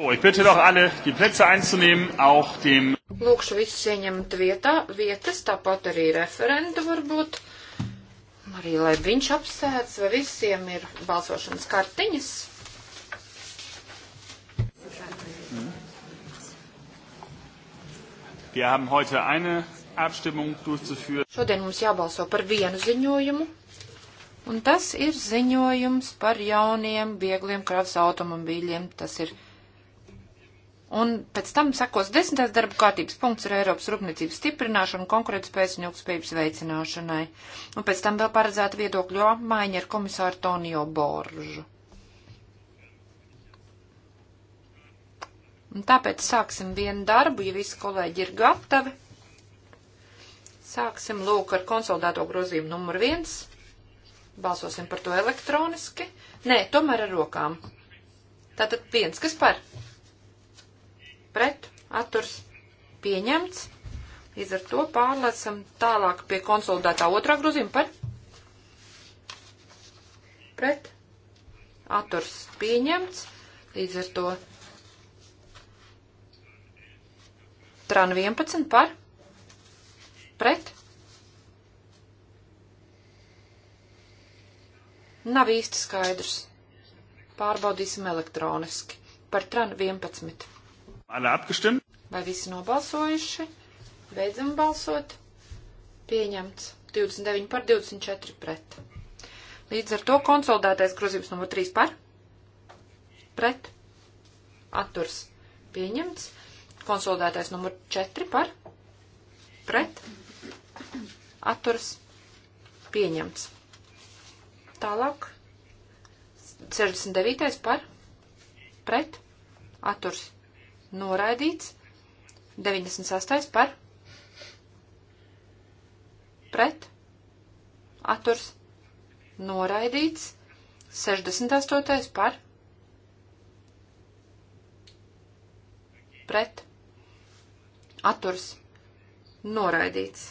Oh, ich bitte doch alle, die Plätze einzunehmen, auch dem. Lūkšu visus ieņemt vietā, vietas, tāpat arī referendu varbūt. Arī, lai viņš apsēdz, vai visiem ir balsošanas kartiņas. Mm. Wir haben heute eine Abstimmung durchzuführen. Šodien mums jābalso par vienu ziņojumu, un tas ir ziņojums par jauniem, viegliem kravas automobīļiem. Tas ir Un pēc tam sekos desmitais darba kārtības punkts ar Eiropas rūpniecības stiprināšanu, konkurētspējas un ilgspējības veicināšanai. Un pēc tam vēl paredzēta viedokļu apmaiņa ar komisāru Tonio Boržu. Un tāpēc sāksim vienu darbu, ja visi kolēģi ir gatavi. Sāksim lūk ar konsolidēto grozījumu numur viens. Balsosim par to elektroniski. Nē, tomēr ar rokām. Tātad viens, kas par? pret atturs pieņemts. Līdz ar to pārlecam tālāk pie konsolidētā otrā grozījuma par pret atturs pieņemts. Līdz ar to tran 11 par pret Nav īsti skaidrs. Pārbaudīsim elektroniski. Par tran 11. Vai visi nobalsojuši? Beidzam balsot. Pieņemts 29 par 24 pret. Līdz ar to konsolidētais grozījums numur 3 par. Pret. Atturs. Pieņemts. Konsolidētais numur 4 par. Pret. Atturs. Pieņemts. Tālāk. 69. par. Pret. Atturs noraidīts. 98. par pret atturs noraidīts. 68. par pret atturs noraidīts.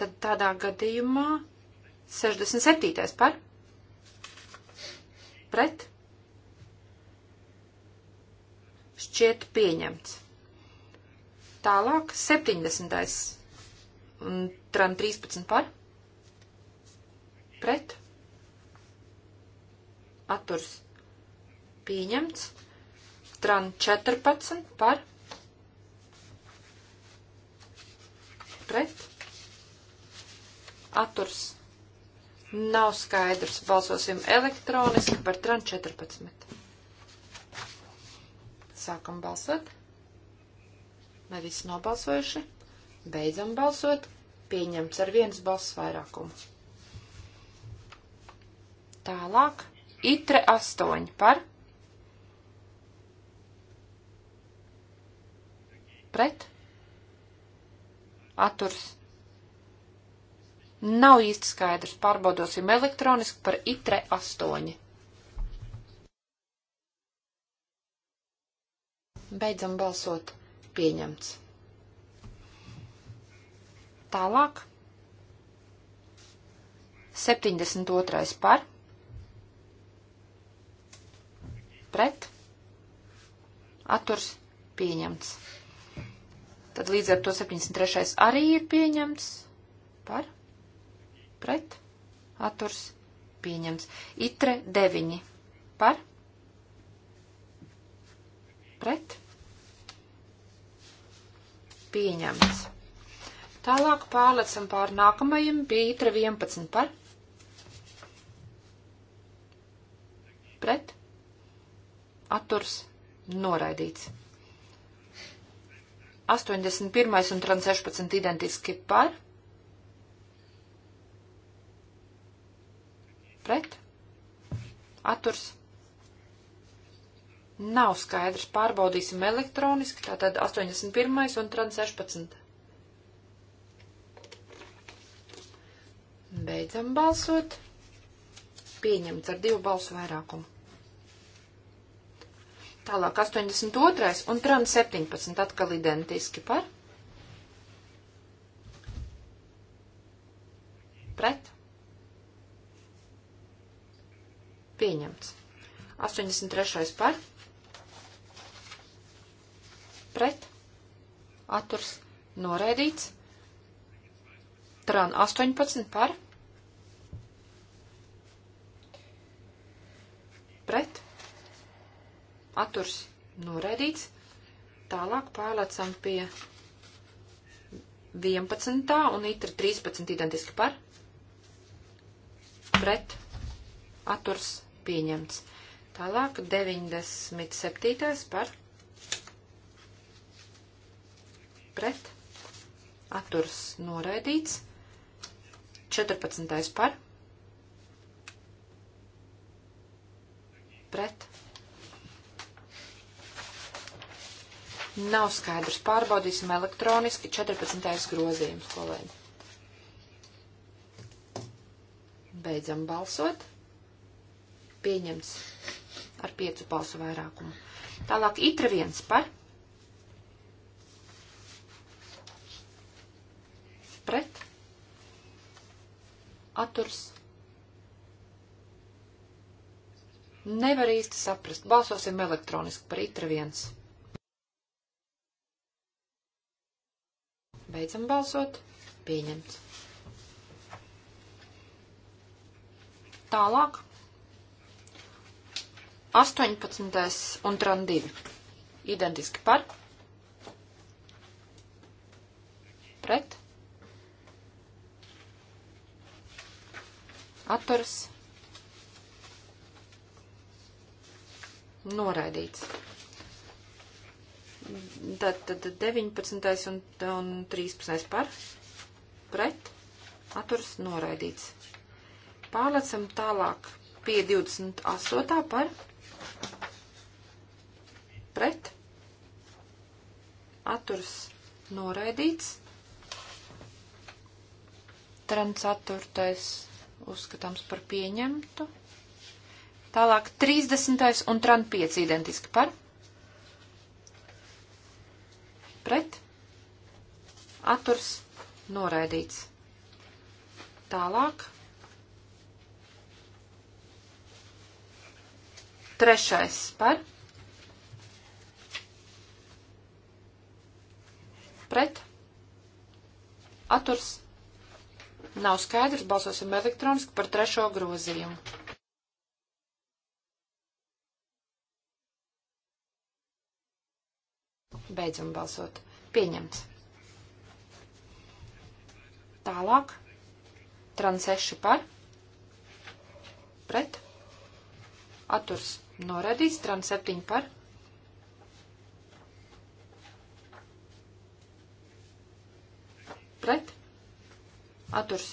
Tad tādā gadījumā 67. par pret šķiet pieņemts. Tālāk 70. un tram 13 par. Pret. Atturs pieņemts. Tran 14 par. Pret. Atturs nav skaidrs. Balsosim elektroniski par tran 14. Sākam balsot. Vai visi nobalsojuši? Beidzam balsot. Pieņemts ar vienas balss vairākumu. Tālāk. Itre astoņi par. Pret. Aturs. Nav īsti skaidrs. Pārbaudosim elektroniski par itre astoņi. Beidzam balsot. Pieņemts. Tālāk. 72. par. Pret. Atturs pieņemts. Tad līdz ar to 73. arī ir pieņemts. Par. Pret. Atturs pieņemts. Itre 9. Par pret pieņemts. Tālāk pārlecam pār nākamajam pie itra 11 par pret atturs noraidīts. 81. un 316 identiski par pret atturs noraidīts Nav skaidrs, pārbaudīsim elektroniski, tātad 81. un 16. Beidzam balsot. Pieņemts ar divu balsu vairākumu. Tālāk 82. un trans 17 atkal identiski par. Pret. Pieņemts. 83. par pret, atturs noraidīts. Tran 18 par, pret, atturs noraidīts. Tālāk pārlecam pie 11. un itra 13 identiski par, pret, atturs pieņemts. Tālāk 97. par pret, atturas noraidīts, 14. par, pret. Nav skaidrs, pārbaudīsim elektroniski 14. grozījums, kolēģi. Beidzam balsot. Pieņemts ar piecu balsu vairākumu. Tālāk itra viens par atturs. Nevar īsti saprast. Balsosim elektroniski par itra viens. Beidzam balsot. Pieņemts. Tālāk. 18. un tran 2. Identiski par. Pret atturas noraidīts. Tad, tad 19. un, un 13. par pret atturas noraidīts. Pārlecam tālāk pie 28. par pret atturas noraidīts. Transatturtais uzskatāms par pieņemtu. Tālāk 30. un tran 5 identiski par. Pret. Aturs noraidīts. Tālāk. Trešais par. Pret. Aturs noraidīts Nav skaidrs, balsosim elektroniski par trešo grozījumu. Beidzam balsot. Pieņemts. Tālāk. Transeši par. Pret. Aturs norādīts. Transeptiņi par. Pret atturs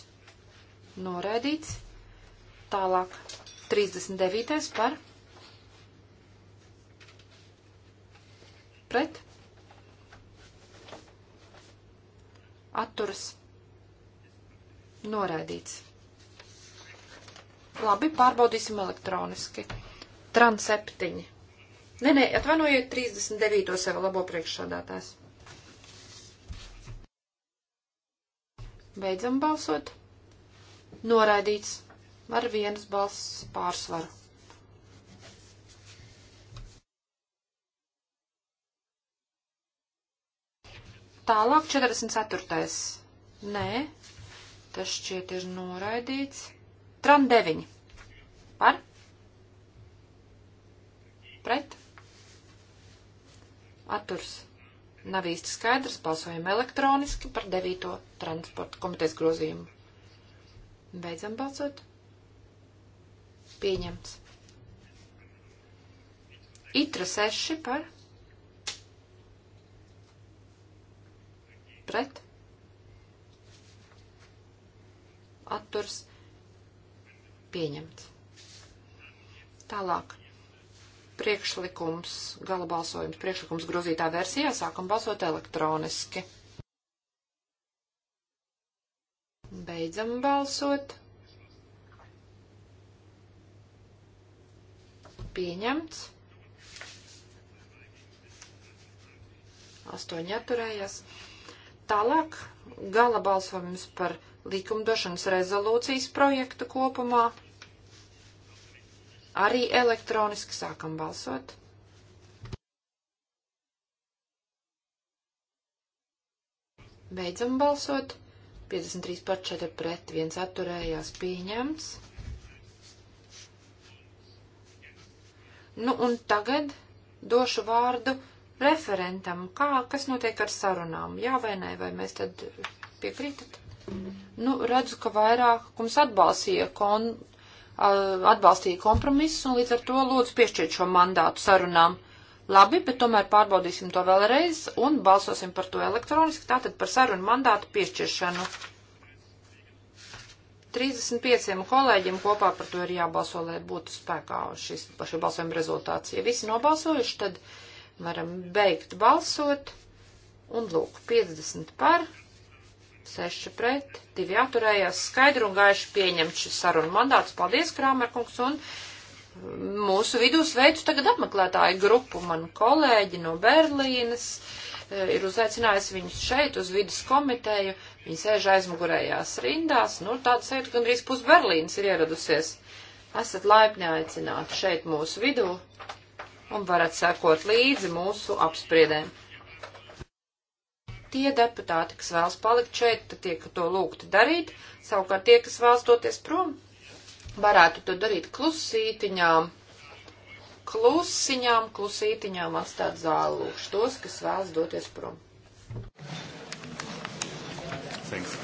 noraidīts. Tālāk 39. par pret atturas noraidīts. Labi, pārbaudīsim elektroniski. Transeptiņi. Nē, nē, atvainojiet 39. sev labo priekšsādātājs. Beidzam balsot. Noraidīts ar vienas balss pārsvaru. Tālāk 44. Nē, tas šķiet ir noraidīts. Tran 9. Par? Pret? Aturs nav īsti skaidrs. Balsojam elektroniski par 9. transporta komitejas grozījumu. Beidzam balsot. Pieņemts. Itra 6 par. Pret. Atturs. Pieņemts. Tālāk priekšlikums, gala balsojums, priekšlikums grozītā versijā, sākam balsot elektroniski. Beidzam balsot. Pieņemts. Astoņi atturējās. Tālāk gala balsojums par likumdošanas rezolūcijas projektu kopumā arī elektroniski sākam balsot. Beidzam balsot. 53 par 4 pret 1 atturējās pieņemts. Nu un tagad došu vārdu referentam. Kā, kas notiek ar sarunām? Jā vai nē, vai mēs tad piekrītat? Nu, redzu, ka vairākums atbalstīja kon Eh, atbalstīja kompromisus un līdz ar to lūdzu piešķirt šo mandātu sarunām. Labi, bet tomēr pārbaudīsim to vēlreiz un balsosim par to elektroniski, tātad par sarunu mandātu piešķiršanu. 35 kolēģiem kopā par to ir jābalso, lai būtu spēkā šis, par šo balsojumu rezultāts. Ja visi nobalsojuši, tad varam beigt balsot. Un lūk, 50 par, 6 pret, 2 atturējās, skaidri un gaiši pieņemts šis sarunu mandāts. Paldies, Krāmerkungs, un mm, mūsu vidū sveicu tagad apmeklētāju grupu. Man kolēģi no Berlīnas e, ir uzaicinājis viņus šeit uz vidas komiteju. Viņi sēž aizmugurējās rindās. Nu, tāda sajūta gandrīz pus Berlīnas ir ieradusies. Esat laipni aicināti šeit mūsu vidū un varat sekot līdzi mūsu apspriedēm. Tie deputāti, kas vēlas palikt šeit, tad tiek to lūgti darīt, savukārt tie, kas vēlas doties prom, varētu to darīt klusītiņām, klusiņām, klusītiņām atstāt zāli lūkšu tos, kas vēlas doties prom. Thanks.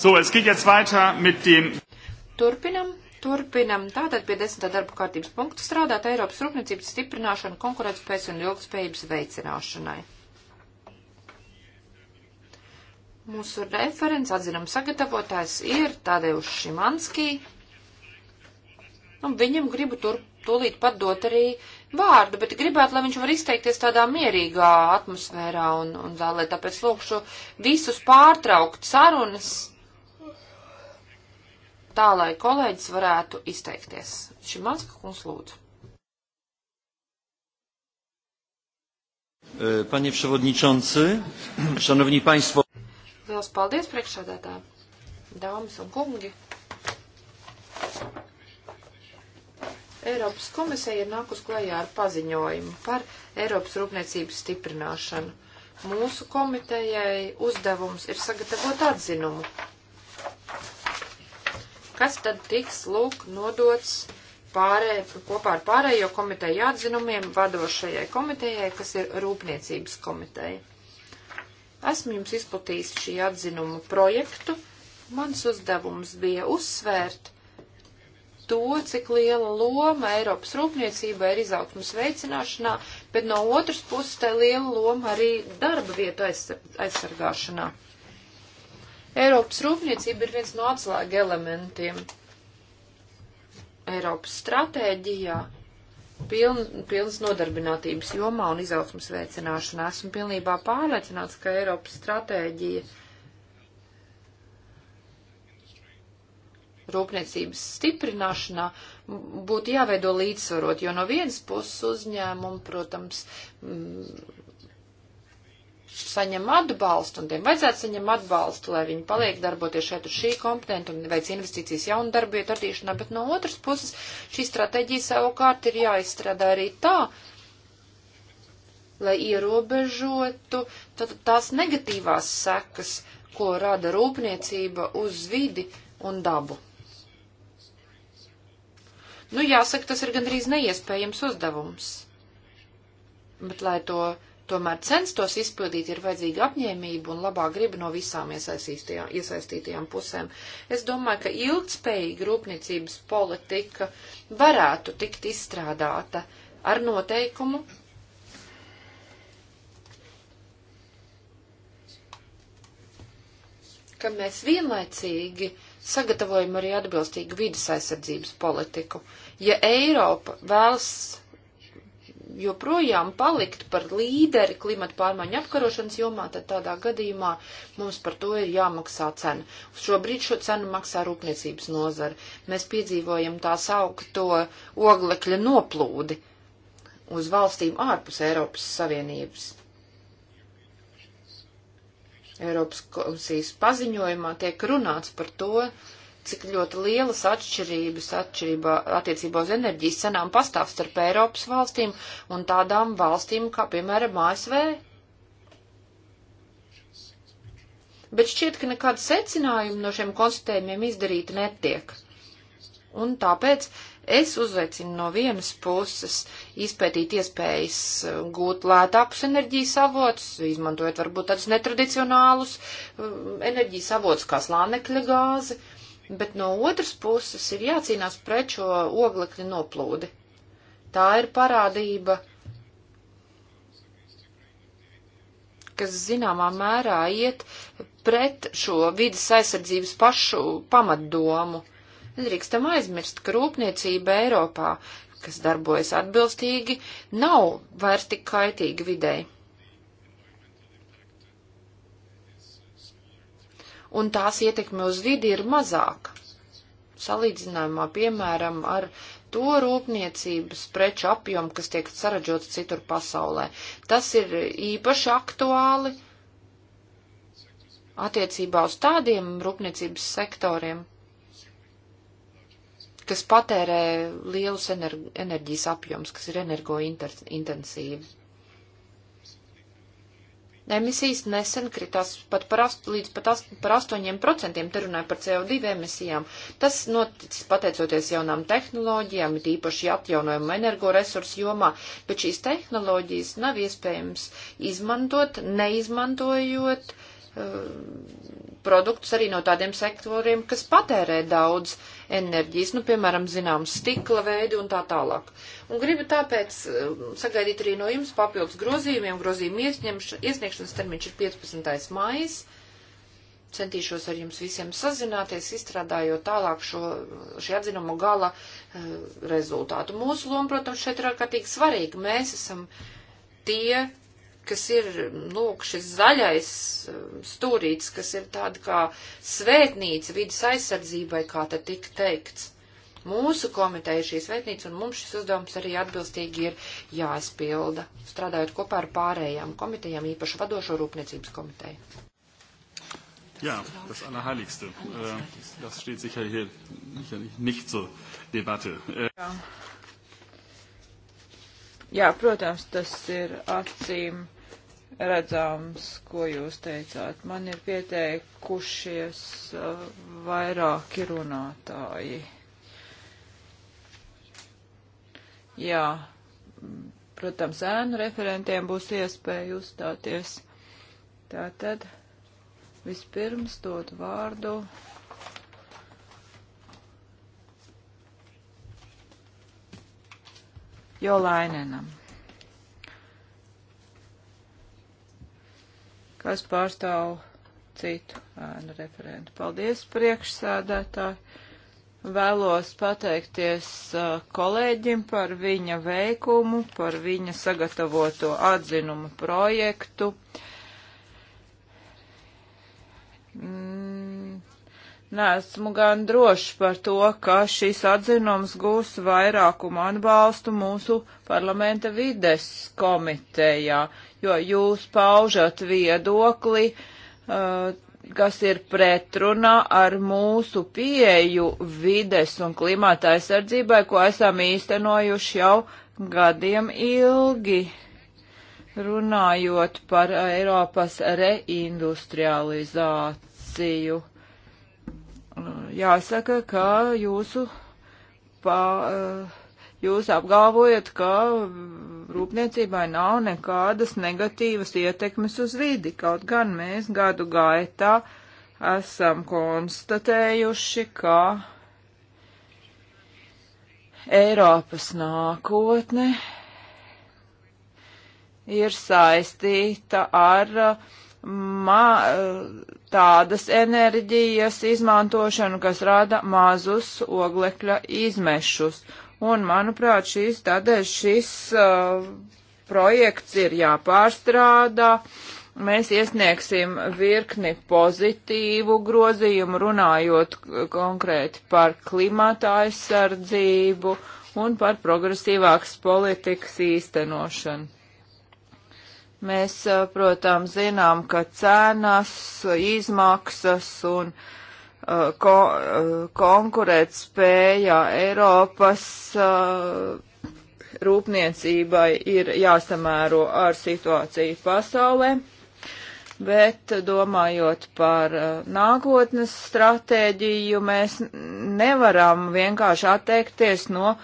So, es geht jetzt weiter mit dem. Turpinam. Turpinam. Tātad pie desmitā darba kārtības punkta strādāt Eiropas rūpniecības stiprināšanu, konkurētspējas un ilgspējības veicināšanai. Mūsu referents atzinam sagatavotājs ir Tadeuš Šimanskī. Un nu, viņam gribu tur tūlīt pat dot arī vārdu, bet gribētu, lai viņš var izteikties tādā mierīgā atmosfērā un, un zālē. Tāpēc lūkšu visus pārtraukt sarunas tā, lai kolēģis varētu izteikties. Šimanska kungs lūdzu. E, panie przewodniczący, szanowni państwo. Liels paldies, priekšsēdētā. Dāmas un kungi. Eiropas komisija ir nākus klajā ar paziņojumu par Eiropas rūpniecības stiprināšanu. Mūsu komitejai uzdevums ir sagatavot atzinumu kas tad tiks lūk nodots pārē, kopā ar pārējo komiteju atzinumiem vadošajai komitejai, kas ir Rūpniecības komiteja. Esmu jums izplatījis šī atzinuma projektu. Mans uzdevums bija uzsvērt to, cik liela loma Eiropas rūpniecībai ir izaugsmas veicināšanā, bet no otras puses tai liela loma arī darba vietu aizsargāšanā. Eiropas rūpniecība ir viens no atslēga elementiem Eiropas stratēģijā, piln, pilnas nodarbinātības jomā un izaugsmas veicināšanā. Esmu pilnībā pārliecināts, ka Eiropas stratēģija rūpniecības stiprināšanā būtu jāveido līdzsvarot, jo no vienas puses uzņēmumu, protams, saņem atbalstu, un tiem vajadzētu saņem atbalstu, lai viņi paliek darboties šeit uz šī kompetenta un veic investīcijas jaunu darbietu radīšanā, bet no otras puses šī stratēģija savukārt ir jāizstrādā arī tā, lai ierobežotu tās negatīvās sekas, ko rada rūpniecība uz vidi un dabu. Nu, jāsaka, tas ir gandrīz neiespējams uzdevums. Bet, lai to Tomēr censtos izpildīt ir vajadzīga apņēmība un labā griba no visām iesaistītajām pusēm. Es domāju, ka ilgspējīga rūpniecības politika varētu tikt izstrādāta ar noteikumu, ka mēs vienlaicīgi sagatavojam arī atbilstīgu vidas aizsardzības politiku. Ja Eiropa vēlas joprojām palikt par līderi klimata pārmaiņu apkarošanas jomā, tad tādā gadījumā mums par to ir jāmaksā cena. Šobrīd šo cenu maksā rūpniecības nozara. Mēs piedzīvojam tā saukto oglekļa noplūdi uz valstīm ārpus Eiropas Savienības. Eiropas komisijas paziņojumā tiek runāts par to, cik ļoti lielas atšķirības atšķirībā attiecībā uz enerģijas cenām pastāv starp Eiropas valstīm un tādām valstīm kā, piemēram, ASV. Bet šķiet, ka nekāda secinājuma no šiem konstatējumiem izdarīta netiek. Un tāpēc es uzaicinu no vienas puses izpētīt iespējas uh, gūt lētākus enerģijas avotus, izmantojot varbūt tādus netradicionālus uh, enerģijas avotus kā slānekļa gāzi. Uh, bet no otras puses ir jācīnās pret šo oglekļa noplūdi. Tā ir parādība, kas zināmā mērā iet pret šo vidas aizsardzības pašu pamatdomu. Nedrīkstam aizmirst, ka rūpniecība Eiropā, kas darbojas atbilstīgi, nav vairs tik kaitīga videi. un tās ietekme uz vidi ir mazāka. Salīdzinājumā, piemēram, ar to rūpniecības preču apjomu, kas tiek saražots citur pasaulē. Tas ir īpaši aktuāli attiecībā uz tādiem rūpniecības sektoriem, kas patērē lielus enerģijas apjoms, kas ir energointensīvi emisijas nesen kritās pat par ast, līdz pat ast, par 8%, te runāja par CO2 emisijām. Tas noticis pateicoties jaunām tehnoloģijām, it īpaši atjaunojumu energoresursu jomā, bet šīs tehnoloģijas nav iespējams izmantot, neizmantojot uh, produktus arī no tādiem sektoriem, kas patērē daudz. Uh, enerģijas, nu, piemēram, zinām, stikla veidi un tā tālāk. Un gribu tāpēc um, sagaidīt arī no jums papildus grozījumiem. Grozījuma iesniegšanas termiņš ir 15. maijas. Centīšos ar jums visiem sazināties, izstrādājot tālāk šo, šī atzinuma gala e, rezultātu. Mūsu loma, protams, šeit ir ārkārtīgi svarīga. Mēs esam tie, kas ir, lūk, šis zaļais um, stūrīts, kas ir tāda kā svētnīca vidas aizsardzībai, kā te tika teikts. Mūsu komiteja šī svētnīca un mums šis uzdevums arī atbilstīgi ir jāizpilda, strādājot kopā ar pārējām komitejām, īpaši vadošo rūpniecības komiteju. Jā, tas Allerheiligste. Äh, das steht sicher hier sicherlich nicht zur Debatte. Äh, Jā. Jā, protams, tas ir acīm redzams, ko jūs teicāt. Man ir pieteikušies uh, vairāki runātāji. Jā, protams, ēnu referentiem būs iespēja uzstāties. Tātad vispirms dod vārdu. Jolainenam. kas pārstāv citu ēnu referentu. Paldies, priekšsēdētāji! Vēlos pateikties kolēģim par viņa veikumu, par viņa sagatavoto atzinumu projektu. Mm, Nesmu gan drošs par to, ka šis atzinums gūs vairākumu atbalstu mūsu parlamenta vides komitejā, jo jūs paužat viedokli, uh, kas ir pretrunā ar mūsu pieeju vides un klimata aizsardzībai, ko esam īstenojuši jau gadiem ilgi. Runājot par Eiropas reindustrializāciju, jāsaka, ka jūsu pa, uh, jūs apgalvojat, ka rūpniecībai nav nekādas negatīvas ietekmes uz vidi, kaut gan mēs gadu gaitā esam konstatējuši, ka Eiropas nākotne ir saistīta ar uh, ma, uh, tādas enerģijas izmantošanu, kas rada mazus oglekļa izmešus. Un, manuprāt, šīs, tādēļ šis uh, projekts ir jāpārstrādā. Mēs iesniegsim virkni pozitīvu grozījumu, runājot konkrēti par klimata aizsardzību un par progresīvākas politikas īstenošanu. Mēs, uh, protams, zinām, ka cenas, izmaksas un uh, Uh, ko, uh, konkurēt spējā Eiropas uh, rūpniecībai ir jāsamēro ar situāciju pasaulē, bet domājot par nākotnes stratēģiju, mēs nevaram vienkārši atteikties no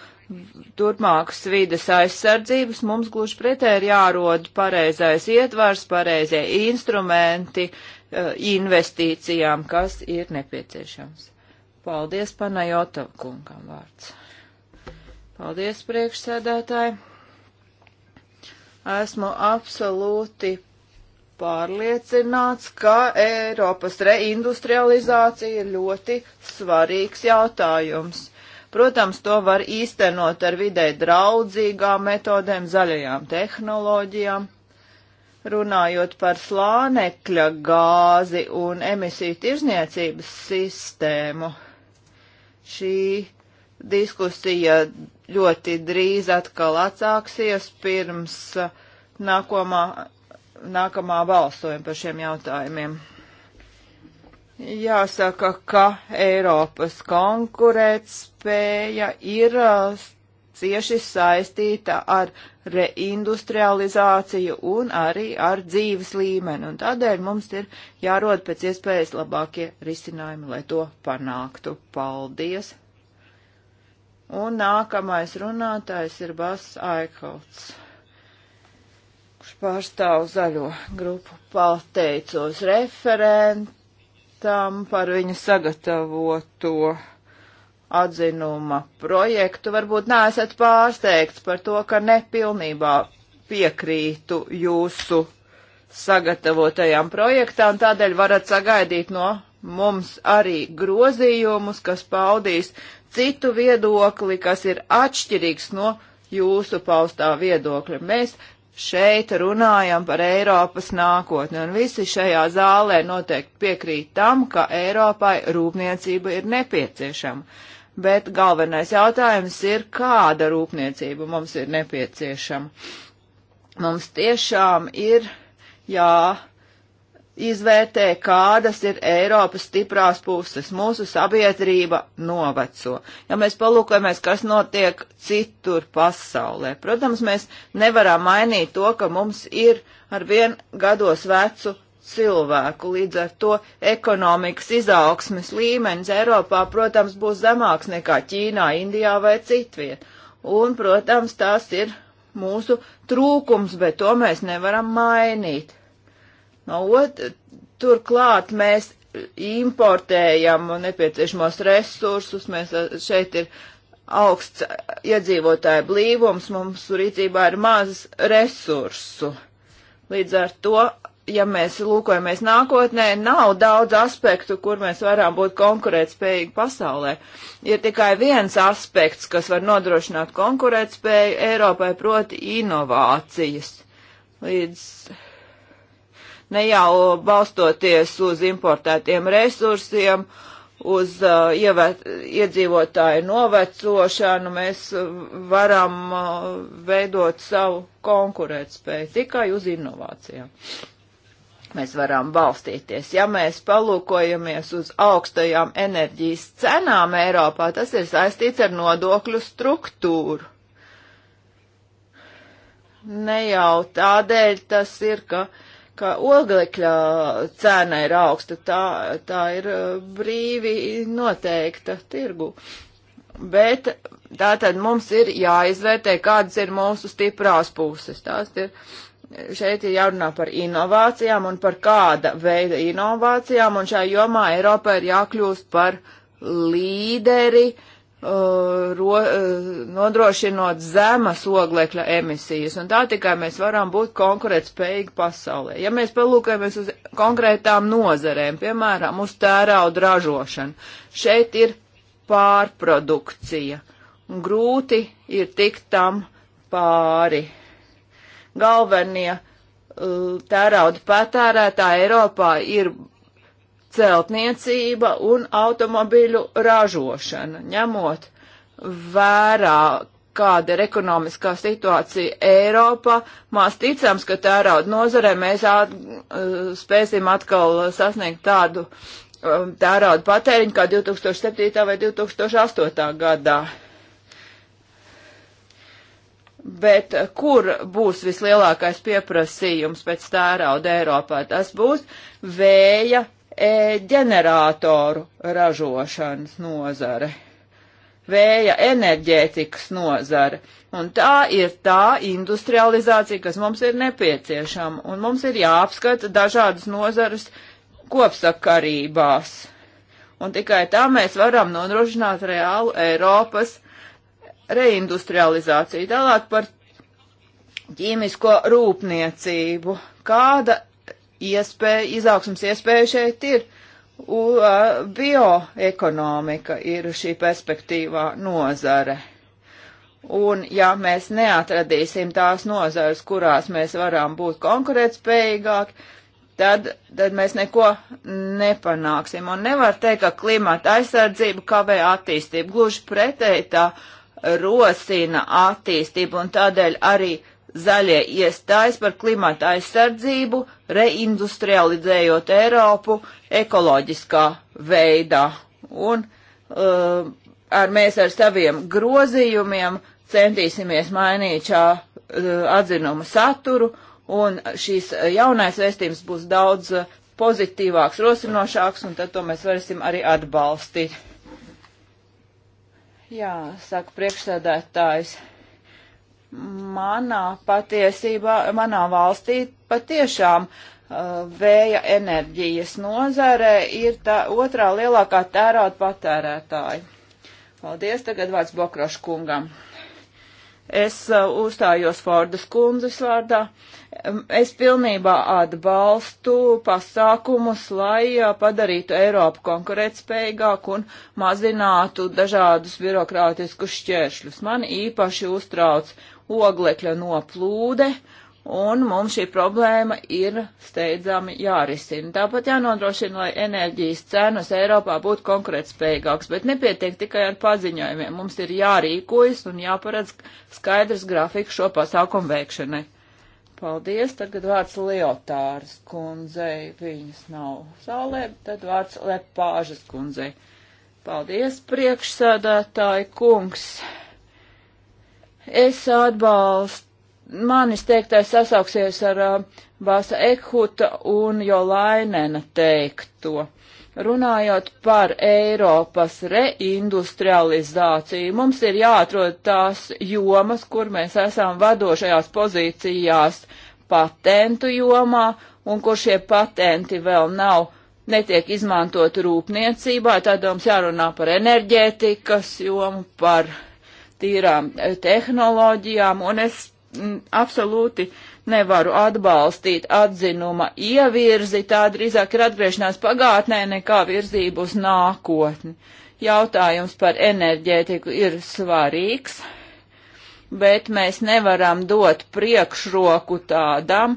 turpmākas vides aizsardzības. Mums gluži pretēji ir jārod pareizais ietvars, pareizie instrumenti, uh, Eh, investīcijām, kas ir nepieciešams. Paldies Panajotov kungam vārds. Paldies priekšsēdētāji. Esmu absolūti pārliecināts, ka Eiropas reindustrializācija ir ļoti svarīgs jautājums. Protams, to var īstenot ar vidē draudzīgām metodēm, zaļajām tehnoloģijām, runājot par slānekļa gāzi un emisiju tirzniecības sistēmu, šī diskusija ļoti drīz atkal atsāksies pirms nākamā, nākamā balsojuma par šiem jautājumiem. Jāsaka, ka Eiropas konkurētspēja ir uh, cieši saistīta ar reindustrializāciju un arī ar dzīves līmeni, un tādēļ mums ir jārod pēc iespējas labākie risinājumi, lai to panāktu. Paldies! Un nākamais runātājs ir Bass Aikholts, kurš pārstāv zaļo grupu. Pateicos referentam par viņu sagatavoto atzinuma projektu, varbūt neesat pārsteigts par to, ka nepilnībā piekrītu jūsu sagatavotajām projektām, tādēļ varat sagaidīt no mums arī grozījumus, kas paudīs citu viedokli, kas ir atšķirīgs no jūsu paustā viedokļa. Mēs šeit runājam par Eiropas nākotni, un visi šajā zālē noteikti piekrīt tam, ka Eiropai rūpniecība ir nepieciešama bet galvenais jautājums ir, kāda rūpniecība mums ir nepieciešama. Mums tiešām ir jā izvērtē, kādas ir Eiropas stiprās puses. Mūsu sabiedrība noveco. Ja mēs palūkojamies, kas notiek citur pasaulē, protams, mēs nevaram mainīt to, ka mums ir ar vien gados vecu cilvēku. Līdz ar to ekonomikas izaugsmes līmenis Eiropā, protams, būs zemāks nekā Ķīnā, Indijā vai citviet. Un, protams, tas ir mūsu trūkums, bet to mēs nevaram mainīt. No ot, turklāt mēs importējam nepieciešamos resursus, mēs eh, šeit ir augsts iedzīvotāju blīvums, mums rīcībā ir maz resursu. Līdz ar to ja mēs lūkojamies nākotnē, nav daudz aspektu, kur mēs varam būt konkurētspējīgi pasaulē. Ir tikai viens aspekts, kas var nodrošināt konkurētspēju Eiropai, proti inovācijas. Līdz ne jau balstoties uz importētiem resursiem, uz uh, ievēt, iedzīvotāju novecošanu, mēs varam uh, veidot savu konkurētspēju tikai uz inovācijām. Uh, mēs varam balstīties. Ja mēs palūkojamies uz augstajām enerģijas cenām Eiropā, tas ir saistīts ar nodokļu struktūru. Ne jau tādēļ tas ir, ka, ka oglekļa cena ir augsta, tā, tā ir uh, brīvi noteikta tirgu. Bet tā tad mums ir jāizvērtē, kādas ir mūsu stiprās puses. Tās ir uh, šeit ir jārunā par inovācijām un par kāda veida inovācijām, un šajā jomā Eiropa ir jākļūst par līderi, uh, ro, uh, nodrošinot zemas oglekļa emisijas, un tā tikai mēs varam būt konkurētspējīgi pasaulē. Ja mēs palūkojamies uz konkrētām nozarēm, piemēram, uz tērauda ražošanu, šeit ir pārprodukcija, un grūti ir tikt tam pāri galvenie uh, tērauda patērētāji Eiropā ir celtniecība un automobīļu ražošana, ņemot vērā, kāda ir ekonomiskā situācija Eiropā. Mās ticams, ka tērauda nozarē mēs at, eh, spēsim atkal sasniegt tādu eh, tērauda patēriņu kā 2007. vai 2008. gadā. Bet eh, kur būs vislielākais pieprasījums pēc tērauda Eiropā? Tas būs vēja e, ģeneratoru ražošanas nozare, vēja enerģētikas nozare. Un tā ir tā industrializācija, kas mums ir nepieciešama. Un mums ir jāapskata dažādas nozares kopsakarībās. Un tikai tā mēs varam nodrošināt reālu Eiropas reindustrializāciju. Tālāk par ķīmisko rūpniecību. Kāda iespēja, izaugsmas iespēja šeit ir? U, bioekonomika ir šī perspektīvā nozare. Un ja mēs neatradīsim tās nozares, kurās mēs varam būt konkurētspējīgāki, tad, tad mēs neko nepanāksim. Un nevar teikt, ka klimata aizsardzība kavē attīstību. Gluži pretēji tā rosina attīstību un tādēļ arī zaļie iestājas par klimata aizsardzību, reindustrializējot Eiropu ekoloģiskā veidā. Un uh, ar mēs ar saviem grozījumiem centīsimies mainīt šā uh, atzinuma saturu, un šīs uh, jaunais vēstījums būs daudz uh, pozitīvāks, rosinošāks, un tad to mēs varēsim arī atbalstīt. Jā, saka priekšsēdētājs. Manā patiesībā, manā valstī patiešām uh, vēja enerģijas nozarē ir tā otrā lielākā tērauda patērētāja. Paldies, tagad vārds Bokroškungam. kungam. Es uh, uzstājos Fordas kundzes vārdā. Um, es pilnībā atbalstu pasākumus, lai uh, padarītu Eiropu konkurētspējīgāku un mazinātu dažādus birokrātiskus šķēršļus. Man īpaši uztrauc oglekļa noplūde. Uh, un mums šī problēma ir steidzami jārisina. Tāpat jānodrošina, lai enerģijas cenas Eiropā būtu konkurētspējīgākas, bet nepietiek tikai ar paziņojumiem. Mums ir jārīkojas un jāparedz skaidrs grafiks šo pasākumu veikšanai. Paldies, tagad vārds Liotāras kundzei, viņas nav zālē, tad vārds Lepāžas kundzei. Paldies, priekšsādātāji kungs! Es atbalstu manis teiktais sasauksies ar uh, Bāsa Ekhuta un Jolainena teikto. Runājot par Eiropas reindustrializāciju, mums ir jāatrod tās jomas, kur mēs esam vadošajās pozīcijās patentu jomā un kur šie patenti vēl nav netiek izmantot rūpniecībā, tad mums jārunā par enerģētikas jomu, par tīrām tehnoloģijām, un es absolūti nevaru atbalstīt atzinuma ievirzi, tā drīzāk ir atgriešanās pagātnē nekā virzību uz nākotni. Jautājums par enerģētiku ir svarīgs, bet mēs nevaram dot priekšroku tādam,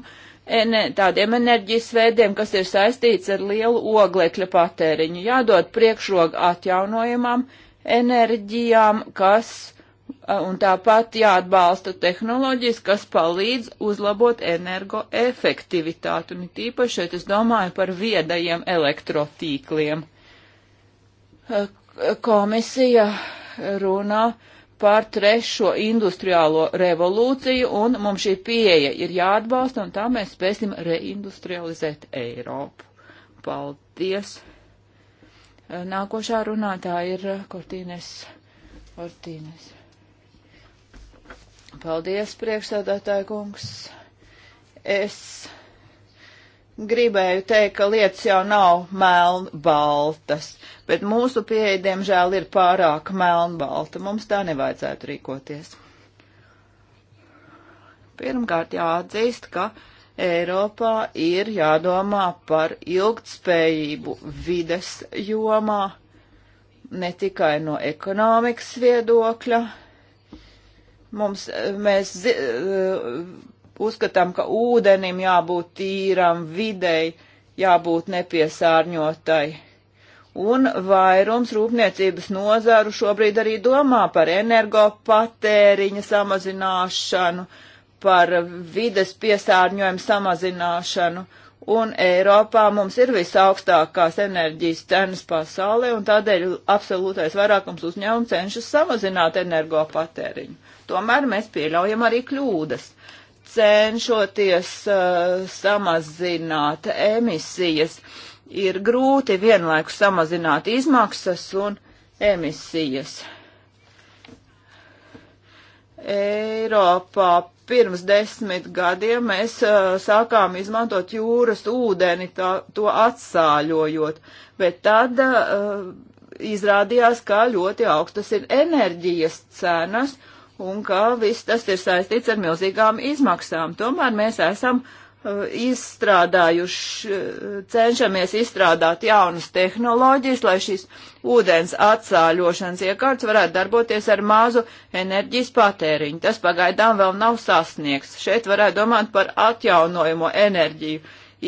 ene, tādiem enerģijas veidiem, kas ir saistīts ar lielu oglekļa patēriņu. Jādod priekšroku atjaunojumam enerģijām, kas un tāpat jāatbalsta tehnoloģijas, kas palīdz uzlabot energoefektivitāti, un tīpaši šeit es domāju par viedajiem elektrotīkliem. Komisija runā par trešo industriālo revolūciju, un mums šī pieeja ir jāatbalsta, un tā mēs spēsim reindustrializēt Eiropu. Paldies! Nākošā runātā ir Kortīnes. Kortīnes. Paldies, priekšsēdētāja kungs. Es gribēju teikt, ka lietas jau nav melnbaltas, bet mūsu pieeja, diemžēl, ir pārāk melnbalta. Mums tā nevajadzētu rīkoties. Pirmkārt, jāatzīst, ka Eiropā ir jādomā par ilgtspējību vides jomā, ne tikai no ekonomikas viedokļa, Mums, eh, mēs eh, uzskatām, ka ūdenim jābūt tīram, videi jābūt nepiesārņotai. Un vairums rūpniecības nozaru šobrīd arī domā par energopatēriņa samazināšanu, par vides piesārņojumu samazināšanu un Eiropā mums ir visaugstākās enerģijas cenas pasaulē, un tādēļ absolūtais vairākums uzņēmumu cenšas samazināt energopatēriņu. Tomēr mēs pieļaujam arī kļūdas, cenšoties uh, samazināt emisijas. Ir grūti vienlaikus samazināt izmaksas un emisijas. Eiropā pirms desmit gadiem mēs uh, sākām izmantot jūras ūdeni, tā, to atsāļojot, bet tad uh, izrādījās, ka ļoti augstas ir enerģijas cenas un ka viss tas ir saistīts ar milzīgām izmaksām. Tomēr mēs esam uh, Uh, izstrādājuši, uh, cenšamies izstrādāt jaunas tehnoloģijas, lai šīs ūdens atsāļošanas iekārts varētu darboties ar mazu enerģijas patēriņu. Tas pagaidām vēl nav sasniegts. Šeit varētu domāt par atjaunojamo enerģiju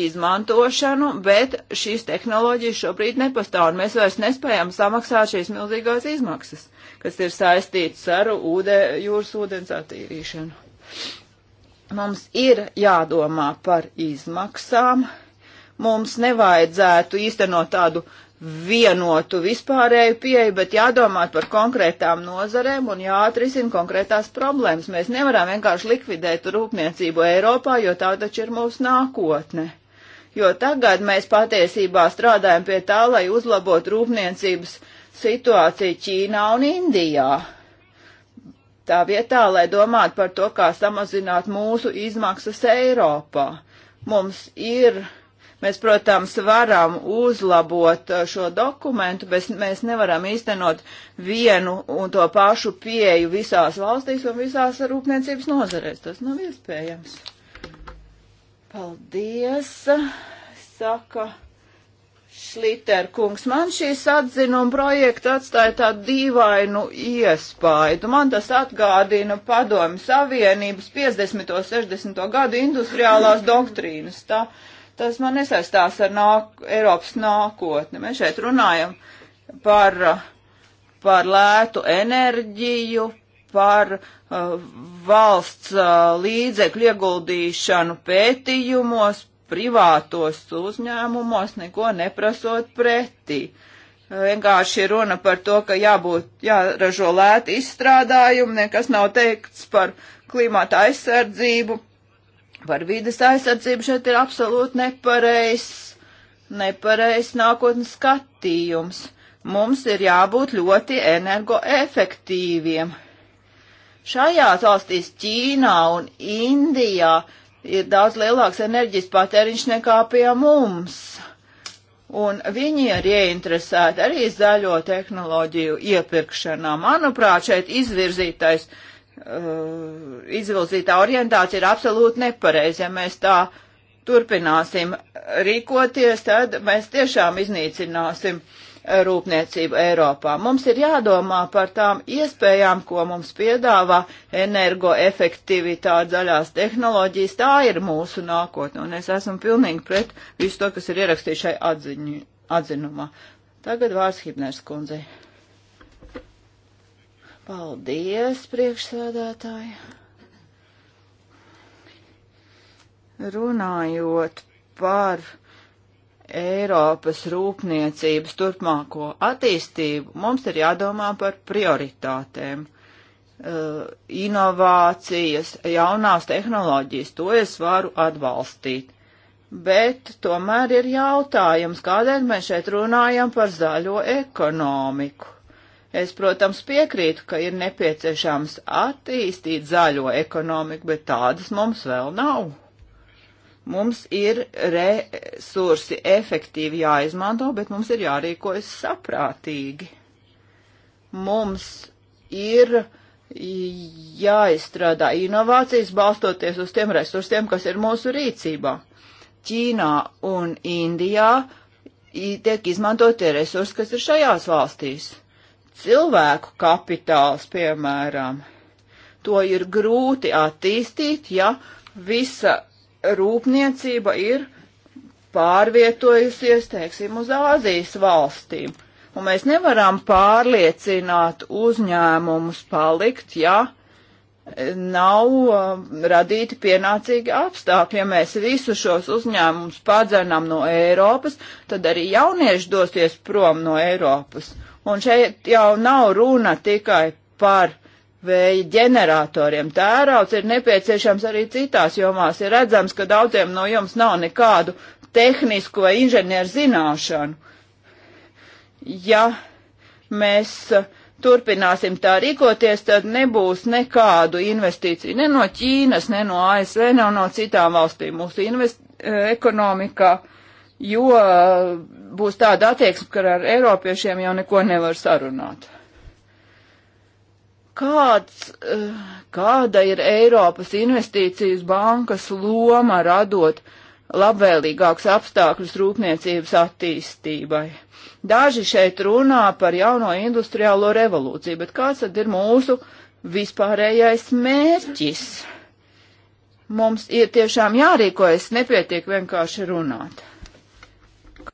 izmantošanu, bet šīs tehnoloģijas šobrīd nepastāv, un mēs vairs nespējam samaksāt šīs milzīgās izmaksas, kas ir saistītas ar ūdē, jūras ūdens attīrīšanu. Mums ir jādomā par izmaksām. Mums nevajadzētu īstenot tādu vienotu vispārēju pieeju, bet jādomā par konkrētām nozarēm un jāatrisina konkrētās problēmas. Mēs nevaram vienkārši likvidēt rūpniecību Eiropā, jo tā taču ir mūsu nākotne. Jo tagad mēs patiesībā strādājam pie tā, lai uzlabotu rūpniecības situāciju Ķīnā un Indijā. Tā vietā, lai domātu par to, kā samazināt mūsu izmaksas Eiropā. Mums ir, mēs, protams, varam uzlabot uh, šo dokumentu, bet mēs nevaram īstenot vienu un to pašu pieeju visās valstīs un visās rūpniecības nozarēs. Tas nav iespējams. Paldies, saka Šliterkungs, man šīs atzinuma projekta atstāja tādu dīvainu iespaidu. Man tas atgādina padomi Savienības 50. un 60. gadu industriālās doktrīnas. Tā, tas man nesaistās ar nāk, Eiropas nākotni. Mēs šeit runājam par, par lētu enerģiju, par uh, valsts uh, līdzekļu ieguldīšanu pētījumos, privātos uzņēmumos, neko neprasot pretī. Vienkārši runa par to, ka jābūt jāražo lēti izstrādājumi, nekas nav teikts par klimata aizsardzību, par vides aizsardzību šeit ir absolūti nepareizs, nepareizs nākotnes skatījums. Mums ir jābūt ļoti energoefektīviem. Šajās valstīs Ķīnā un Indijā uh, ir daudz lielāks enerģijas patēriņš nekā pie mums. Un viņi ir ieinteresēti arī zaļo tehnoloģiju iepirkšanā. Manuprāt, šeit izvirzītais, uh, izvirzītā orientācija ir absolūti nepareiz. Ja mēs tā turpināsim rīkoties, tad mēs tiešām iznīcināsim uh, rūpniecību Eiropā. Mums ir jādomā par tām iespējām, ko mums piedāvā energoefektivitāte, zaļās tehnoloģijas. Tā ir mūsu nākotne, un es esmu pilnīgi pret visu to, kas ir ierakstīts šai atziņu, atzinumā. Tagad vārds Hibners kundzei. Paldies, priekšsēdētāji! Runājot par Eiropas rūpniecības turpmāko attīstību, mums ir jādomā par prioritātēm. Uh, inovācijas, jaunās tehnoloģijas, to es varu atbalstīt. Bet tomēr ir jautājums, kādēļ mēs šeit runājam par zaļo ekonomiku. Es, protams, piekrītu, ka ir nepieciešams attīstīt zaļo ekonomiku, bet tādas mums vēl nav. Mums ir resursi efektīvi jāizmanto, bet mums ir jārīkojas saprātīgi. Mums ir jāizstrādā inovācijas balstoties uz tiem resursiem, kas ir mūsu rīcībā. Ķīnā un Indijā tiek izmantotie resursi, kas ir šajās valstīs. Cilvēku kapitāls, piemēram, to ir grūti attīstīt, ja visa rūpniecība ir pārvietojusies, teiksim, uz Āzijas valstīm. Un mēs nevaram pārliecināt uzņēmumus palikt, ja nav um, radīti pienācīgi apstākļi. Ja mēs visu šos uzņēmumus padzenam no Eiropas, tad arī jaunieši dosies prom no Eiropas. Un šeit jau nav runa tikai par vēja ģeneratoriem. Tērauds ir nepieciešams arī citās jomās. Ir redzams, ka daudziem no jums nav nekādu tehnisku vai inženieru zināšanu. Ja mēs uh, turpināsim tā rīkoties, tad nebūs nekādu investīciju ne no Ķīnas, ne no ASV, ne no citām valstīm mūsu invest, uh, ekonomikā, jo uh, būs tāda attieksme, ka ar Eiropiešiem jau neko nevar sarunāt. Kāds, eh, kāda ir Eiropas investīcijas bankas loma radot labvēlīgākus apstākļus rūpniecības attīstībai? Daži šeit runā par jauno industriālo revolūciju, bet kāds tad ir mūsu vispārējais mērķis? Mums ir tiešām jārīkojas, nepietiek vienkārši runāt.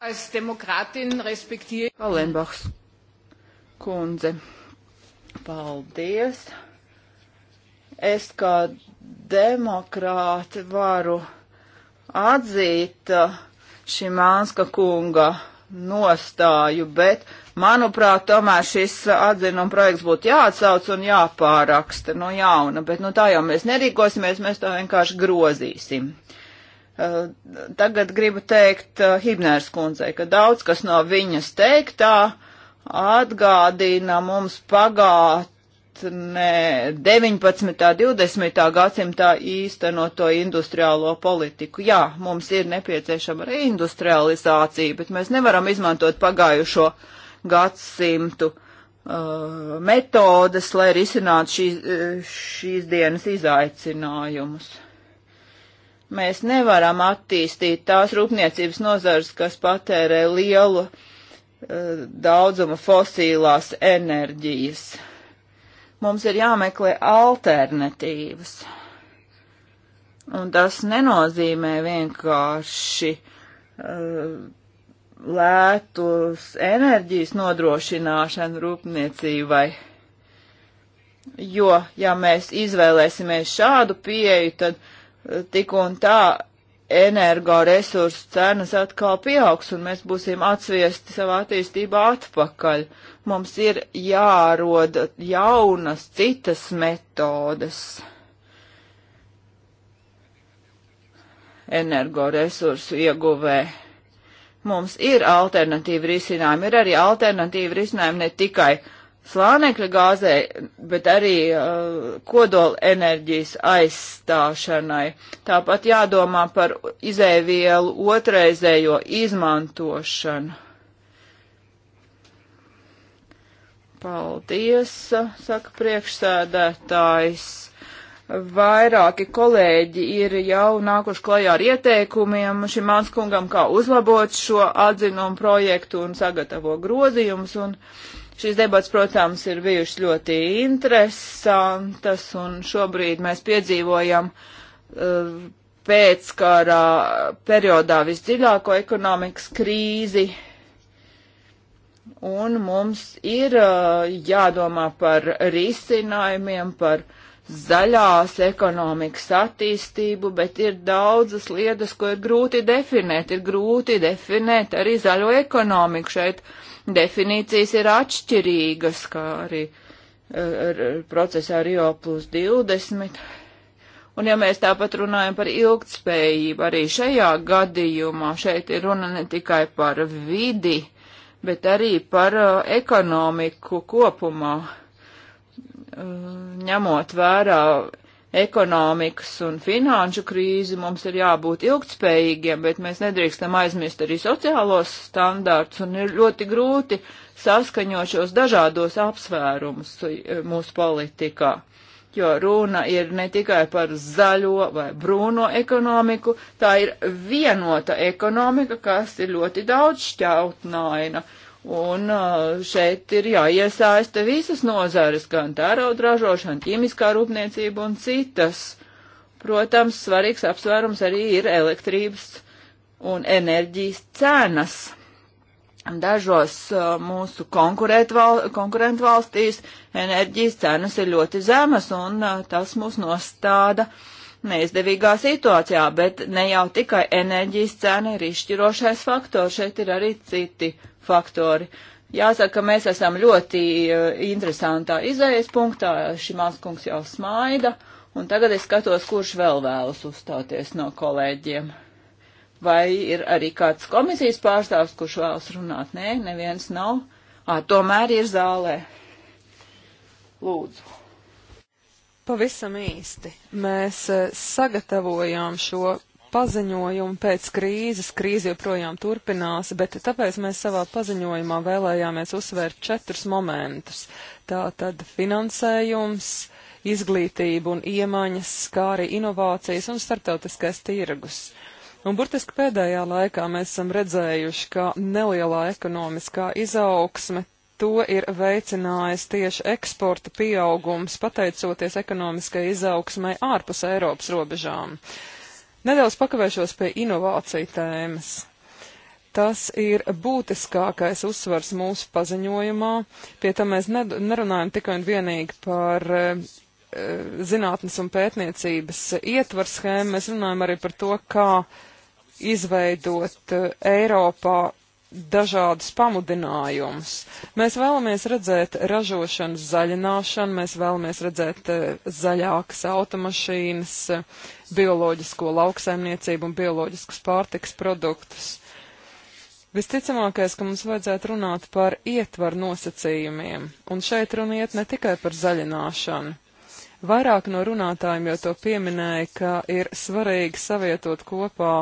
Als Demokratin respektīvi Kalenbachs kundze. Paldies! Es kā demokrāti varu atzīt uh, Šimānska kunga nostāju, bet, manuprāt, tomēr šis atzinuma projekts būtu jāatsauc un jāpāraksta no nu, jauna, bet nu tā jau mēs nerīkosimies, mēs to vienkārši grozīsim. Uh, tagad gribu teikt uh, Hibnērs kundzei, ka daudz kas no viņas teiktā atgādina mums pagātni. 19. 20. gadsimtā īstenoto industriālo politiku. Jā, mums ir nepieciešama reindustrializācija, bet mēs nevaram izmantot pagājušo gadsimtu uh, metodes, lai risinātu šīs, uh, šīs dienas izaicinājumus. Mēs nevaram attīstīt tās rūpniecības nozars, kas patērē lielu uh, Eh, daudzuma fosīlās enerģijas. Mums ir jāmeklē alternatīvas. Un tas nenozīmē vienkārši uh, lētus enerģijas nodrošināšanu rūpniecībai. Jo, ja mēs izvēlēsimies šādu pieeju, tad eh, tik un tā energoresursu cenas atkal pieaugs un mēs būsim atsviesti savā attīstībā atpakaļ. Mums ir jāroda jaunas, citas metodes energoresursu ieguvē. Mums ir alternatīvi risinājumi, ir arī alternatīvi risinājumi ne tikai uh, slānekļa gāzē, bet arī uh, kodola enerģijas aizstāšanai. Tāpat jādomā par izēvielu otraizējo izmantošanu. Paldies, saka priekšsēdētājs. Vairāki kolēģi ir jau nākuši klajā ar ieteikumiem šim manskungam, kā uzlabot šo atzinumu projektu un sagatavo grozījumus. Un Šīs debats, protams, ir bijušas ļoti interesantas, un šobrīd mēs piedzīvojam uh, eh, pēckārā periodā visdziļāko ekonomikas krīzi, un mums ir uh, jādomā par risinājumiem, par zaļās ekonomikas attīstību, bet ir daudzas lietas, ko ir grūti definēt. Ir grūti definēt arī zaļo ekonomiku. Šeit definīcijas ir atšķirīgas, kā arī e, ar, ar procesā Rio plus 20. Un ja mēs tāpat runājam par ilgtspējību, arī šajā gadījumā šeit ir runa ne tikai par vidi, bet arī par uh, ekonomiku kopumā, uh, ņemot vērā uh, ekonomikas un finanšu krīzi, mums ir jābūt ilgtspējīgiem, bet mēs nedrīkstam aizmirst arī sociālos standārts un ir ļoti grūti saskaņot šos dažādos apsvērumus e, mūsu politikā. Jo runa ir ne tikai par zaļo vai brūno ekonomiku, tā ir vienota ekonomika, kas ir ļoti daudz šķautnaina. No Un šeit ir jāiesaista visas nozares, gan tērauda ražošana, ķīmiskā rūpniecība un citas. Protams, svarīgs apsvērums arī ir elektrības un enerģijas cenas. Dažos uh, mūsu val, konkurentu valstīs enerģijas cenas ir ļoti zemas, un uh, tas mūs nostāda neizdevīgā situācijā, bet ne jau tikai enerģijas cena ir izšķirošais faktors, šeit ir arī citi faktori. Jāsaka, ka mēs esam ļoti eh, interesantā izējas punktā, šimās kungs jau smaida, un tagad es skatos, kurš vēl vēlas uzstāties no kolēģiem. Vai ir arī kāds komisijas pārstāvs, kurš vēlas runāt? Nē, neviens nav. Ā, tomēr ir zālē. Lūdzu. Pavisam īsti. Mēs eh, sagatavojām šo paziņojumu pēc krīzes. Krīze joprojām turpinās, bet tāpēc mēs savā paziņojumā vēlējāmies uzsvērt četrus momentus. Tā tad finansējums, izglītība un iemaņas, kā arī inovācijas un starptautiskais tirgus. Un burtiski pēdējā laikā mēs esam redzējuši, ka nelielā ekonomiskā izaugsme to ir veicinājis tieši eksporta pieaugums, pateicoties ekonomiskai izaugsmai ārpus Eiropas robežām. Uh, Nedaudz pakavēšos pie inovāciju tēmas. Tas ir būtiskākais uzsvars mūsu paziņojumā. Pie tam mēs nerunājam tikai un vienīgi par e, e, zinātnes un pētniecības ietvaru schēmu, mēs runājam arī par to, kā izveidot e, Eiropā dažādus pamudinājumus. Mēs vēlamies redzēt ražošanas zaļināšanu, mēs vēlamies redzēt eh, zaļākas automašīnas, bioloģisko lauksaimniecību un bioloģiskus pārtiks produktus. Visticamākais, ka mums vajadzētu runāt par ietvaru nosacījumiem, un šeit runa iet ne tikai par zaļināšanu. Vairāk no runātājiem jau to pieminēja, ka ir svarīgi savietot kopā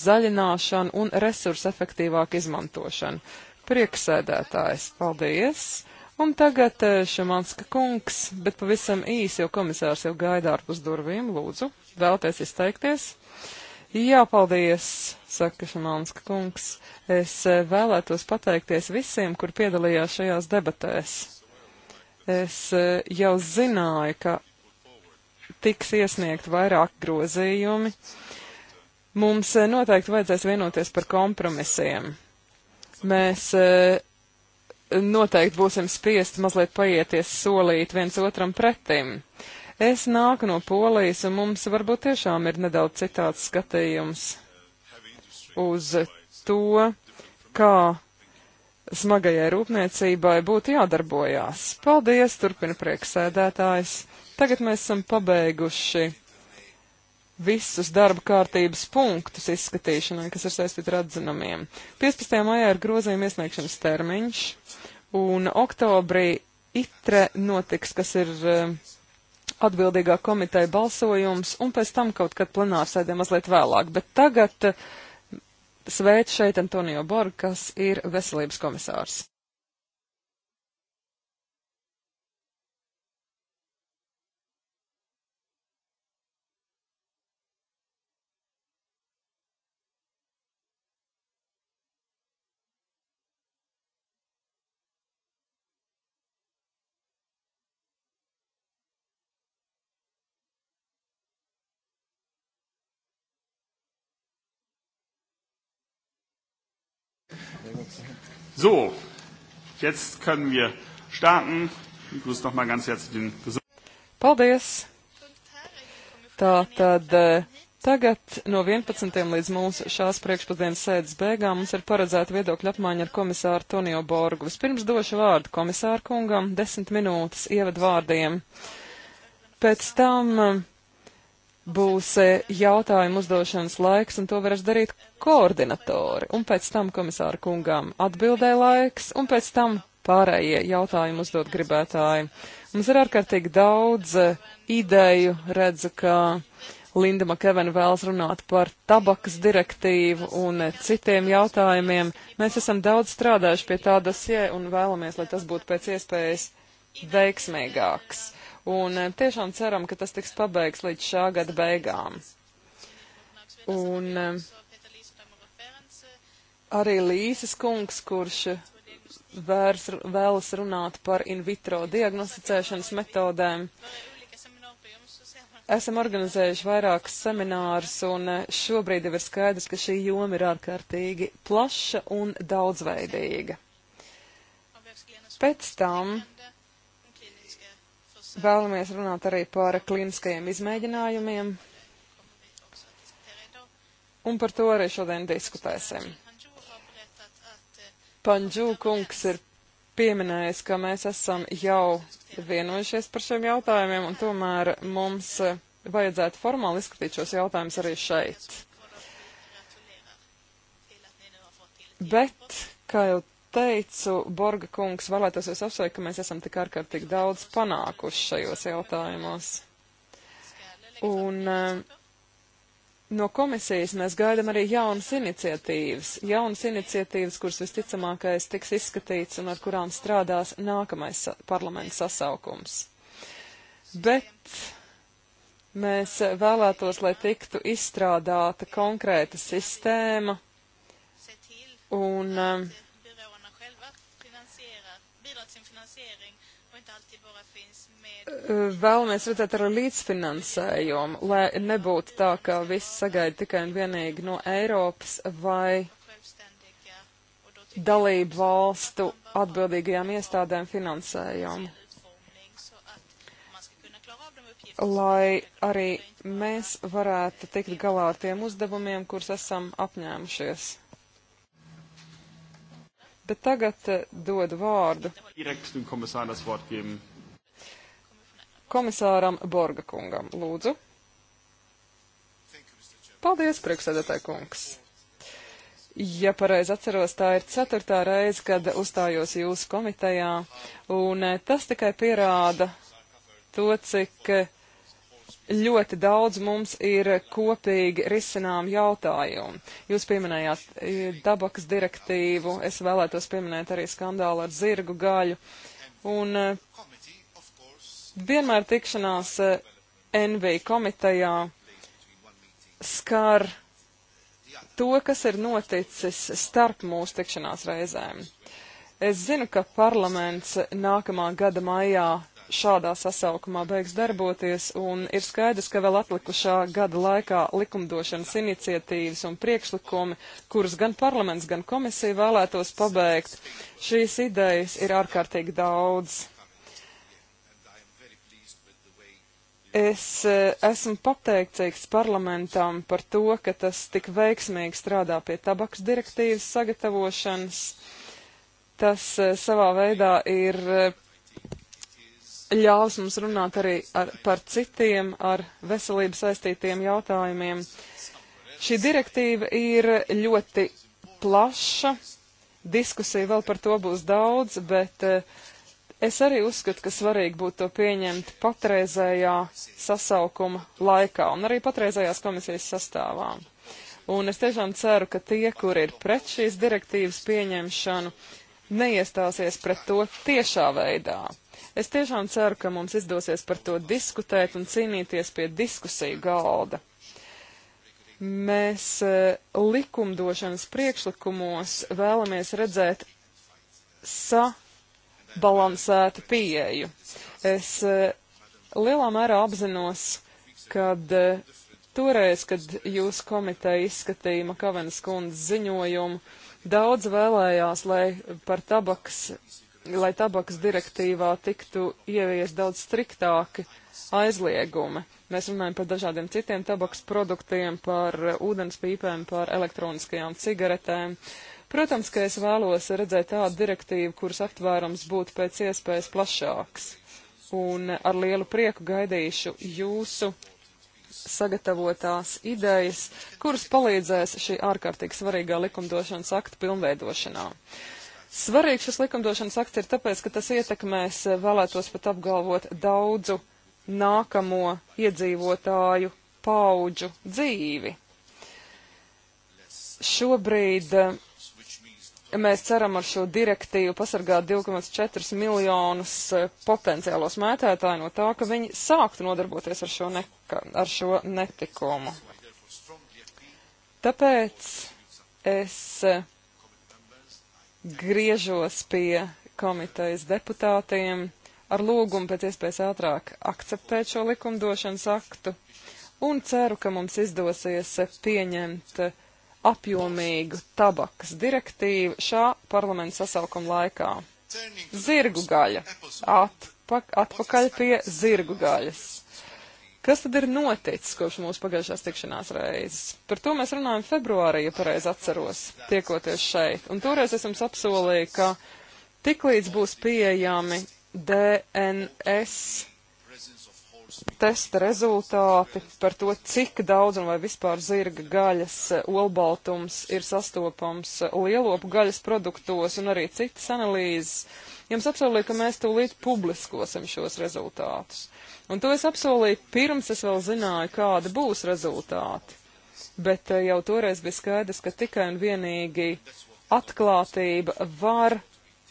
zaļināšanu un resursu efektīvāku izmantošanu. Prieksēdētājs, paldies! Un tagad eh, Šamanska kungs, bet pavisam īsi, jo komisārs jau gaida ārpus durvīm, lūdzu, vēlties izteikties. Jā, paldies, saka Šamanska kungs. Es eh, vēlētos pateikties visiem, kur piedalījās šajās debatēs. Es eh, jau zināju, ka tiks iesniegt vairāk grozījumi. Uh, Mums eh, noteikti vajadzēs vienoties par kompromisiem. Mēs eh, noteikti būsim spiest mazliet paieties solīt viens otram pretim. Es nāku no Polijas, un mums varbūt tiešām ir nedaudz citāds skatījums uz to, kā smagajai rūpniecībai būtu jādarbojās. Paldies, turpina prieksēdētājs. Tagad mēs esam pabeiguši visus darba kārtības punktus izskatīšanai, kas ir saistīti ar atzinumiem. 15. maijā ir grozījuma iesniegšanas termiņš, un oktobrī itre notiks, kas ir eh, atbildīgā komiteja balsojums, un pēc tam kaut kad plenārsēdē mazliet vēlāk. Bet tagad eh, sveic šeit Antonio Borg, kas ir veselības komisārs. So, jetzt können wir starten. Ich grüße nochmal ganz herzlich den Gesundheitsminister. Paldies! Tā tad eh, tagad no 11. līdz mūsu šās priekšpusdienas sēdes beigām mums ir paredzēta viedokļa apmaiņa ar komisāru Tonio Borgu. Vispirms došu vārdu komisāru kungam, desmit minūtes ievadvārdiem. Pēc tam būs eh, jautājumu uzdošanas laiks, un to varēs darīt koordinatori, un pēc tam komisāra kungām atbildē laiks, un pēc tam pārējie jautājumu uzdot gribētāji. Mums ir ārkārtīgi daudz eh, ideju, redzu, ka Linda Makevena vēlas runāt par tabakas direktīvu un eh, citiem jautājumiem. Mēs esam daudz strādājuši pie tā dosie un vēlamies, lai tas būtu pēc iespējas veiksmīgāks un eh, tiešām ceram, ka tas tiks pabeigts līdz šā gada beigām. Un eh, arī Līsas kungs, kurš vērs, vēlas runāt par in vitro diagnosticēšanas metodēm, esam organizējuši vairākus seminārus, un eh, šobrīd jau ir skaidrs, ka šī joma ir ārkārtīgi plaša un daudzveidīga. Pēc tam Vēlamies runāt arī par kliniskajiem izmēģinājumiem. Un par to arī šodien diskutēsim. Panģū kungs ir pieminējis, ka mēs esam jau vienojušies par šiem jautājumiem, un tomēr mums vajadzētu formāli izskatīt šos jautājumus arī šeit. Bet, kā jau teicu, Borga kungs, vēlētos jūs apsveikt, ka mēs esam tik ārkārtīgi daudz panākuši šajos jautājumos. Un eh, no komisijas mēs gaidam arī jaunas iniciatīvas, jaunas iniciatīvas, kuras visticamākais tiks izskatīts un ar kurām strādās nākamais parlamenta sasaukums. Bet mēs vēlētos, lai tiktu izstrādāta konkrēta sistēma un uh, vēlamies redzēt ar līdzfinansējumu, lai nebūtu tā, ka viss sagaida tikai un vienīgi no Eiropas vai dalību valstu atbildīgajām iestādēm finansējumu. Lai arī mēs varētu tikt galā ar tiem uzdevumiem, kurus esam apņēmušies. Bet tagad eh, dodu vārdu. Direkt dem Kommissar das Wort geben komisāram Borga kungam. Lūdzu. Paldies, priekšsēdētāji kungs. Ja pareizi atceros, tā ir ceturtā reize, kad uzstājos jūsu komitejā, un eh, tas tikai pierāda to, cik eh, ļoti daudz mums ir kopīgi risinām jautājumu. Jūs pieminējāt eh, dabakas direktīvu, es vēlētos pieminēt arī skandālu ar zirgu gaļu, un Vienmēr tikšanās eh, NV komitejā skar to, kas ir noticis starp mūsu tikšanās reizēm. Es zinu, ka parlaments nākamā gada maijā šādā sasaukumā beigs darboties, un ir skaidrs, ka vēl atlikušā gada laikā likumdošanas iniciatīvas un priekšlikumi, kurus gan parlaments, gan komisija vēlētos pabeigt, šīs idejas ir ārkārtīgi daudz. Es eh, esmu pateicīgs parlamentam par to, ka tas tik veiksmīgi strādā pie tabaks direktīvas sagatavošanas. Tas eh, savā veidā ir eh, ļaus mums runāt arī ar, par citiem ar veselību saistītiem jautājumiem. Šī direktīva ir ļoti plaša, diskusija vēl par to būs daudz, bet uh, Es arī uzskatu, ka svarīgi būtu to pieņemt patreizējā sasaukuma laikā un arī patreizējās komisijas sastāvā. Un es tiešām ceru, ka tie, kur ir pret šīs direktīvas pieņemšanu, neiestāsies pret to tiešā veidā. Es tiešām ceru, ka mums izdosies par to diskutēt un cīnīties pie diskusiju galda. Mēs e, likumdošanas priekšlikumos vēlamies redzēt sa balansētu pieeju. Es eh, lielā mērā apzinos, kad eh, toreiz, kad jūsu komiteja izskatīja Makavenas kundzes ziņojumu, daudz vēlējās, lai par tabaks, lai tabaks direktīvā tiktu ievies daudz striktāki aizliegumi. Mēs runājam par dažādiem citiem tabaks produktiem, par eh, ūdenspīpēm, par elektroniskajām cigaretēm. Uh, Protams, ka es vēlos redzēt tādu direktīvu, kuras aptvērums būtu pēc iespējas plašāks. Un ar lielu prieku gaidīšu jūsu sagatavotās idejas, kuras palīdzēs šī ārkārtīgi svarīgā likumdošanas akta pilnveidošanā. Svarīgs šis likumdošanas akts ir tāpēc, ka tas ietekmēs, eh, vēlētos pat apgalvot, daudzu nākamo iedzīvotāju paudžu dzīvi. Šobrīd eh, Mēs ceram ar šo direktīvu pasargāt 2,4 miljonus e, potenciālos mētētāju no tā, ka viņi sāktu nodarboties ar šo, neka, ar šo netikumu. Tāpēc es e, griežos pie komitejas deputātiem ar lūgumu pēc iespējas ātrāk akceptēt šo likumdošanas aktu un ceru, ka mums izdosies e, pieņemt apjomīgu tabakas direktīvu šā parlamenta sasaukuma laikā. Zirgu gaļa. Atpak atpakaļ pie zirgu gaļas. Kas tad ir noticis kopš mūsu pagājušās tikšanās reizes? Par to mēs runājam februārī, ja pareizi atceros, tiekoties šeit. Un toreiz es jums apsolīju, ka tiklīdz būs pieejami DNS testa rezultāti par to, cik daudz un vai vispār zirga gaļas eh, olbaltums ir sastopams eh, lielopu gaļas produktos un arī citas analīzes. Jums apsolīju, ka mēs tūlīt publiskosim šos rezultātus. Un to es apsolīju pirms es vēl zināju, kāda būs rezultāti. Bet eh, jau toreiz bija skaidrs, ka tikai un vienīgi atklātība var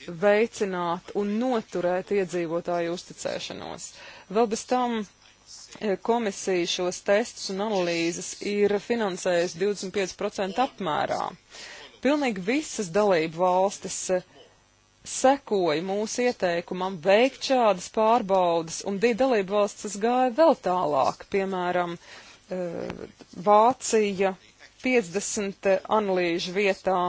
veicināt un noturēt iedzīvotāju uzticēšanos. Vēl bez tam e, komisija šos testus un analīzes ir finansējusi 25% apmērā. Pilnīgi visas dalību valstis e, sekoja mūsu ieteikumam veikt šādas pārbaudas, un divi dalību valstis gāja vēl tālāk, piemēram, e, Vācija 50 analīžu vietā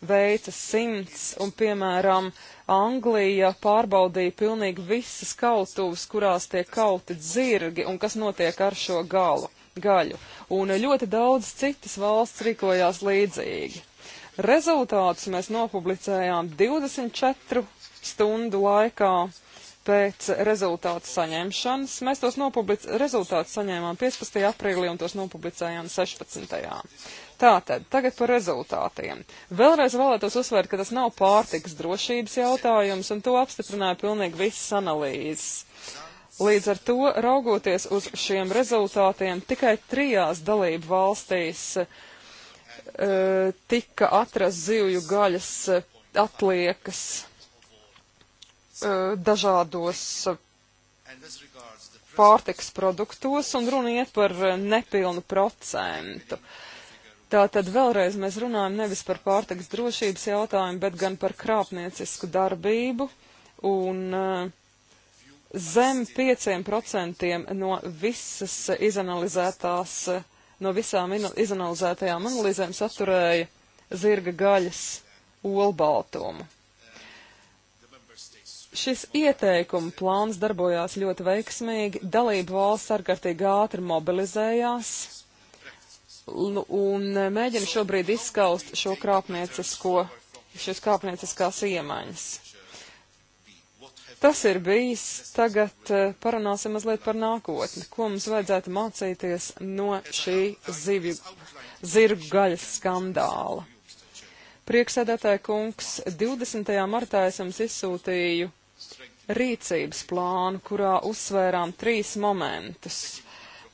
veica simts, un, piemēram, Anglija pārbaudīja pilnīgi visas kautuves, kurās tiek kauti dzirgi, un kas notiek ar šo galu, gaļu. Un ļoti daudz citas valsts rīkojās līdzīgi. Rezultātus mēs nopublicējām 24 stundu laikā pēc rezultātu saņemšanas. Mēs tos nopublicējām, rezultātus saņēmām 15. aprīlī un tos nopublicējām 16. Tātad, tagad par rezultātiem. Vēlreiz vēlētos uzsvērt, ka tas nav pārtiks drošības jautājums, un to apstiprināja pilnīgi visas analīzes. Līdz ar to, raugoties uz šiem rezultātiem, tikai trijās dalību valstīs e, tika atrast zivju gaļas e, atliekas e, dažādos pārtiks produktos, un runa iet par nepilnu procentu. Uh, Tātad vēlreiz mēs runājam nevis par pārtiks drošības jautājumu, bet gan par krāpniecisku darbību un eh, zem 5% no visas izanalizētās, no visām izanalizētajām analīzēm saturēja zirga gaļas olbaltumu. Šis ieteikuma plāns darbojās ļoti veiksmīgi, dalību valsts ārkārtīgi ātri mobilizējās, un e, mēģina šobrīd izskaust šo krāpniecisko, šīs krāpnieciskās iemaņas. Tas ir bijis. Tagad e, parunāsim mazliet par nākotni. Ko mums vajadzētu mācīties no šī zivju, zirgu gaļas skandāla? Prieksēdētāja kungs, 20. martā es jums izsūtīju rīcības plānu, kurā uzsvērām trīs momentus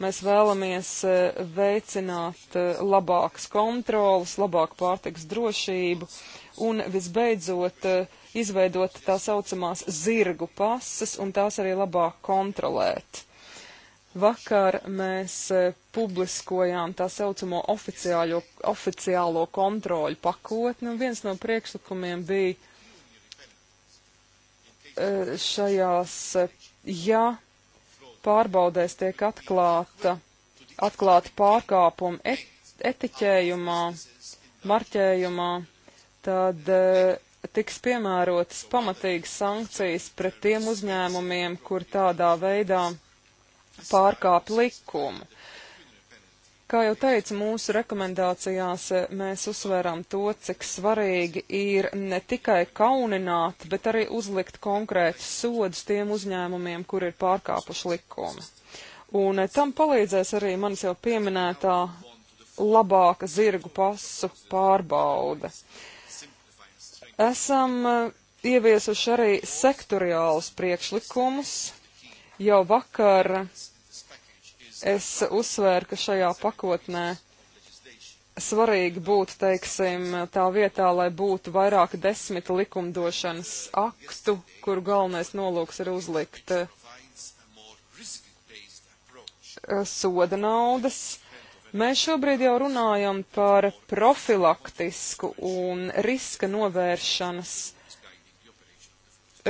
Mēs vēlamies e, veicināt e, labākas kontrolas, labāku pārtiks drošību un visbeidzot e, izveidot tā saucamās zirgu pasas un tās arī labāk kontrolēt. Vakar mēs publiskojām tā saucamo oficiālo, oficiālo kontroļu pakotni, un viens no priekšlikumiem bija šajās, ja pārbaudēs tiek atklāta, atklāta pārkāpuma et, etiķējumā, marķējumā, tad eh, tiks piemērotas pamatīgas sankcijas pret tiem uzņēmumiem, kur tādā veidā pārkāp likumu. Kā jau teicu, mūsu rekomendācijās e, mēs uzsvērām to, cik svarīgi ir ne tikai kaunināt, bet arī uzlikt konkrētus sodus tiem uzņēmumiem, kur ir pārkāpuši likumi. Un e, tam palīdzēs arī manis jau pieminētā labāka zirgu pasu pārbauda. Esam e, ieviesuši arī sektoriālus priekšlikumus. Jau vakar Es uzsvēru, ka šajā pakotnē svarīgi būtu, teiksim, tā vietā, lai būtu vairāk desmit likumdošanas aktu, kur galvenais nolūks ir uzlikt eh, soda naudas. Mēs šobrīd jau runājam par profilaktisku un riska novēršanas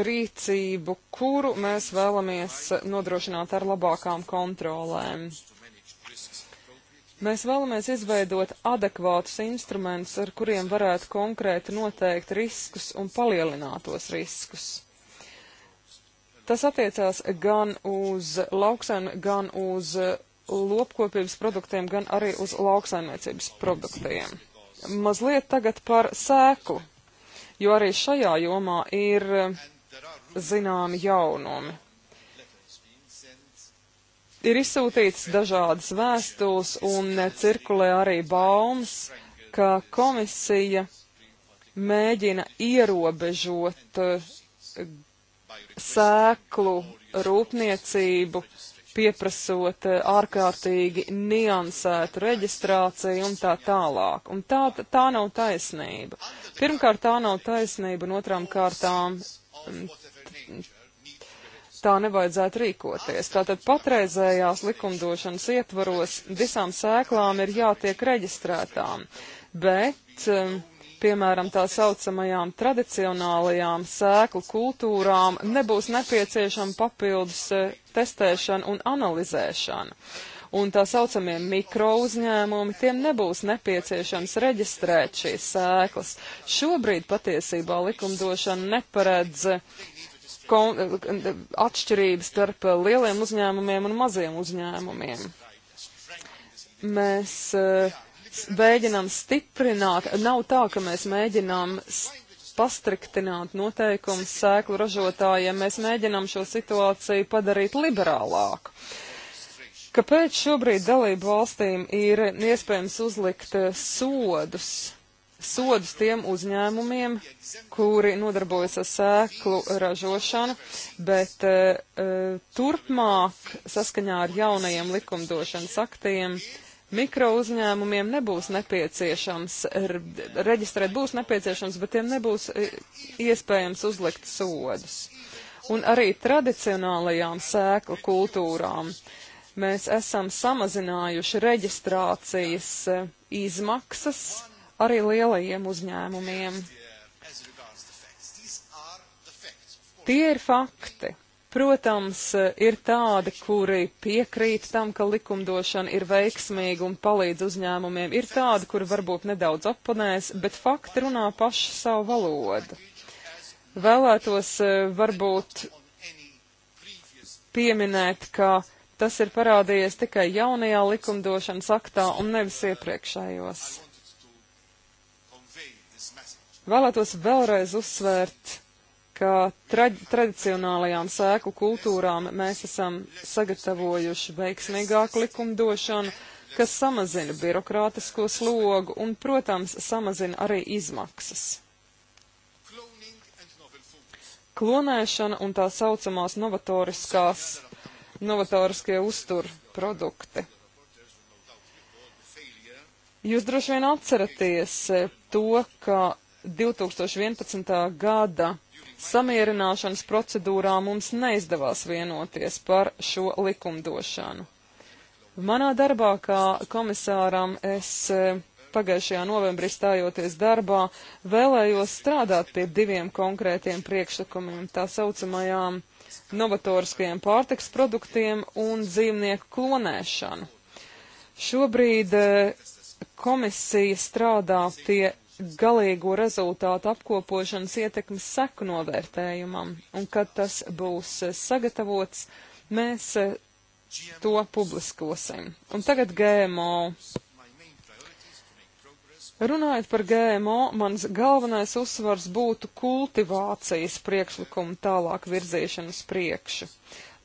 rīcību, kuru mēs vēlamies nodrošināt ar labākām kontrolēm. Mēs vēlamies izveidot adekvātus instrumentus, ar kuriem varētu konkrēti noteikt riskus un palielinātos riskus. Tas attiecās gan uz lauksainu, gan uz lopkopības produktiem, gan arī uz lauksaimniecības produktiem. Mazliet tagad par sēklu, jo arī šajā jomā ir zināmi jaunumi. Ir izsūtīts dažādas vēstules un cirkulē arī baumas, ka komisija mēģina ierobežot eh, sēklu rūpniecību, pieprasot eh, ārkārtīgi niansētu reģistrāciju un tā tālāk. Un tā, tā nav taisnība. Pirmkārt, tā nav taisnība, un otrām kārtām tā nevajadzētu rīkoties. Tātad patreizējās likumdošanas ietvaros visām sēklām ir jātiek reģistrētām, bet, um, piemēram, tā saucamajām tradicionālajām sēklu kultūrām nebūs nepieciešama papildus eh, testēšana un analizēšana un tā saucamie mikro uzņēmumi, tiem nebūs nepieciešams reģistrēt šīs sēklas. Šobrīd patiesībā likumdošana neparedz kon, atšķirības starp lieliem uzņēmumiem un maziem uzņēmumiem. Mēs uh, eh, mēģinām stiprināt, nav tā, ka mēs mēģinām pastriktināt noteikumus sēklu ražotājiem, mēs mēģinām šo situāciju padarīt liberālāku. Kāpēc šobrīd dalību valstīm ir iespējams uzlikt eh, sodus? Sodus tiem uzņēmumiem, kuri nodarbojas ar sēklu ražošanu, bet e, turpmāk saskaņā ar jaunajiem likumdošanas aktiem mikro uzņēmumiem nebūs nepieciešams reģistrēt, būs nepieciešams, bet tiem nebūs iespējams uzlikt sodus. Un arī tradicionālajām sēklu kultūrām. Uh, mēs esam samazinājuši reģistrācijas eh, izmaksas arī lielajiem uzņēmumiem. Tie ir fakti. Protams, eh, ir tādi, kuri piekrīt tam, ka likumdošana ir veiksmīga un palīdz uzņēmumiem. Ir tādi, kuri varbūt nedaudz oponēs, bet fakti runā paši savu valodu. Vēlētos eh, varbūt pieminēt, ka uh, Tas ir parādījies tikai jaunajā likumdošanas aktā un nevis iepriekšējos. Vēlētos vēlreiz uzsvērt, ka tra tradicionālajām sēklu kultūrām mēs esam sagatavojuši veiksmīgāku likumdošanu, kas samazina birokrātisko slogu un, protams, samazina arī izmaksas. Klonēšana un tā saucamās novatoriskās novatoriskie uzturprodukti. Jūs droši vien atceraties eh, to, ka 2011. gada samierināšanas procedūrā mums neizdevās vienoties par šo likumdošanu. Manā darbā kā komisāram es eh, pagājušajā novembrī stājoties darbā, vēlējos strādāt pie diviem konkrētiem priekšlikumiem, tā saucamajām novatoriskajiem pārtiks produktiem un dzīvnieku klonēšanu. Šobrīd e, komisija strādā pie galīgo rezultātu apkopošanas ietekmes seku novērtējumam, un kad tas būs e, sagatavots, mēs e, to publiskosim. Un tagad GMO. Runājot par GMO, mans galvenais uzsvars būtu kultivācijas priekšlikumu tālāk virzīšanas priekšu.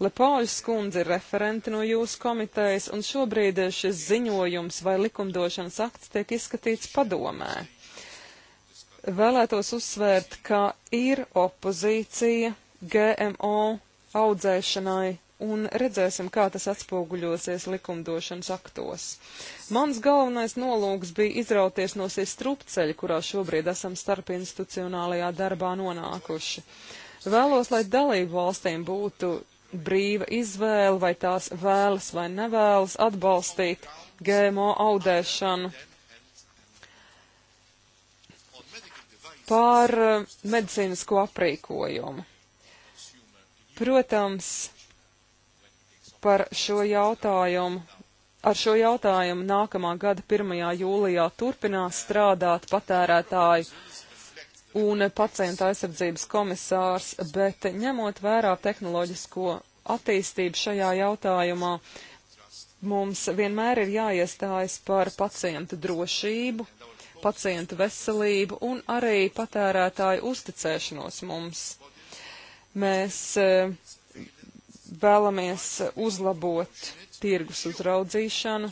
Lepāžas kundze ir referenti no jūsu komitejas, un šobrīd šis ziņojums vai likumdošanas akts tiek izskatīts padomē. Vēlētos uzsvērt, ka ir opozīcija GMO audzēšanai un redzēsim, kā tas atspoguļosies likumdošanas aktos. Mans galvenais nolūks bija izrauties no šīs strupceļa, kurā šobrīd esam starpinstitucionālajā darbā nonākuši. Vēlos, lai dalību valstīm būtu brīva izvēle, vai tās vēlas vai nevēlas atbalstīt GMO audēšanu. Par eh, medicīnisko aprīkojumu. Protams, par šo jautājumu. Ar šo jautājumu nākamā gada 1. jūlijā turpinās strādāt patērētāju un pacienta aizsardzības komisārs, bet ņemot vērā tehnoloģisko attīstību šajā jautājumā, mums vienmēr ir jāiestājas par pacientu drošību, pacientu veselību un arī patērētāju uzticēšanos mums. Mēs eh, vēlamies uzlabot tirgus uzraudzīšanu,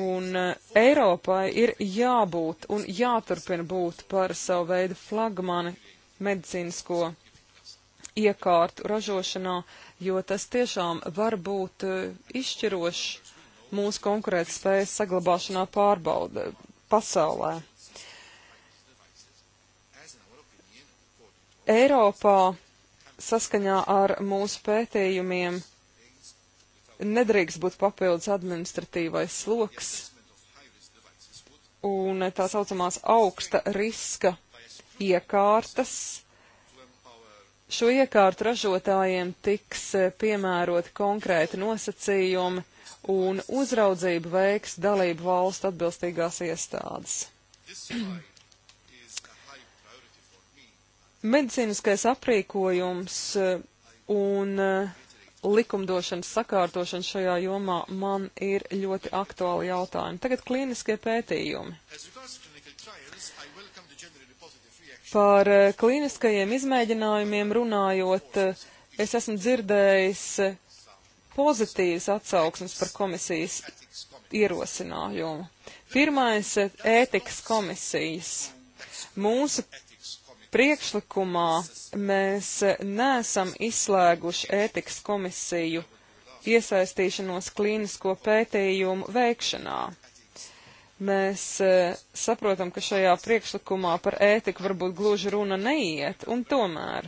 un eh, Eiropai ir jābūt un jāturpina būt par savu veidu flagmani medicīnisko iekārtu ražošanā, jo tas tiešām var būt eh, izšķirošs mūsu konkurētspējas saglabāšanā pārbauda pasaulē. Eiropā saskaņā ar mūsu pētījumiem nedrīkst būt papildus administratīvais sloks un tā saucamās augsta riska iekārtas. Šo iekārtu ražotājiem tiks eh, piemēroti konkrēti nosacījumi un uzraudzību veiks dalību valstu atbilstīgās iestādes. medicīniskais aprīkojums eh, un eh, likumdošanas sakārtošana šajā jomā man ir ļoti aktuāli jautājumi. Tagad klīniskie pētījumi. Par eh, klīniskajiem izmēģinājumiem runājot, es esmu dzirdējis pozitīvas atsauksmes par komisijas ierosinājumu. Pirmais - ētikas komisijas. Mūsu Priekšlikumā mēs neesam izslēguši ētikas komisiju iesaistīšanos klīnisko pētījumu veikšanā. Mēs eh, saprotam, ka šajā priekšlikumā par ētiku varbūt gluži runa neiet, un tomēr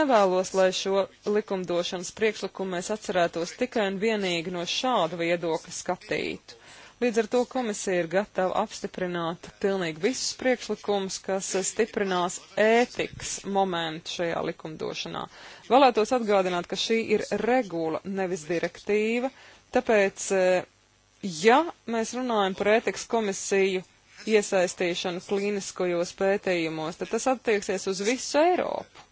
nevēlos, lai šo likumdošanas priekšlikumu mēs atcerētos tikai un vienīgi no šāda viedokļa skatītu. Līdz ar to komisija ir gatava apstiprināt pilnīgi visus priekšlikumus, kas stiprinās ētikas momentu šajā likumdošanā. Vēlētos atgādināt, ka šī ir regula, nevis direktīva, tāpēc, eh, ja mēs runājam par ētikas komisiju iesaistīšanu klīniskajos pētījumos, tad tas attieksies uz visu Eiropu.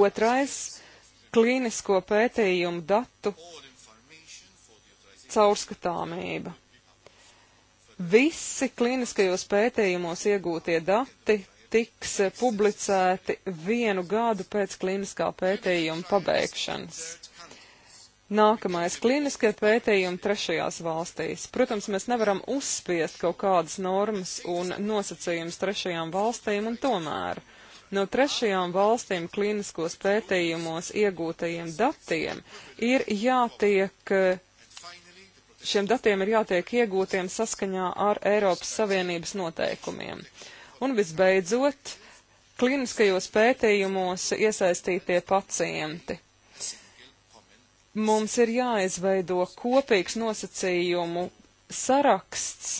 Otrais - klīnisko pētījumu datu caurskatāmība. Visi kliniskajos pētījumos iegūtie dati tiks publicēti vienu gadu pēc kliniskā pētījuma pabeigšanas. Nākamais - klīniskie pētījumi trešajās valstīs. Protams, mēs nevaram uzspiest kaut kādas normas un nosacījumus trešajām valstīm, un tomēr no trešajām valstīm klīniskos pētījumos iegūtajiem datiem ir jātiek eh, šiem datiem ir jātiek iegūtiem saskaņā ar Eiropas Savienības noteikumiem. Un visbeidzot, kliniskajos pētījumos iesaistītie pacienti. Mums ir jāizveido kopīgs nosacījumu saraksts.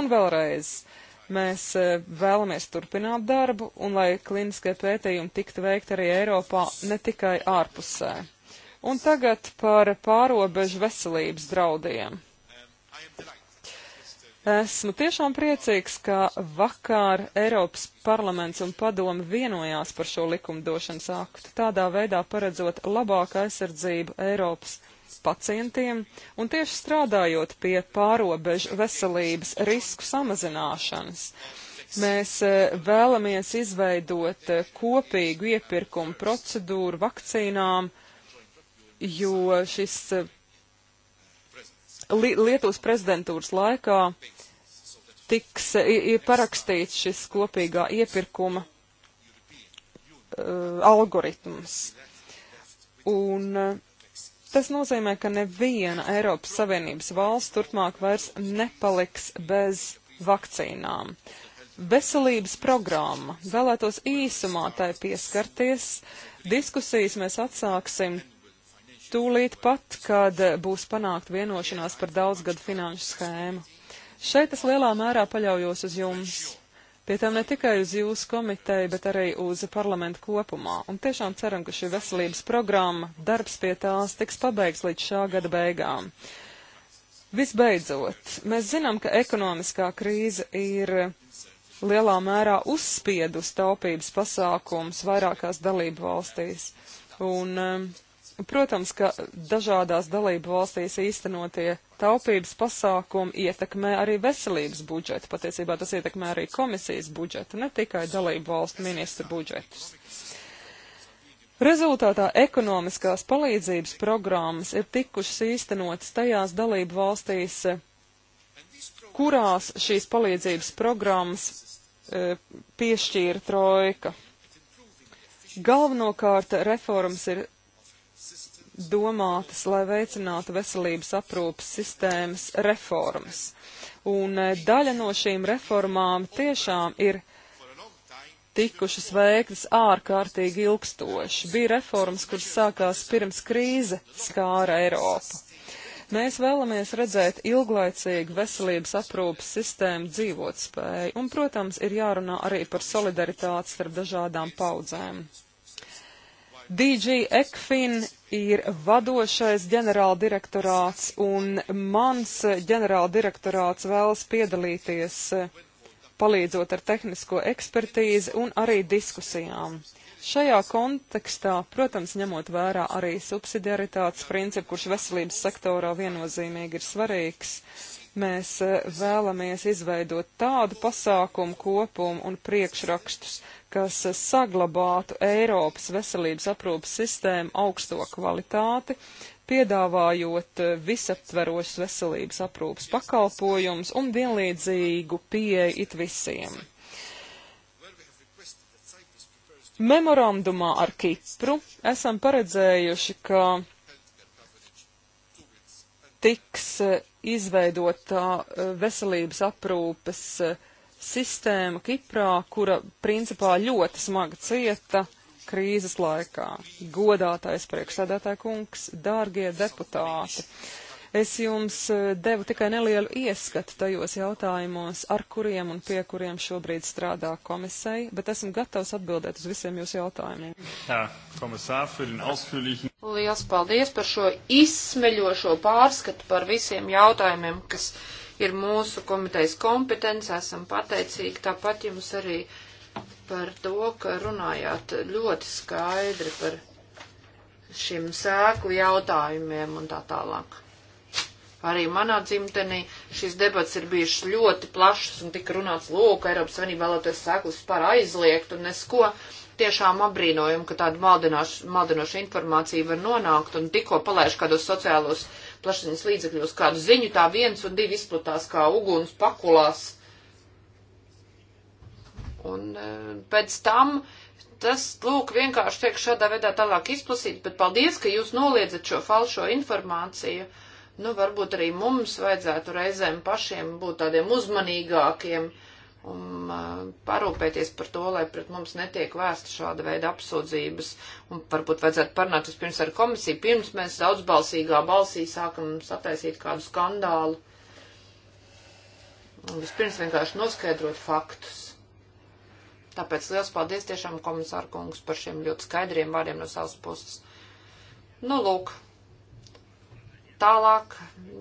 Un vēlreiz, mēs e, vēlamies turpināt darbu un lai kliniskie pētījumi tiktu veikti arī Eiropā, ne tikai ārpusē. Un tagad par pārobežu veselības draudiem. Esmu tiešām priecīgs, ka vakar Eiropas parlaments un padomi vienojās par šo likumdošanas aktu, tādā veidā paredzot labāku aizsardzību Eiropas pacientiem un tieši strādājot pie pārobežu veselības risku samazināšanas. Mēs e, vēlamies izveidot e, kopīgu iepirkumu procedūru vakcīnām jo šis eh, li, Lietuvas prezidentūras laikā tiks parakstīts šis kopīgā iepirkuma uh, algoritms. Un uh, tas nozīmē, ka neviena Eiropas Savienības valsts turpmāk vairs nepaliks bez vakcīnām. Veselības programma. Vēlētos īsumā tai pieskarties. Diskusijas mēs atsāksim tūlīt pat, kad būs panākt vienošanās par daudzgadu finanšu schēmu. Šeit es lielā mērā paļaujos uz jums. Pie tam ne tikai uz jūsu komiteju, bet arī uz parlamentu kopumā. Un tiešām ceram, ka šī veselības programma, darbs pie tās tiks pabeigts līdz šā gada beigām. Visbeidzot, mēs zinām, ka ekonomiskā krīze ir lielā mērā uzspiedus taupības pasākums vairākās dalību valstīs. Un um, Protams, ka dažādās dalību valstīs īstenotie taupības pasākumi ietekmē arī veselības budžetu. Patiesībā tas ietekmē arī komisijas budžetu, ne tikai dalību valstu ministru budžetus. Rezultātā ekonomiskās palīdzības programmas ir tikušas īstenotas tajās dalību valstīs, kurās šīs palīdzības programmas e, piešķīra trojka. Galvenokārt reformas ir domātas, lai veicinātu veselības aprūpas sistēmas reformas. Un e, daļa no šīm reformām tiešām ir tikušas veiktas ārkārtīgi ilgstoši. Bija reformas, kuras sākās pirms krīze skāra Eiropu. Mēs vēlamies redzēt ilglaicīgu veselības aprūpas sistēmu dzīvotspēju, un, protams, ir jārunā arī par solidaritāti starp dažādām paudzēm. DG ECFIN ir vadošais ģenerāldirektorāts, un mans ģenerāldirektorāts vēlas piedalīties, palīdzot ar tehnisko ekspertīzi un arī diskusijām. Šajā kontekstā, protams, ņemot vērā arī subsidiaritātes principu, kurš veselības sektorā viennozīmīgi ir svarīgs, Mēs eh, vēlamies izveidot tādu pasākumu kopumu un priekšrakstus, kas eh, saglabātu Eiropas veselības aprūpas sistēmu augsto kvalitāti, piedāvājot eh, visaptverošas veselības aprūpas pakalpojumus un vienlīdzīgu pieeju it visiem. Memorandumā ar Kipru esam paredzējuši, ka tiks eh, izveidota eh, veselības aprūpes eh, sistēma Kiprā, kura principā ļoti smagi cieta krīzes laikā. Godātais priekšsēdētāja kungs, dārgie deputāti! Uh, Es jums e, devu tikai nelielu ieskatu tajos jautājumos, ar kuriem un pie kuriem šobrīd strādā komisija, bet esmu gatavs atbildēt uz visiem jūsu jautājumiem. Jā, komisār, ausführlichen... Lielas paldies par šo izsmeļošo pārskatu par visiem jautājumiem, kas ir mūsu komitejas kompetence. Esam pateicīgi tāpat jums arī par to, ka runājāt ļoti skaidri par šiem sēklu jautājumiem un tā tālāk. Arī manā dzimtenī šīs debats ir bijušas ļoti plašas un tika runāts, lūk, Eiropas Savienība vēlētos sēklas par aizliegt un nesko. Tiešām apbrīnojam, ka tāda maldinoša informācija var nonākt un tikko palaiž kādos sociālos plašiņas līdzekļos kādu ziņu, tā viens un divi izplatās kā uguns pakulās. Un eh, pēc tam tas, lūk, vienkārši tiek šādā veidā tālāk izplasīts, bet paldies, ka jūs noliedzat šo falšo informāciju. Uh, nu, varbūt arī mums vajadzētu reizēm pašiem būt tādiem uzmanīgākiem un uh, parūpēties par to, lai pret mums netiek vēsta šāda veida apsūdzības. Un varbūt vajadzētu parunāt vispirms ar komisiju, pirms mēs daudzbalsīgā balsī sākam sataisīt kādu skandālu. Un vispirms vienkārši noskaidrot faktus. Tāpēc liels paldies tiešām komisāru kungs par šiem ļoti skaidriem vārdiem no savas puses. Nu, lūk, Tālāk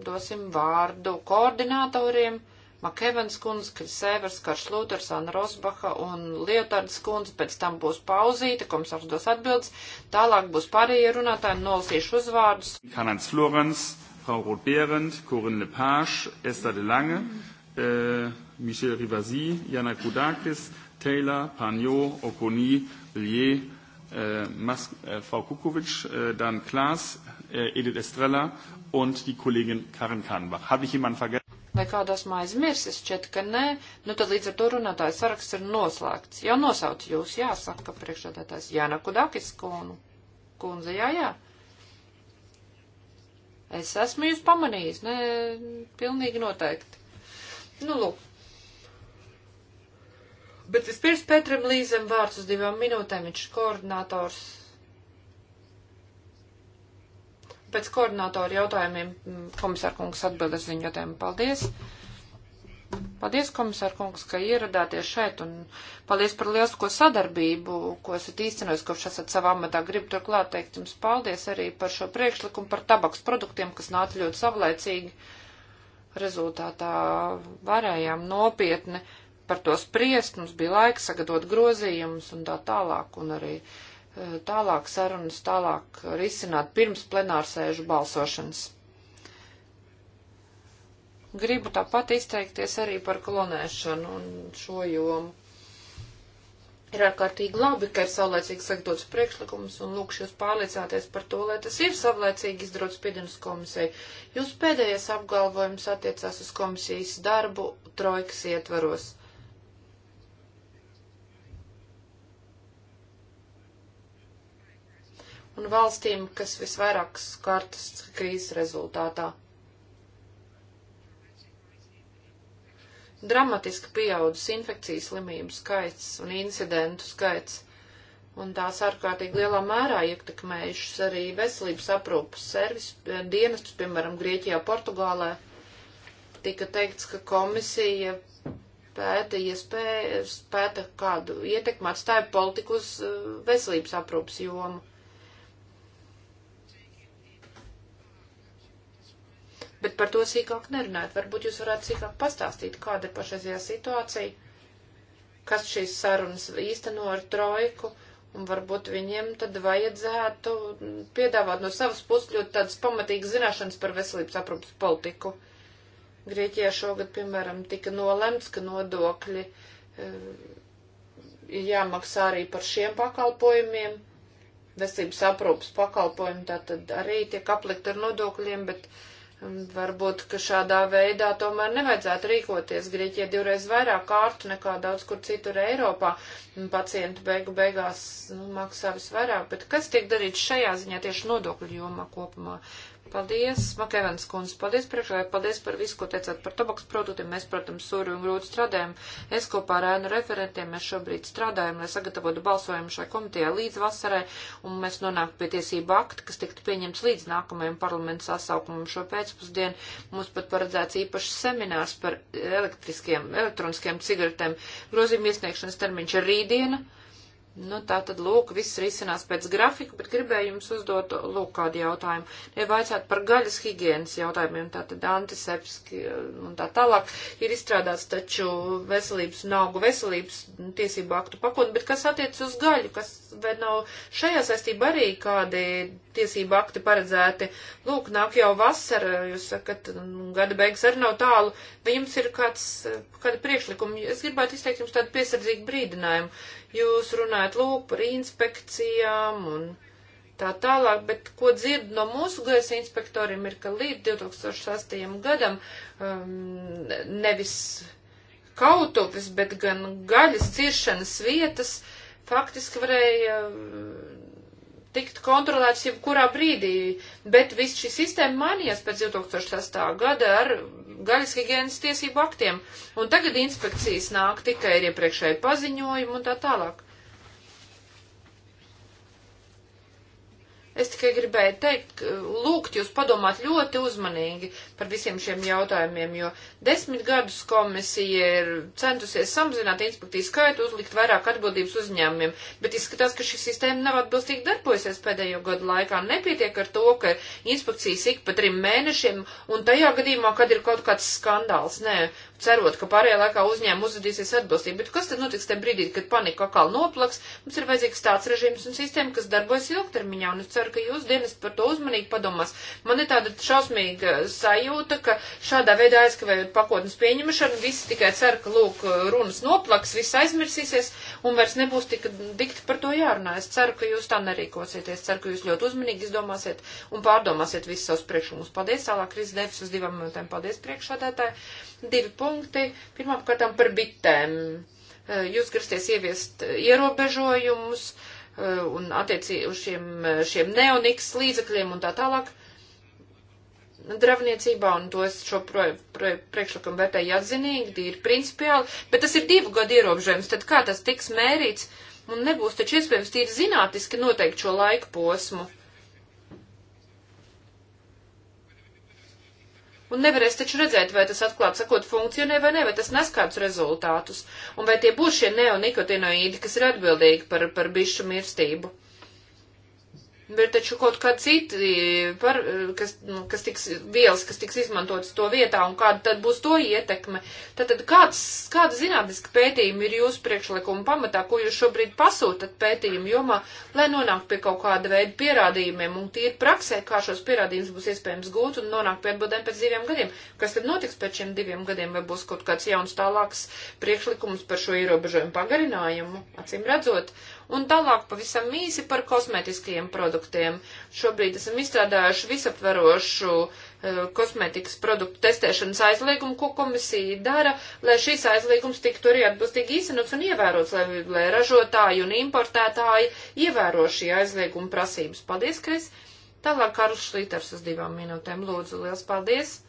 dosim vārdu koordinātoriem. Makevens kundze, Krisēvers, Karšlūters, Anna Rosbaha un Lietardas kundze, pēc tam būs pauzīte, komisārs dos atbildes, tālāk būs pārējie runātāji, nolasīšu uzvārdus. Kanāns Florens, Frau Roth-Behrendt, Corinne Lepage, Esther de Lange, äh, Michel Rivasi, Jana Kudakis, Taylor, Pagnot, Okoni, Lier, äh, Mas äh, Frau Kukovic, äh, dann Klaas, äh, Edith Estrella und die Kollegin Karin Kahnbach. Habe ich jemanden vergessen? Vai kādu esmu aizmirsis? Šķiet, ka nē. Nu, tad līdz ar to runātājs saraksts ir noslēgts. Jau nosauc jūs, jā, saka priekšādātājs Jāna Kudakis kunu. Kundze, jā, jā. Es esmu jūs pamanījis, nē, pilnīgi noteikti. Nu, lūk. Bet vispirms Petram Līzem vārds uz divām minūtēm, viņš koordinators pēc koordinātoru jautājumiem mm, komisārkungs atbildes ziņu jautājumu. Paldies! Paldies, komisārkungs, ka ieradāties šeit un paldies par lielisko sadarbību, ko esat īstenojis, kopš esat savā amatā. Gribu turklāt teikt jums paldies arī par šo priekšlikumu par tabaks produktiem, kas nāca ļoti savlaicīgi. Rezultātā varējām nopietni par to spriest, mums bija laiks sagatavot grozījumus un tā tālāk, un arī tālāk sarunas, tālāk risināt pirms plenārsēžu balsošanas. Gribu tāpat izteikties arī par klonēšanu un šo jomu. Ir ārkārtīgi labi, ka ir saulēcīgi sagatavots priekšlikums un lūkšu jūs pārliecināties par to, lai tas ir savlaicīgi izdarots piedienas komisijai. Jūs pēdējais apgalvojums attiecās uz komisijas darbu trojkas ietvaros. un valstīm, kas visvairāk skartas krīzes rezultātā. Dramatiski pieaudzis infekcijas slimību skaits un incidentu skaits, un tās ārkārtīgi lielā mērā ietekmējušas arī veselības aprūpas servis eh, dienestus, piemēram, Grieķijā, Portugālē. Tika teikts, ka komisija pēta iespējas, ja pēta kādu ietekmu atstāja politiku uz eh, veselības aprūpas jomu. bet par to sīkāk nerunājat. Varbūt jūs varētu sīkāk pastāstīt, kāda ir pašreizajā situācija, kas šīs sarunas īsteno ar trojku, un varbūt viņiem tad vajadzētu piedāvāt no savas puses ļoti tādas pamatīgas zināšanas par veselības aprūpas politiku. Grieķijā šogad, piemēram, tika nolemts, ka nodokļi e, jāmaksā arī par šiem pakalpojumiem. Veselības aprūpas pakalpojumi tātad arī tiek aplikt ar nodokļiem, bet uh, Varbūt, ka šādā veidā tomēr nevajadzētu rīkoties. Grieķija divreiz vairāk kārtu nekā daudz kur citur Eiropā. Pacienti beigu beigās nu, maksā visvairāk. Bet kas tiek darīts šajā ziņā tieši nodokļu jomā kopumā? Paldies, Makēvens kundze, paldies priekšlēju, paldies par visu, ko teicāt par tobaks produktiem. Mēs, protams, suri un grūti strādājam. Es kopā ar ēnu referentiem mēs šobrīd strādājam, lai sagatavotu balsojumu šai komitejā līdz vasarai, un mēs nonāktu pie tiesību akta, kas tiktu pieņemts līdz nākamajam parlamentu sasaukumam šo pēcpusdienu. Mums pat paredzēts īpašs seminārs par elektriskiem, elektroniskiem cigaretēm. Grozījuma iesniegšanas termiņš ir rītdiena. Nu, tā tad, lūk, viss risinās pēc grafika, bet gribēju jums uzdot, lūk, kādu jautājumu. Ja vajadzētu par gaļas higienas jautājumiem, tā tad antisepski eh, un tā tālāk, ir izstrādāts taču veselības un augu veselības tiesību aktu pakot, bet kas attiec uz gaļu, kas, vai nav šajā saistībā arī kādi tiesību akti paredzēti. Lūk, nāk jau vasara, jūs sakat, gada beigas arī nav tālu, vai jums ir kāds, kāda priekšlikuma? Es gribētu izteikt jums tādu piesardzīgu brīdinājumu. Jūs runājat, lūk, par inspekcijām un tā tālāk, bet ko dzird no mūsu gaisa inspektoriem ir, ka līdz 2008. gadam um, nevis kautuvis, bet gan gaļas ciršanas vietas faktiski varēja uh, tikt kontrolēts jebkurā brīdī, bet viss šī sistēma mainījās pēc 2008. gada ar gaļas higienas tiesību aktiem, un tagad inspekcijas nāk tikai ar iepriekšēju paziņojumu un tā tālāk. Es tikai gribēju teikt, lūgt jūs padomāt ļoti uzmanīgi par visiem šiem jautājumiem, jo desmit gadus komisija ir centusies samazināt inspekciju skaitu, uzlikt vairāk atbildības uzņēmumiem, bet izskatās, ka šī sistēma nav atbilstīgi darbojusies pēdējo gadu laikā. Nepietiek ar to, ka inspekcijas ik pa trim mēnešiem un tajā gadījumā, kad ir kaut kāds skandāls, nē, cerot, ka pārējā laikā uzņēmumi uzvedīsies atbilstīgi. Bet kas tad notiks tajā brīdī, kad panika atkal noplaks? Mums ir vajadzīgs tāds režīms un sistēma, kas darbojas ilgtermiņā, un es ceru, ka jūs dienas par to uzmanīgi padomās. Man ir tāda šausmīga sajūta, ka šādā veidā aizkavējot pakotnes pieņemšanu, visi tikai cer, ka, lūk, runas noplaks, viss aizmirsīsies, un vairs nebūs tik dikti par to jārunā. Es ceru, ka jūs tā nerīkosieties, ceru, ka jūs ļoti uzmanīgi izdomāsiet un pārdomāsiet visus savus priekšumus. Paldies, tālāk, Kris Devis uz divām minūtēm. Paldies, priekšādētāji. Divi punkti. Pirmkārtām par bitēm. Eh, jūs grasties ieviest ierobežojumus eh, un attiecīgi uz šiem, eh, šiem neoniks līdzekļiem un tā tālāk dravniecībā, un to es šo pro, pro, priekšlikumu vērtēju atzinīgi, ir principiāli, bet tas ir divu gadu ierobežojums, tad kā tas tiks mērīts, un nebūs taču iespējams tīri zinātiski noteikt šo laiku posmu. Un nevarēs taču redzēt, vai tas atklāt sakot funkcionē vai ne, vai tas nes kādus rezultātus. Un vai tie būs šie neonikotinoīdi, kas ir atbildīgi par, par bišu mirstību. Bet taču kaut kā citi, par, kas, nu, kas tiks vielas, kas tiks izmantotas to vietā un kāda tad būs to ietekme. Tātad kāds, kāda zinātniska pētījuma ir jūsu priekšlikuma pamatā, ko jūs šobrīd pasūtat pētījumu jomā, lai nonāktu pie kaut kāda veida pierādījumiem un tīri praksē, kā šos pierādījumus būs iespējams gūt un nonākt pie atbildēm pēc diviem gadiem. Kas tad notiks pēc šiem diviem gadiem, vai būs kaut kāds jauns tālāks priekšlikums par šo ierobežojumu pagarinājumu, acīm redzot? Un tālāk pavisam īsi par kosmētiskajiem produktiem. Šobrīd esam izstrādājuši visaptverošu uh, kosmētikas produktu testēšanas aizliegumu, ko komisija dara, lai šīs aizliegums tiktu arī atbilstīgi īstenots un ievērots, lai, lai ražotāji un importētāji ievēro šī aizlieguma prasības. Paldies, Kris! Tālāk Karls Šlīters uz divām minūtēm. Lūdzu, liels paldies!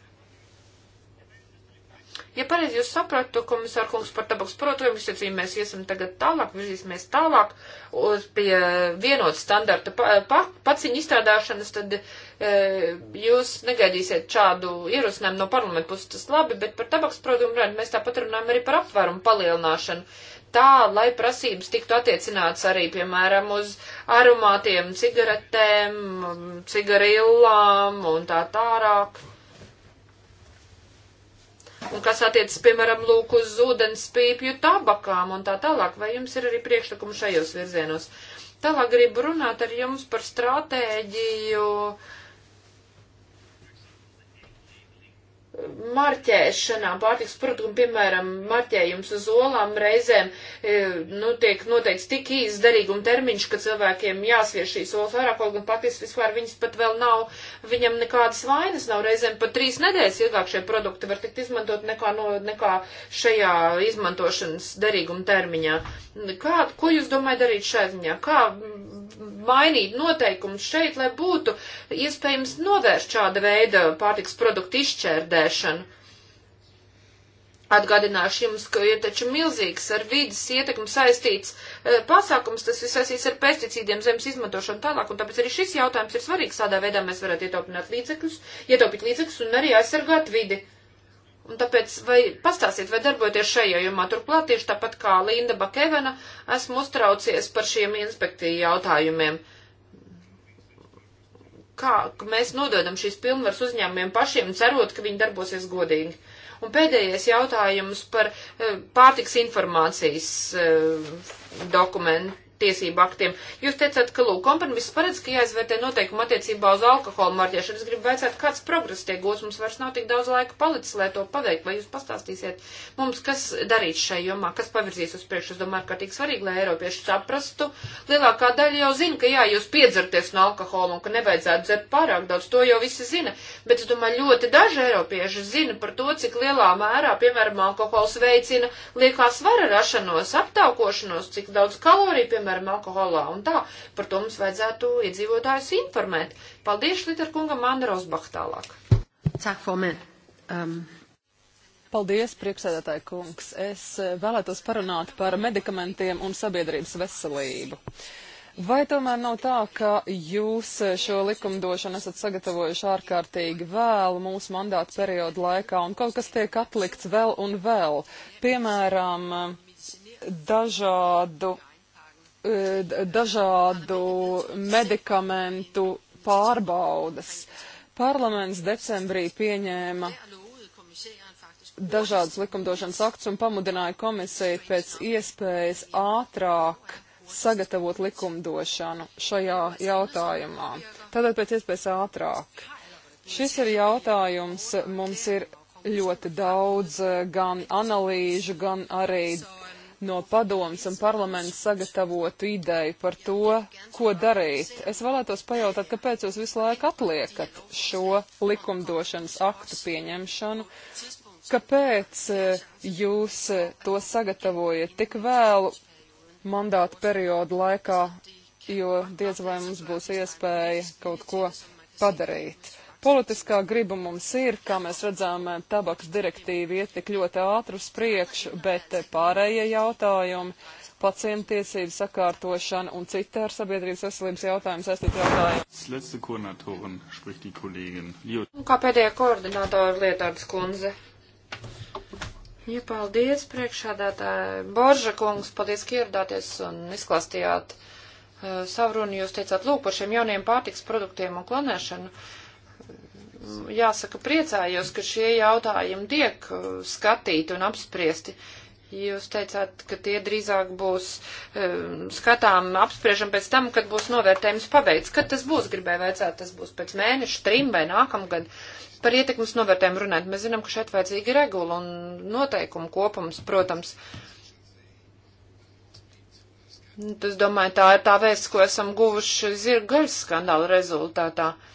Ja pareizi jūs sapratu, komisār kungs par tabaks protojumu, sacīja, mēs iesim tagad tālāk, virzīsimies tālāk uz pie vienot standarta pa, pa, paciņu izstrādāšanas, tad e, jūs negaidīsiet šādu ierosinājumu no parlamenta puses, tas labi, bet par tabaks protojumu mēs tāpat runājam arī par aptvērumu palielināšanu. Tā, lai prasības tiktu attiecināts arī, piemēram, uz aromātiem, cigaretēm, cigarillām un tā tālāk. Un kas attiecas, piemēram, lūk uz ūdenspīpju tabakām un tā tālāk, vai jums ir arī priekšlikumi šajos virzienos? Tālāk gribu runāt ar jums par stratēģiju uh, marķēšanā, pārtiks produktu, piemēram, marķējums uz olām reizēm, e, nu, tiek noteikts tik īs derīguma termiņš, ka cilvēkiem jāsvieš šīs olas vairāk, kaut gan patiesi vispār viņas pat vēl nav, viņam nekādas vainas nav, reizēm pat trīs nedēļas ilgāk šie produkti var tikt izmantot nekā, no, nekā šajā izmantošanas derīguma termiņā. Kā, ko jūs domājat darīt šajā ziņā? Kā mainīt noteikumus šeit, lai būtu iespējams novērst šāda veida pārtiks produktu izšķērdēšanu. Atgādināšu jums, ka ir taču milzīgs ar vidas ietekmi saistīts e, pasākums, tas viss saistīts ar pesticīdiem, zemes izmantošanu tālāk, un tāpēc arī šis jautājums ir svarīgs. Tādā veidā mēs varētu ietaupīt līdzekļus, ietaupīt līdzekļus un arī aizsargāt vidi. Un tāpēc vai pastāstiet, vai darboties šajā jomā. Turklāt tieši tāpat kā Linda Bakevena esmu uztraucies par šiem inspekciju jautājumiem. Kā mēs nododam šīs pilnvaras uzņēmumiem pašiem, cerot, ka viņi darbosies godīgi. Un pēdējais jautājums par eh, pārtiks informācijas eh, dokumentu tiesību aktiem. Jūs teicāt, ka, lūk, kompromiss paredz, ka jāizvērtē noteikumi attiecībā uz alkoholu marķēšanu. Es gribu vaicāt, kāds progress tiek gūts, mums vairs nav tik daudz laika palicis, lai to paveikt, vai jūs pastāstīsiet mums, kas darīts šai jomā, kas pavirzīs uz priekšu. Es domāju, ka tik svarīgi, lai eiropieši saprastu. Lielākā daļa jau zina, ka jā, jūs piedzerties no alkohola un ka nevajadzētu dzert pārāk daudz, to jau visi zina, bet es domāju, ļoti daži eiropieši zina par to, cik lielā mērā, piemēram, alkohols veicina liekā svara rašanos, aptaukošanos, cik daudz kaloriju, piemēram, piemēram, alkoholā. Un tā, par to mums vajadzētu iedzīvotājus informēt. Paldies, Literkungam, Anna Rosbach tālāk. Cāk, Fomen. Um. Paldies, priekšsēdētāji kungs. Es eh, vēlētos parunāt par medikamentiem un sabiedrības veselību. Vai tomēr nav tā, ka jūs eh, šo likumdošanu esat sagatavojuši ārkārtīgi vēlu mūsu mandāta periodu laikā un kaut kas tiek atlikts vēl un vēl? Piemēram, eh, dažādu E, dažādu medikamentu pārbaudas. Parlaments decembrī pieņēma dažādas likumdošanas aktus un pamudināja komisiju pēc iespējas ātrāk sagatavot likumdošanu šajā jautājumā. Tātad pēc iespējas ātrāk. Šis ir jautājums, mums ir ļoti daudz e, gan analīžu, gan arī no padomas un parlamenta sagatavotu ideju par to, ko darīt. Es vēlētos pajautāt, kāpēc jūs visu laiku atliekat šo likumdošanas aktu pieņemšanu, kāpēc e, jūs e, to sagatavojat tik vēlu mandāta periodu laikā, jo diez vai mums būs iespēja kaut ko padarīt. Politiskā griba mums ir, kā mēs redzām, tabaks direktīva iet tik ļoti ātri uz priekšu, bet pārējie jautājumi, pacientiesību sakārtošana un citi ar sabiedrības veselības jautājumu saistīti jautājumi. Un kā pēdējā koordinātora lietārdas kundze? Ja, paldies, priekšādātāji. Borža kungs, paldies, ka ieradāties un izklāstījāt uh, savu runu. Jūs teicāt, lūk, par šiem jauniem pārtiks produktiem un klonēšanu. Uh, jāsaka, priecājos, ka šie jautājumi tiek uh, skatīti un apspriesti. Jūs teicāt, ka tie drīzāk būs um, skatām, apspriežam pēc tam, kad būs novērtējums pabeigts. Kad tas būs, gribēju vajadzēt, tas būs pēc mēneša, trim vai nākamgad. Par ietekmes novērtējumu runāt, mēs zinām, ka šeit vajadzīga regula un noteikumu kopums, protams. Tas, domāju, tā ir tā vēsts, ko esam guvuši zirga gaļas skandāla rezultātā. Uh,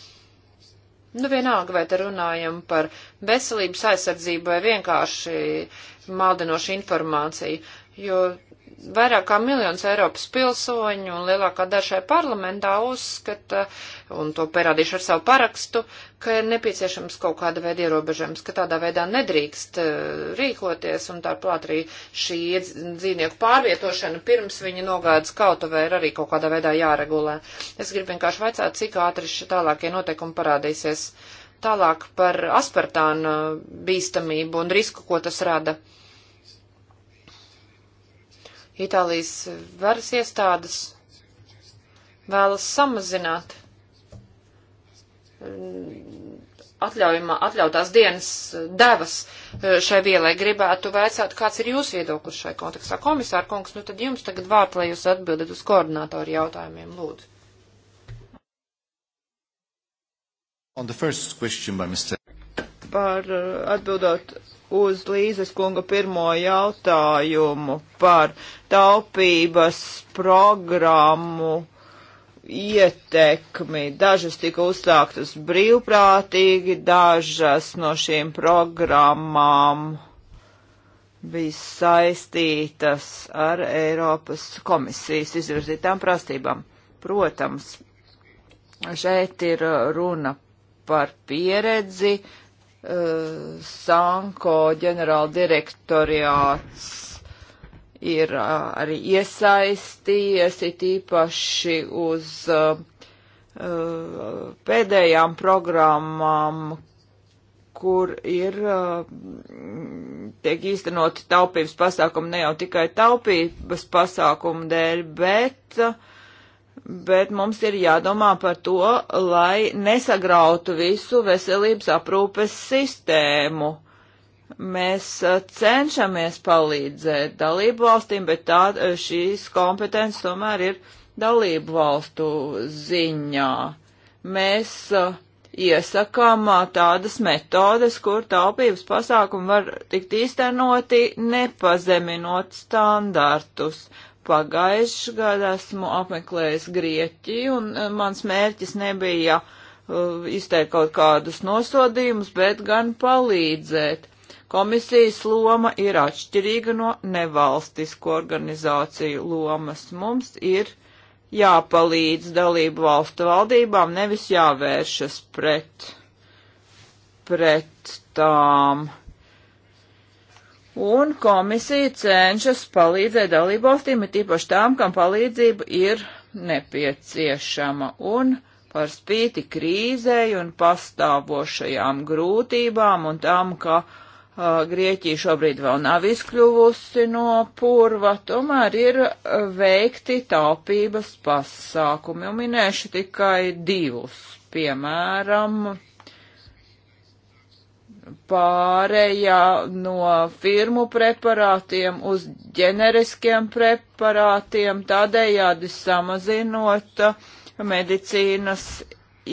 Nu, vienalga, vai te runājam par veselības aizsardzību vai vienkārši maldinošu informāciju, jo vairāk kā miljons Eiropas pilsoņu un lielākā dažai parlamentā uzskata, un to pierādīšu ar savu parakstu, ka ir nepieciešams kaut kāda veida ierobežojums, ka tādā veidā nedrīkst eh, rīkoties, un tāpat arī šī dzīvnieku pārvietošana pirms viņa nogādas kautavē ir arī kaut kādā veidā jāregulē. Es gribu vienkārši vaicāt, cik ātri šie tālākie noteikumi parādīsies. Tālāk par aspartāna bīstamību un risku, ko tas rada. Itālijas varas iestādes vēlas samazināt mm, atļaujumā, atļautās dienas eh, devas eh, šai vielai. Gribētu vēcāt, kāds ir jūsu viedoklis šai kontekstā. Komisāra kungs, nu tad jums tagad vārds, lai jūs atbildat uz koordinātoru jautājumiem, lūdzu. On the first question by Mr. Par eh, atbildot uz Līzes kunga pirmo jautājumu par taupības programmu ietekmi. Dažas tika uzsāktas brīvprātīgi, dažas no šīm programmām bija saistītas ar Eiropas komisijas izvirzītām prasībām. Protams, šeit ir runa par pieredzi, uh, Eh, Sanko ģenerāla direktoriāts ir eh, arī iesaistījies, it īpaši uz eh, pēdējām programmām, kur ir, tiek īstenoti taupības pasākumi ne jau tikai taupības pasākumu dēļ, bet uh, bet mums ir jādomā par to, lai nesagrautu visu veselības aprūpes sistēmu. Mēs uh, cenšamies palīdzēt dalību valstīm, bet tā, uh, šīs kompetences tomēr ir dalību valstu ziņā. Mēs uh, iesakām tādas metodes, kur taupības pasākumi var tikt īstenoti, nepazeminot standartus pagājušajā gadā esmu apmeklējis Grieķiju, un eh, mans mērķis nebija uh, izteikt kaut kādus nosodījumus, bet gan palīdzēt. Komisijas loma ir atšķirīga no nevalstisku organizāciju lomas. Mums ir jāpalīdz dalību valstu valdībām, nevis jāvēršas pret, pret tām. Un komisija cenšas palīdzēt dalībvalstīm, ir tīpaši tām, kam palīdzība ir nepieciešama. Un par spīti krīzei un pastāvošajām grūtībām un tam, ka uh, Grieķija šobrīd vēl nav izkļuvusi no purva, tomēr ir veikti taupības pasākumi. Un minēšu tikai divus. Piemēram, pārējā no firmu preparātiem uz ģeneriskiem preparātiem, tādējādi samazinot medicīnas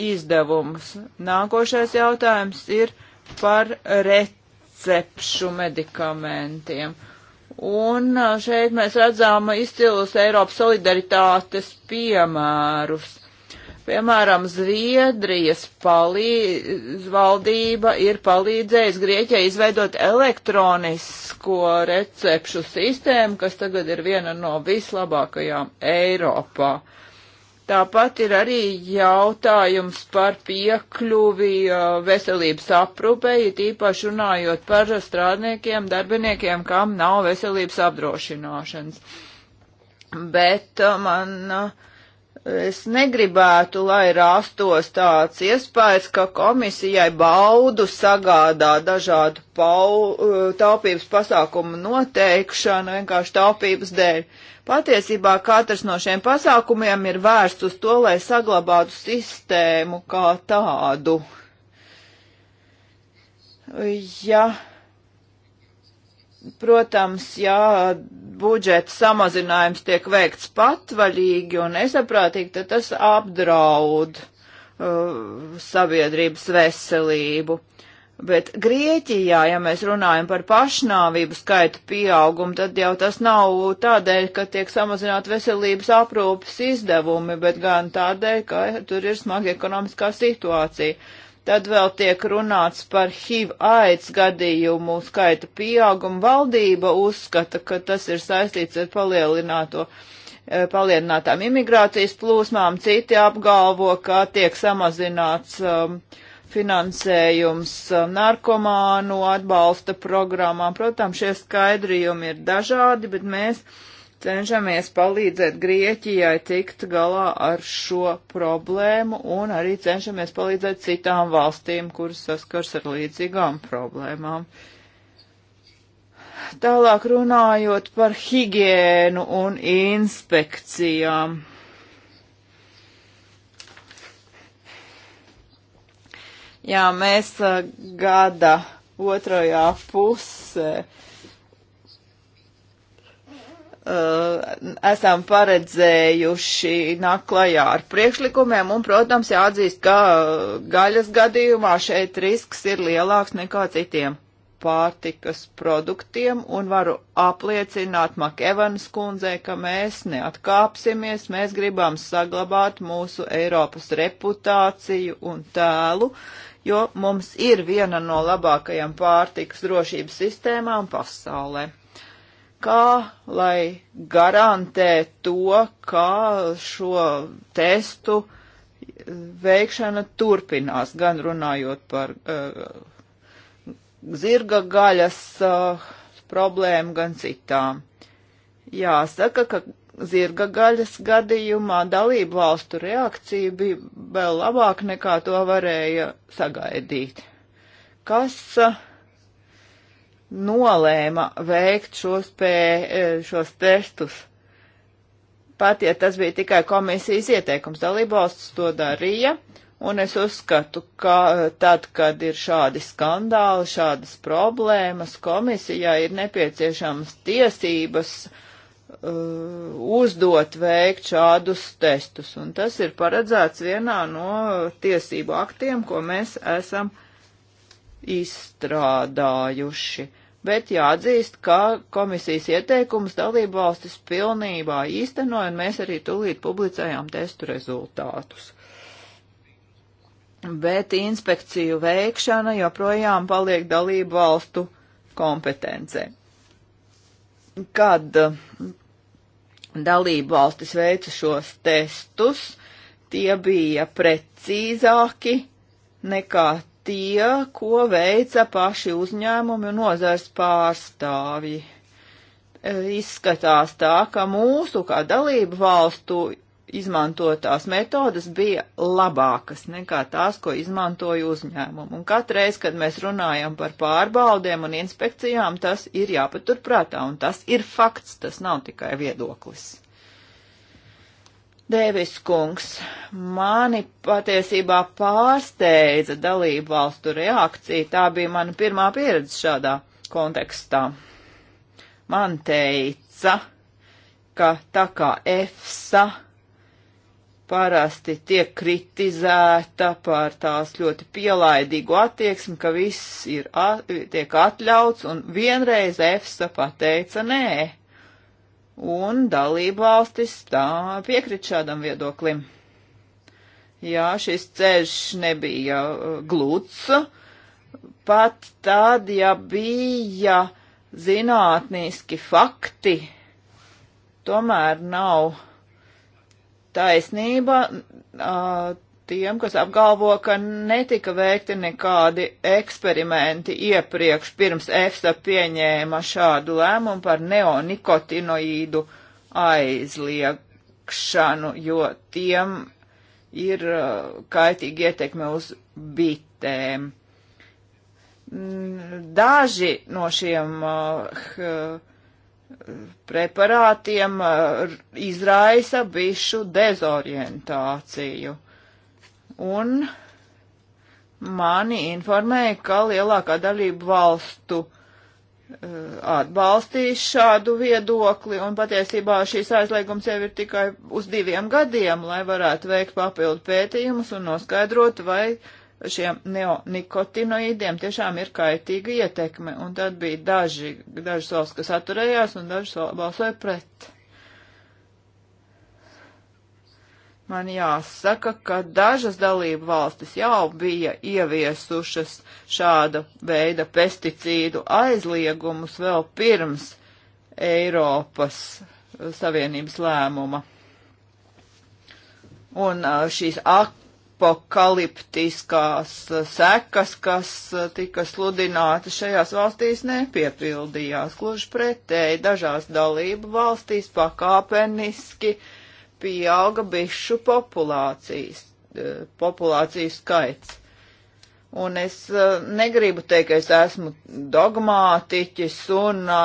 izdevumus. Nākošais jautājums ir par recepšu medikamentiem. Un šeit mēs redzām izcilus Eiropas solidaritātes piemērus Piemēram, Zviedrijas palīdz, valdība ir palīdzējusi Grieķijai izveidot elektronisko recepšu sistēmu, kas tagad ir viena no vislabākajām Eiropā. Tāpat ir arī jautājums par piekļuvi uh, veselības aprūpei, tīpaši runājot par strādniekiem, darbiniekiem, kam nav veselības apdrošināšanas. Bet uh, man uh, Es negribētu, lai rastos tāds iespējas, ka komisijai baudu sagādā dažādu pau, uh, taupības pasākumu noteikšanu vienkārši taupības dēļ. Patiesībā katrs no šiem pasākumiem ir vērsts uz to, lai saglabātu sistēmu kā tādu. Ja Protams, ja budžeta samazinājums tiek veikts patvaļīgi un nesaprātīgi, tad tas apdraud uh, sabiedrības veselību. Bet Grieķijā, ja mēs runājam par pašnāvību skaitu pieaugumu, tad jau tas nav tādēļ, ka tiek samazināt veselības aprūpas izdevumi, bet gan tādēļ, ka tur ir smaga ekonomiskā situācija. Tad vēl tiek runāts par HIV aids gadījumu skaita pieaugumu. Valdība uzskata, ka tas ir saistīts ar palielināto eh, palielinātām imigrācijas plūsmām, citi apgalvo, ka tiek samazināts um, finansējums um, narkomānu atbalsta programmām. Protams, šie skaidrījumi ir dažādi, bet mēs uh, cenšamies palīdzēt Grieķijai tikt galā ar šo problēmu un arī cenšamies palīdzēt citām valstīm, kuras saskars ar līdzīgām problēmām. Tālāk runājot par higienu un inspekcijām. Jā, mēs uh, gada otrajā pusē uh, Uh, esam paredzējuši nāk klajā ar priekšlikumiem, un, protams, jāatzīst, ka gaļas gadījumā šeit risks ir lielāks nekā citiem pārtikas produktiem, un varu apliecināt Makevanas kundzei, ka mēs neatkāpsimies, mēs gribam saglabāt mūsu Eiropas reputāciju un tēlu, jo mums ir viena no labākajām pārtikas drošības sistēmām pasaulē kā lai garantē to, kā šo testu veikšana turpinās, gan runājot par uh, zirga gaļas uh, problēmu, gan citām. Jāsaka, ka zirga gaļas gadījumā dalību valstu reakcija bija vēl labāk nekā to varēja sagaidīt. Kas uh, nolēma veikt šos, pē, e, šos testus. Pat, ja tas bija tikai komisijas ieteikums, dalībvalsts to darīja, un es uzskatu, ka e, tad, kad ir šādi skandāli, šādas problēmas, komisijā ir nepieciešamas tiesības uh, uzdot veikt šādus testus, un tas ir paredzēts vienā no tiesību aktiem, ko mēs esam uh, izstrādājuši. Bet jāatzīst, ka komisijas ieteikums dalību valstis pilnībā īstenoja, un mēs arī tūlīt publicējām testu rezultātus. Bet inspekciju veikšana joprojām paliek dalību valstu kompetencē. Kad eh, dalību valstis veica šos testus, tie bija precīzāki nekā tie, ko veica paši uzņēmumi un nozars pārstāvji. E, izskatās tā, ka mūsu kā dalību valstu izmantotās metodas bija labākas nekā tās, ko izmantoja uzņēmumu. Un katreiz, kad mēs runājam par pārbaudēm un inspekcijām, tas ir jāpaturprātā, un tas ir fakts, tas nav tikai viedoklis. Dēvis kungs, mani patiesībā pārsteidza dalību valstu reakcija. Tā bija mana pirmā pieredze šādā kontekstā. Man teica, ka tā kā EFSA parasti tiek kritizēta par tās ļoti pielaidīgu attieksmi, ka viss ir, at, tiek atļauts, un vienreiz EFSA pateica nē un dalību valstis tā piekrit šādam viedoklim. Jā, šis ceļš nebija uh, glūts, pat tad, ja bija zinātnīski fakti, tomēr nav taisnība. Uh, tiem, kas apgalvo, ka netika veikti nekādi eksperimenti iepriekš, pirms EFSA pieņēma šādu lēmumu par neonikotinoīdu aizliekšanu, jo tiem ir uh, kaitīgi ietekme uz bitēm. Mm, daži no šiem uh, preparātiem uh, izraisa bišu dezorientāciju un mani informēja, ka lielākā dalība valstu uh, atbalstīs šādu viedokli, un patiesībā šīs aizliegums jau ir tikai uz diviem gadiem, lai varētu veikt papildu pētījumus un noskaidrot, vai šiem neonikotinoīdiem tiešām ir kaitīga ietekme, un tad bija daži, dažas valsts, kas atturējās, un dažas balsoja pret. man jāsaka, ka dažas dalību valstis jau bija ieviesušas šāda veida pesticīdu aizliegumus vēl pirms Eiropas eh, Savienības lēmuma. Un eh, šīs apokaliptiskās eh, sekas, kas tika sludinātas šajās valstīs, nepiepildījās. Gluži pretēji dažās dalību valstīs pakāpeniski uh, pieauga bišu populācijas, e, populācijas skaits. Un es e, negribu teikt, ka es esmu dogmātiķis un e,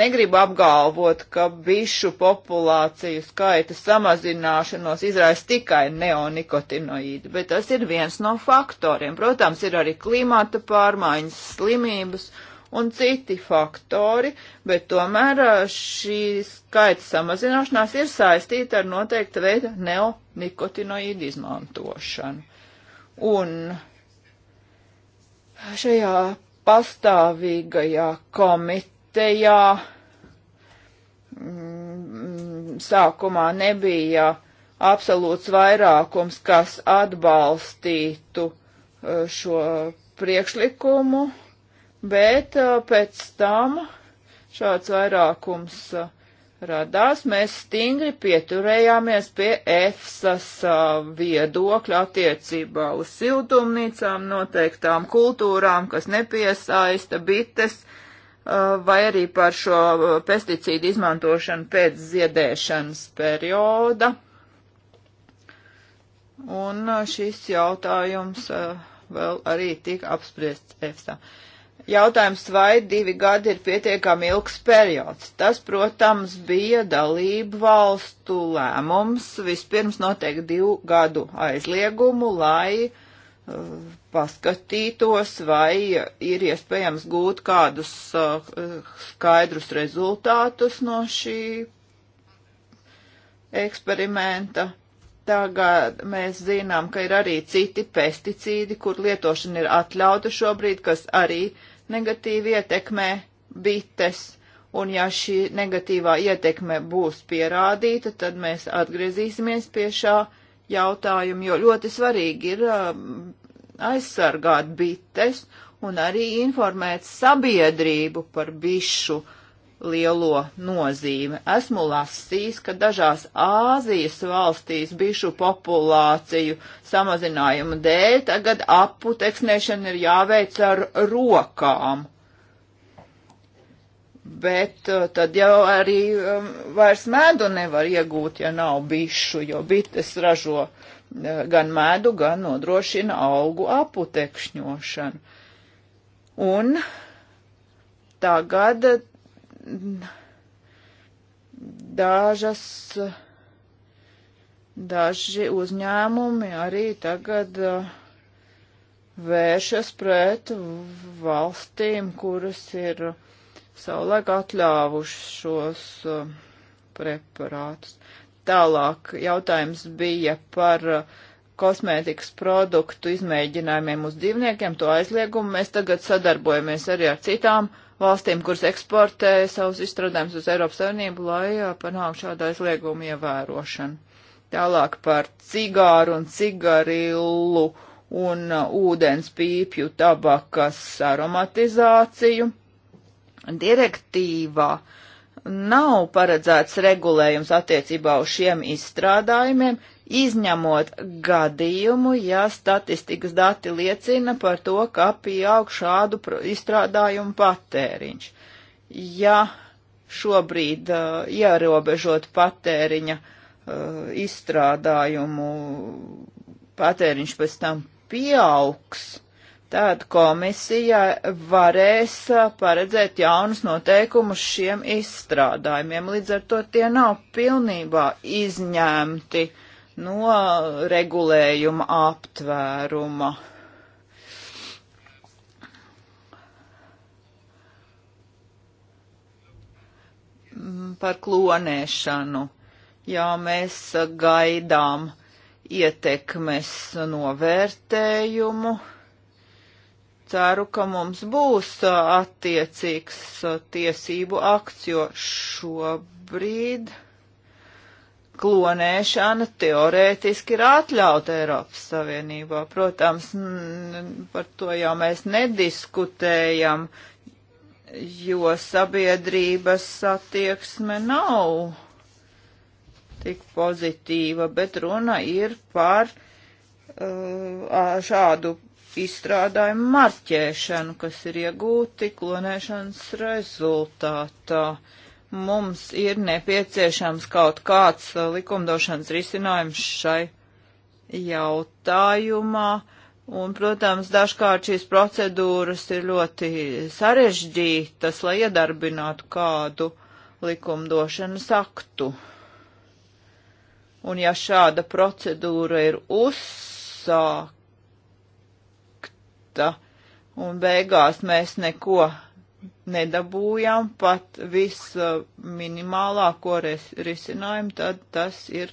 negribu apgalvot, ka bišu populāciju skaita samazināšanos izraisa tikai neonikotinoīdi, bet tas ir viens no faktoriem. Protams, ir arī klimata pārmaiņas, slimības un citi faktori, bet tomēr šī skaita samazināšanās ir saistīta ar noteikta veida neonikotinoīdu izmantošanu. Un šajā pastāvīgajā komitejā mm, sākumā nebija absolūts vairākums, kas atbalstītu šo priekšlikumu, bet uh, pēc tam šāds vairākums uh, radās. Mēs stingri pieturējāmies pie EFSAS viedokļa attiecībā uz siltumnīcām, noteiktām kultūrām, kas nepiesaista bites, uh, vai arī par šo pesticīdu izmantošanu pēc ziedēšanas perioda. Un šis jautājums vēl arī tika apspriests EFSA. Uh, Jautājums, vai divi gadi ir pietiekami ilgs periods? Tas, protams, bija dalību valstu lēmums vispirms noteikti divu gadu aizliegumu, lai uh, paskatītos, vai ir iespējams gūt kādus uh, skaidrus rezultātus no šī eksperimenta. Tagad mēs zinām, ka ir arī citi pesticīdi, kur lietošana ir atļauta šobrīd, kas arī uh, negatīvi ietekmē bites. Un ja šī negatīvā ietekme būs pierādīta, tad mēs atgriezīsimies pie šā jautājuma, jo ļoti svarīgi ir um, aizsargāt bites un arī informēt sabiedrību par bišu uh, lielo nozīmi. Esmu lasījis, ka dažās Āzijas valstīs bišu populāciju samazinājuma dēļ tagad aputeksnēšana ir jāveic ar rokām. Bet uh, tad jau arī um, vairs medu nevar iegūt, ja nav bišu, jo bites ražo uh, gan medu, gan nodrošina augu aputekšņošanu. Un tagad dažas, daži uzņēmumi arī tagad eh, vēršas pret valstīm, kuras ir savulaik atļāvušas šos eh, preparātus. Tālāk jautājums bija par uh, kosmētikas produktu izmēģinājumiem uz dzīvniekiem, to aizliegumu. Mēs tagad sadarbojamies arī ar citām valstīm, kuras eksportē savus izstrādājumus uz Eiropas Savienību, lai panāktu šādu aizliegumu ievērošanu. Tālāk par cigāru un cigarillu un ūdens pīpju tabakas aromatizāciju. Direktīvā nav paredzēts regulējums attiecībā uz šiem izstrādājumiem, izņemot gadījumu, ja statistikas dati liecina par to, ka pieaug šādu izstrādājumu patēriņš. Ja šobrīd uh, ierobežot patēriņa uh, izstrādājumu, patēriņš pēc tam pieaugs, tad komisija varēs uh, paredzēt jaunus noteikumus šiem izstrādājumiem. Līdz ar to tie nav pilnībā izņemti no regulējuma aptvēruma. Mm, par klonēšanu. Jā, mēs gaidām ietekmes novērtējumu. Ceru, ka mums būs attiecīgs tiesību akts, jo šobrīd klonēšana teorētiski ir atļauta Eiropas Savienībā. Protams, par to jau mēs nediskutējam, jo sabiedrības attieksme nav tik pozitīva, bet runa ir par uh, šādu izstrādājumu marķēšanu, kas ir iegūti klonēšanas rezultātā. Uh, mums ir nepieciešams kaut kāds uh, likumdošanas risinājums šai jautājumā. Un, protams, dažkārt šīs procedūras ir ļoti sarežģītas, lai iedarbinātu kādu likumdošanas aktu. Un ja šāda procedūra ir uzsākta un beigās mēs neko nedabūjām pat visminimālāko risinājumu, tad tas ir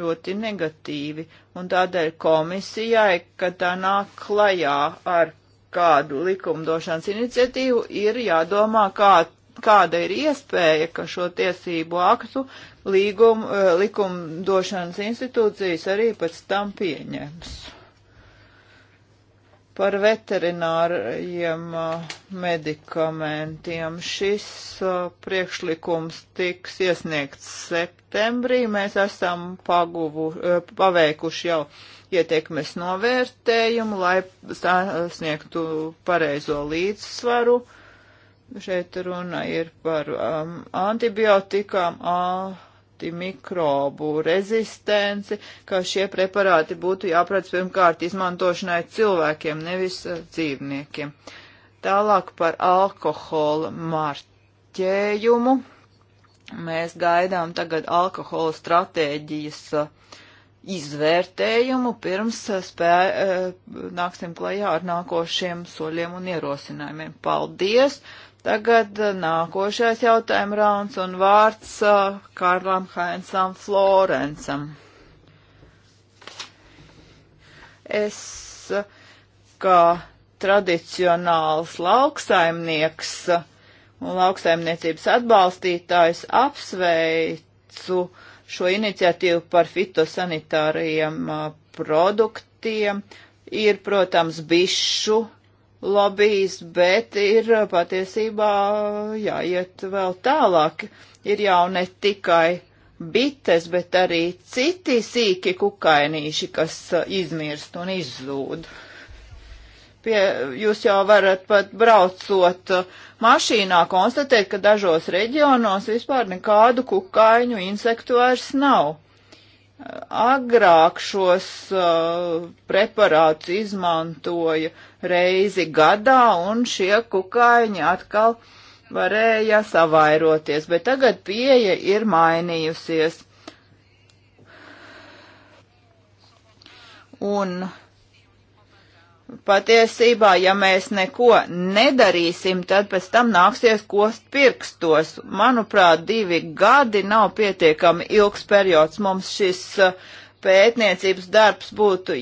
ļoti negatīvi. Un tādēļ komisijai, kad tā nāk klajā ar kādu likumdošanas iniciatīvu, ir jādomā, kā, kāda ir iespēja, ka šo tiesību aktu līgum, eh, likumdošanas institūcijas arī pēc tam pieņems par veterināriem uh, medikamentiem. Šis uh, priekšlikums tiks iesniegts septembrī. Mēs esam paguvu, uh, paveikuši jau ietekmes novērtējumu, lai sasniegtu pareizo līdzsvaru. Šeit runa ir par um, antibiotikām, uh, antimikrobu rezistenci, ka šie preparāti būtu jāprēc pirmkārt izmantošanai cilvēkiem, nevis eh, dzīvniekiem. Tālāk par alkohola marķējumu. Mēs gaidām tagad alkohola stratēģijas eh, izvērtējumu pirms eh, spē, nāksim klajā ar nākošiem soļiem un ierosinājumiem. Paldies! Tagad uh, nākošais jautājuma rauns un vārds uh, Karlam Hainsam Florencam. Es uh, kā tradicionāls lauksaimnieks uh, un lauksaimniecības atbalstītājs apsveicu šo iniciatīvu par fitosanitāriem produktiem. Ir, protams, bišu lobbyis, bet ir uh, patiesībā jāiet vēl tālāk. Ir jau ne tikai bites, bet arī citi sīki kukainīši, kas uh, izmirst un izzūd. Pie, jūs jau varat pat braucot uh, mašīnā konstatēt, ka dažos reģionos vispār nekādu kukaiņu insektu vairs nav. Agrāk šos uh, preparātus izmantoja reizi gadā, un šie kukaiņi atkal varēja savairoties, bet tagad pieeja ir mainījusies. Un uh, patiesībā, ja mēs neko nedarīsim, tad pēc tam nāksies kost pirkstos. Manuprāt, divi gadi nav pietiekami ilgs periods. Mums šis uh, pētniecības darbs būtu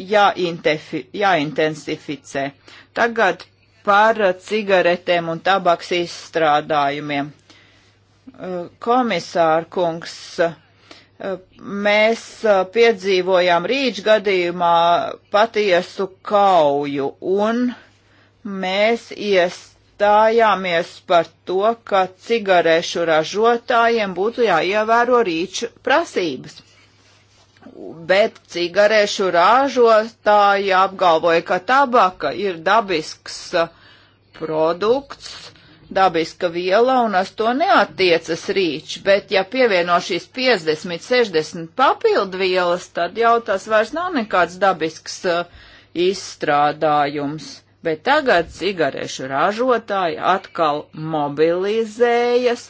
jāintensificē. Tagad par cigaretēm un tabaks izstrādājumiem. Uh, Komisāra kungs uh, mēs uh, piedzīvojām rīč gadījumā patiesu kauju un mēs iestājāmies par to, ka cigarešu ražotājiem būtu jāievēro rīču prasības bet cigarešu ražotāji apgalvoja, ka tabaka ir dabisks uh, produkts dabiska viela, un uz to neatiecas rīč, bet ja pievieno šīs 50, 60 papildu vielas, tad jau tas vairs nav nekāds dabisks uh, izstrādājums. Bet tagad cigarešu ražotāji atkal mobilizējas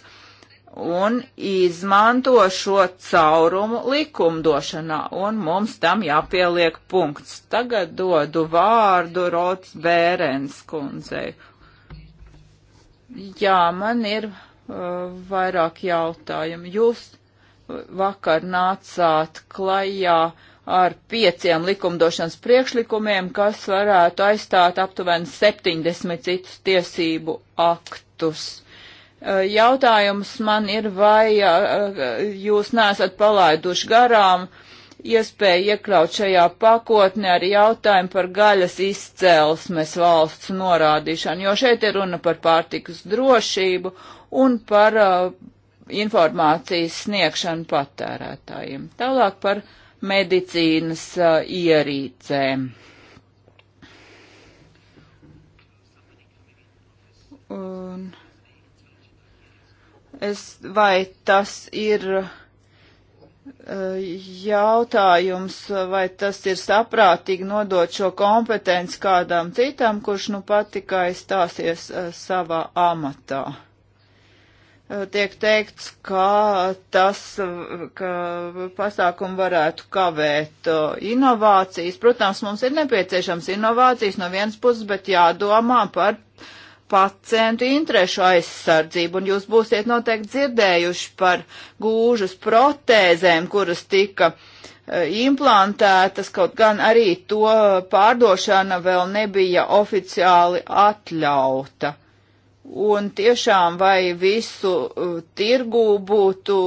un izmanto šo caurumu likumdošanā, un mums tam jāpieliek punkts. Tagad dodu vārdu Rots Bērens kundzei Jā, man ir uh, vairāk jautājumu. Jūs vakar nācāt klajā ar pieciem likumdošanas priekšlikumiem, kas varētu aizstāt aptuveni 70 citus tiesību aktus. Uh, jautājums man ir, vai uh, uh, jūs neesat palaiduši garām uh, iespēja iekļaut šajā pakotnē arī jautājumu par gaļas izcelsmes valsts norādīšanu, jo šeit ir runa par pārtikas drošību un par uh, informācijas sniegšanu patērētājiem. Tālāk par medicīnas uh, ierīcēm. Un es, vai tas ir. Uh, jautājums, vai tas ir saprātīgi nodot šo kompetenci kādam citam, kurš nu pat tikai stāsies eh, savā amatā. Eh, tiek teikts, ka tas, ka pasākumu varētu kavēt eh, inovācijas. Protams, mums ir nepieciešams inovācijas no vienas puses, bet jādomā par uh, pacientu interešu aizsardzību, un jūs būsiet noteikti dzirdējuši par gūžas protēzēm, kuras tika e, implantētas, kaut gan arī to pārdošana vēl nebija oficiāli atļauta. Un tiešām vai visu e, tirgū būtu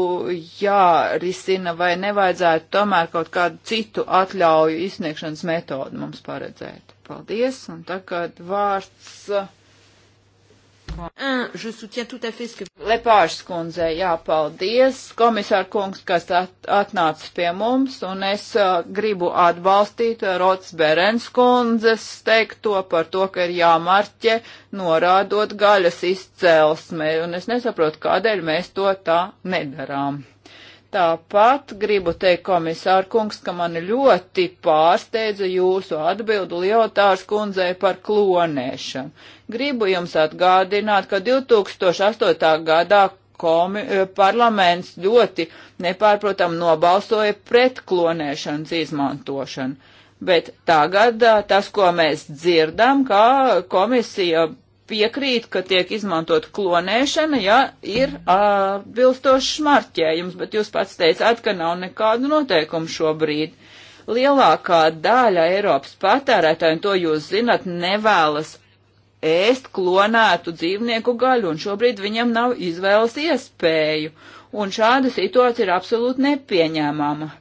jārisina vai nevajadzētu tomēr kaut kādu citu atļauju izsniegšanas metodu mums paredzēt. Paldies, un tagad vārds e, Lepāžas kundzei jāpaldies. Komisāra kungs, kas at atnāca pie mums, un es uh, gribu atbalstīt Rots Berens kundzes teikto par to, ka ir jāmarķe norādot gaļas izcelsme, un es nesaprotu, kādēļ mēs to tā nedarām. Tāpat gribu teikt, komisār kungs, ka mani ļoti pārsteidza jūsu atbildu Liotārs kundzei par klonēšanu. Gribu jums atgādināt, ka 2008. gadā komi, eh, parlaments ļoti nepārprotam nobalsoja pret klonēšanas izmantošanu. Bet tagad eh, tas, ko mēs dzirdam, kā komisija piekrīt, ka tiek izmantot klonēšana, ja ir atbilstošs marķējums, bet jūs pats teicāt, ka nav nekādu noteikumu šobrīd. Lielākā daļa Eiropas patērētāju, un to jūs zinat, nevēlas ēst klonētu dzīvnieku gaļu, un šobrīd viņam nav izvēles iespēju, un šāda situācija ir absolūti nepieņēmama.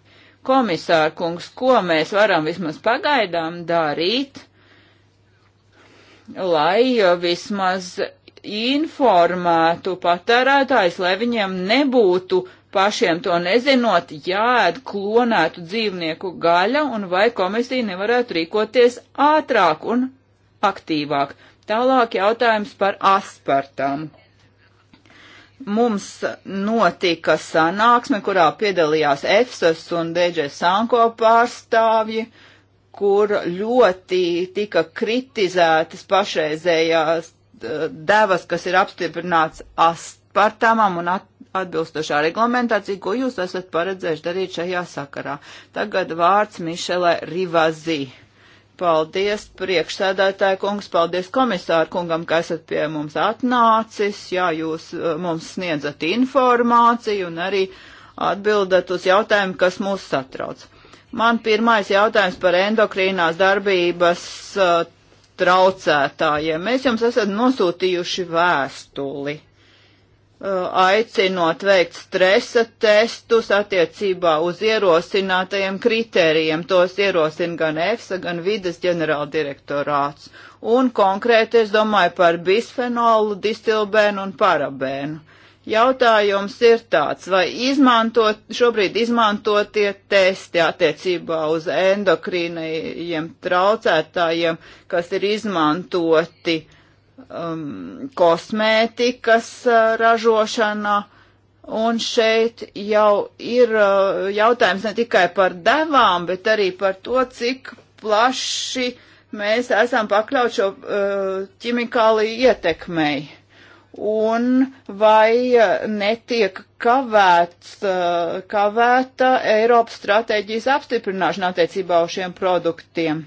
Komisārkungs, ko mēs varam vismaz pagaidām darīt? lai vismaz informētu patērētājs, lai viņiem nebūtu pašiem to nezinot, jāēd klonētu dzīvnieku gaļa un vai komisija nevarētu rīkoties ātrāk un aktīvāk. Tālāk jautājums par aspartam. Mums notika sanāksme, kurā piedalījās EFSAS un DG Sanko pārstāvji. Uh, kur ļoti tika kritizētas pašreizējās eh, devas, kas ir apstiprināts aspartamam un at atbilstošā reglamentācija, ko jūs esat paredzējuši darīt šajā sakarā. Tagad vārds Mišelē Rivazī. Paldies, priekšsēdētāji kungs, paldies komisāru kungam, ka esat pie mums atnācis, jā, jūs eh, mums sniedzat informāciju un arī atbildat uz jautājumu, kas mūs satrauc. Uh, Man pirmais jautājums par endokrīnās darbības uh, traucētājiem. Mēs jums esam nosūtījuši vēstuli, uh, aicinot veikt stresa testus attiecībā uz ierosinātajiem kritērijiem. Tos ierosina gan EFSA, gan vides ģenerāldirektorāts. Un konkrēti es domāju par bisfenolu, distilbēnu un parabēnu Jautājums ir tāds, vai izmantot, šobrīd izmantotie testi attiecībā uz endokrīnajiem traucētājiem, kas ir izmantoti um, kosmētikas uh, ražošanā, un šeit jau ir uh, jautājums ne tikai par devām, bet arī par to, cik plaši mēs esam pakļaut šo uh, ķimikāliju ietekmei un vai netiek kavēts, eh, kavēta Eiropas stratēģijas apstiprināšana attiecībā uz šiem produktiem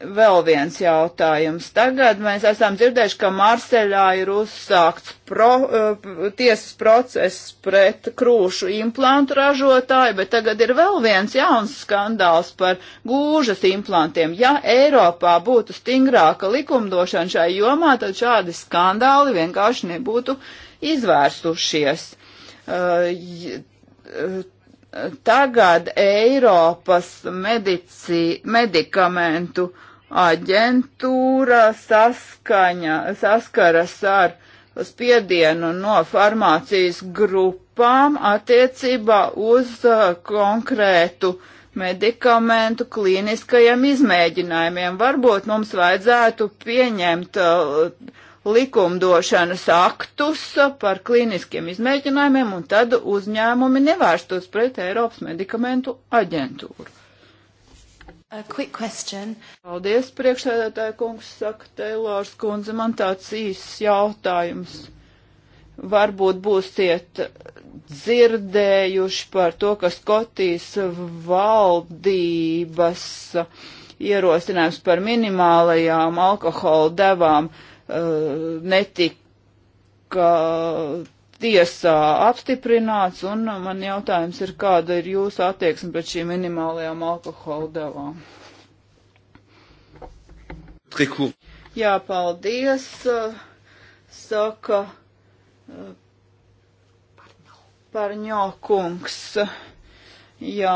vēl viens jautājums. Tagad mēs esam dzirdējuši, ka Marseļā ir uzsākts pro, uh, tiesas process pret krūšu implantu ražotāju, bet tagad ir vēl viens jauns skandāls par gūžas implantiem. Ja Eiropā būtu stingrāka likumdošana šai jomā, tad šādi skandāli vienkārši nebūtu izvērstušies. Uh, eh, uh, eh, tagad Eiropas medici, medikamentu uh, aģentūra saskaņa, saskaras ar spiedienu no farmācijas grupām attiecībā uz uh, konkrētu medikamentu klīniskajiem izmēģinājumiem. Varbūt mums vajadzētu pieņemt uh, likumdošanas aktus par klīniskiem izmēģinājumiem, un tad uzņēmumi nevērstos pret Eiropas medikamentu aģentūru. Paldies, priekšsēdētāja kungs, saka Teilors kundze. Man tāds īsts jautājums. Varbūt būsiet dzirdējuši par to, ka Skotijas valdības ierosinājums par minimālajām alkohola devām uh, netika tiesā apstiprināts, un man jautājums ir, kāda ir jūsu attieksme pret šīm minimālajām alkohola devām? Jā, paldies, saka Parņo kungs. Jā,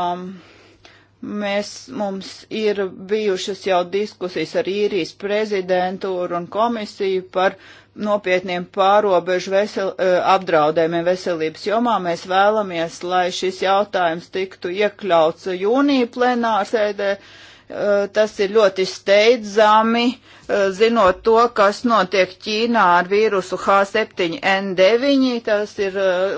mēs, mums ir bijušas jau diskusijas ar īrijas prezidentūru un komisiju par uh, nopietniem pārobežu vesel, e, apdraudējumiem veselības jomā. Mēs vēlamies, lai šis jautājums tiktu iekļauts jūnija plenārsēdē. E, tas ir ļoti steidzami, e, zinot to, kas notiek Ķīnā ar vīrusu H7N9. Tas ir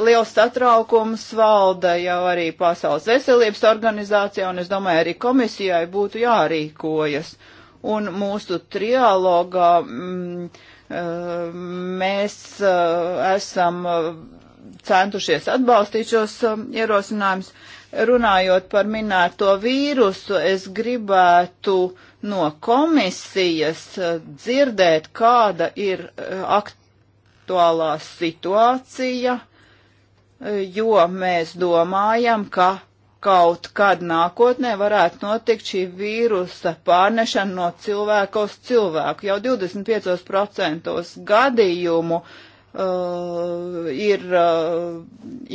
liels satraukums, valda jau arī Pasaules veselības organizācijā, un es domāju, arī komisijai būtu jārīkojas. Un mūsu trialogā. Mm, Ehm, mēs eh, esam eh, centušies atbalstīt šos ehm, ierosinājumus. Runājot par minēto vīrusu, es gribētu no komisijas eh, dzirdēt, kāda ir aktuālā situācija, jo mēs domājam, ka kaut kad nākotnē varētu notikt šī vīrusa pārnešana no cilvēka uz cilvēku. Jau 25% gadījumu uh, ir uh,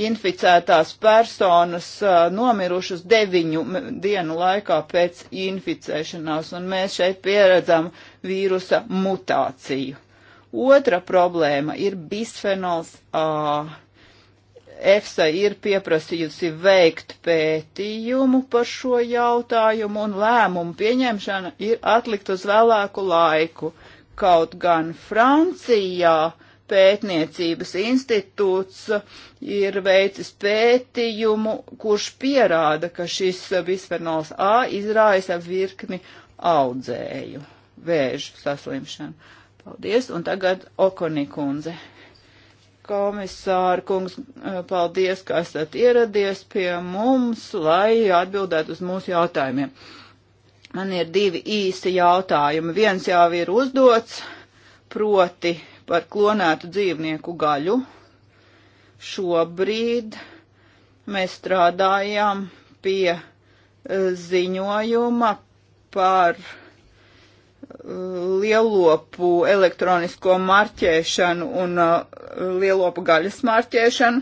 inficētās personas uh, nomirušas deviņu dienu laikā pēc inficēšanās, un mēs šeit pieredzam vīrusa mutāciju. Otra problēma ir bisfenols A. Uh, EFSA ir pieprasījusi veikt pētījumu par šo jautājumu, un lēmumu pieņemšana ir atlikt uz vēlāku laiku. Kaut gan Francijā pētniecības institūts ir veicis pētījumu, kurš pierāda, ka šis bisfenols A izraisa virkni audzēju vēžu saslimšanu. Paldies, un tagad Okoni kundze. Komisāra kungs, eh, paldies, ka esat ieradies pie mums, lai atbildētu uz mūsu jautājumiem. Man ir divi īsi jautājumi. Viens jau ir uzdots, proti par klonētu dzīvnieku gaļu. Šobrīd mēs strādājām pie eh, ziņojuma par lielopu elektronisko marķēšanu un uh, lielopu gaļas marķēšanu,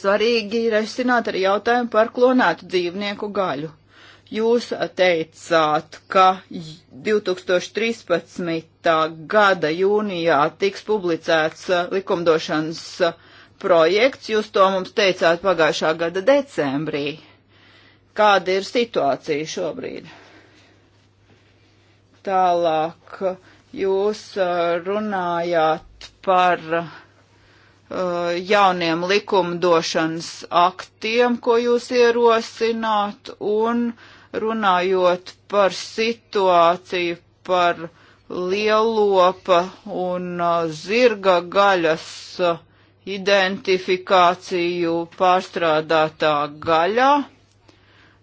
svarīgi ir risināt arī jautājumu par klonētu dzīvnieku gaļu. Jūs teicāt, ka 2013. gada jūnijā tiks publicēts uh, likumdošanas uh, projekts, jūs to mums teicāt pagājušā gada decembrī. Kāda ir situācija šobrīd? Tālāk jūs runājāt par jauniem likumdošanas aktiem, ko jūs ierosināt, un runājot par situāciju par lielopa un zirga gaļas identifikāciju pārstrādātā gaļā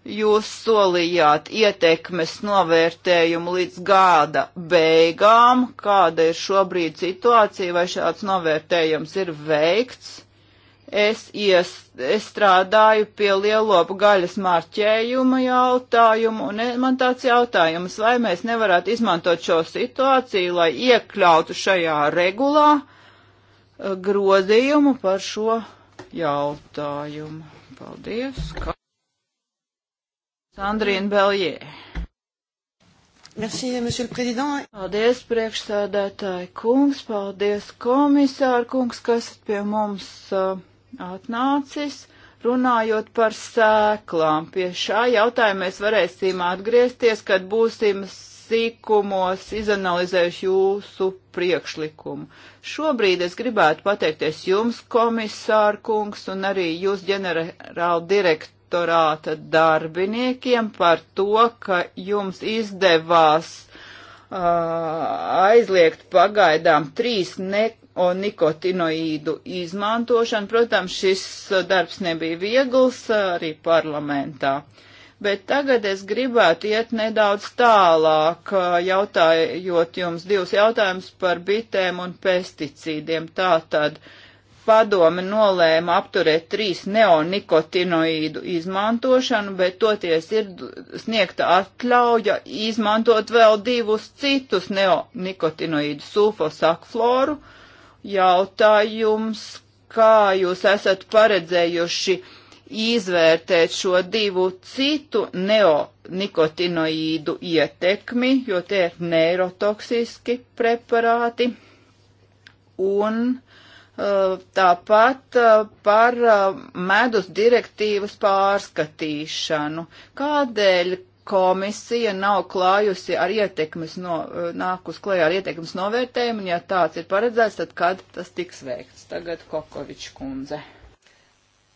Jūs solījāt ietekmes novērtējumu līdz gada beigām, kāda ir šobrīd situācija, vai šāds novērtējums ir veikts. Es, ies, es strādāju pie lielopu gaļas marķējuma jautājumu, un e, man tāds jautājums, vai mēs nevarētu izmantot šo situāciju, lai iekļautu šajā regulā e, grozījumu par šo jautājumu. Paldies! Sandrīna Beljē. Merci, monsieur le président. Paldies, priekšsēdētāji kungs, paldies, komisāra kungs, kas pie mums uh, atnācis. Runājot par sēklām, pie šā jautājuma mēs varēsim atgriezties, kad būsim sīkumos izanalizējuši jūsu priekšlikumu. Šobrīd es gribētu pateikties jums, komisāra kungs, un arī jūs ģenerāla direktora direktorāta darbiniekiem par to, ka jums izdevās uh, aizliegt pagaidām trīs ne un nikotinoīdu izmantošanu. Protams, šis darbs nebija viegls arī parlamentā. Bet tagad es gribētu iet nedaudz tālāk, jautājot jums divus jautājumus par bitēm un pesticīdiem. Tātad, uh, padome nolēma apturēt trīs neonikotinoīdu izmantošanu, bet toties ir sniegta atļauja izmantot vēl divus citus neonikotinoīdu sulfosakfloru. Jautājums, kā jūs esat paredzējuši izvērtēt šo divu citu neonikotinoīdu ietekmi, jo tie ir neirotoksiski preparāti. Un Uh, tāpat uh, par uh, medus direktīvas pārskatīšanu. Kādēļ komisija nav klājusi ar ietekmes, no, nākus klajā ar ietekmes novērtējumu, un ja tāds ir paredzēts, tad kad tas tiks veikts? Tagad Kokovičs kundze.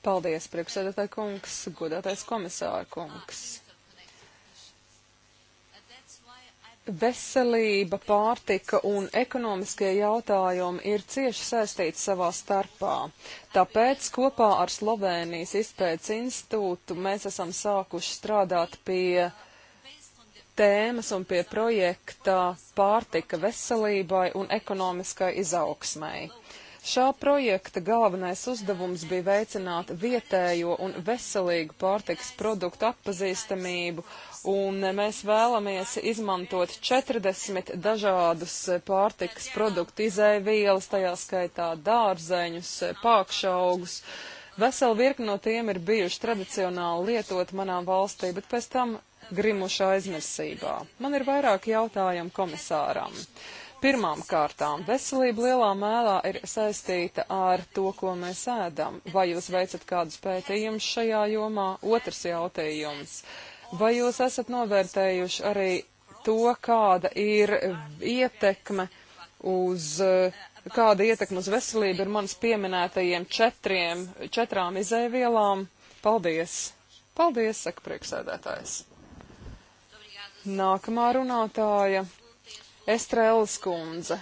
Paldies, priekšsēdētāji kungs, godātais komisāra kungs. Veselība, pārtika un ekonomiskie jautājumi ir cieši saistīti savā starpā. Tāpēc kopā ar Slovenijas izpētes institūtu mēs esam sākuši strādāt pie tēmas un pie projekta pārtika veselībai un ekonomiskai izaugsmai. Šā projekta galvenais uzdevums bija veicināt vietējo un veselīgu pārtiks produktu atpazīstamību, un mēs vēlamies izmantot 40 dažādus pārtiks produktu izēvielas, tajā skaitā dārzeņus, pākšaugus. Vesela virkni no tiem ir bijuši tradicionāli lietot manā valstī, bet pēc tam grimuši aizmirsībā. Man ir vairāki jautājumi komisāram. Uh, Pirmām kārtām, veselība lielā mērā ir saistīta ar to, ko mēs ēdam. Vai jūs veicat kādus pētījumus šajā jomā? Otrs jautājums. Vai jūs esat novērtējuši arī to, kāda ir ietekme uz, kāda ietekme uz veselību ir manas pieminētajiem četriem, četrām izēvielām? Paldies! Paldies, saka priekšsēdētājs. Nākamā runātāja Estrēlas kundze.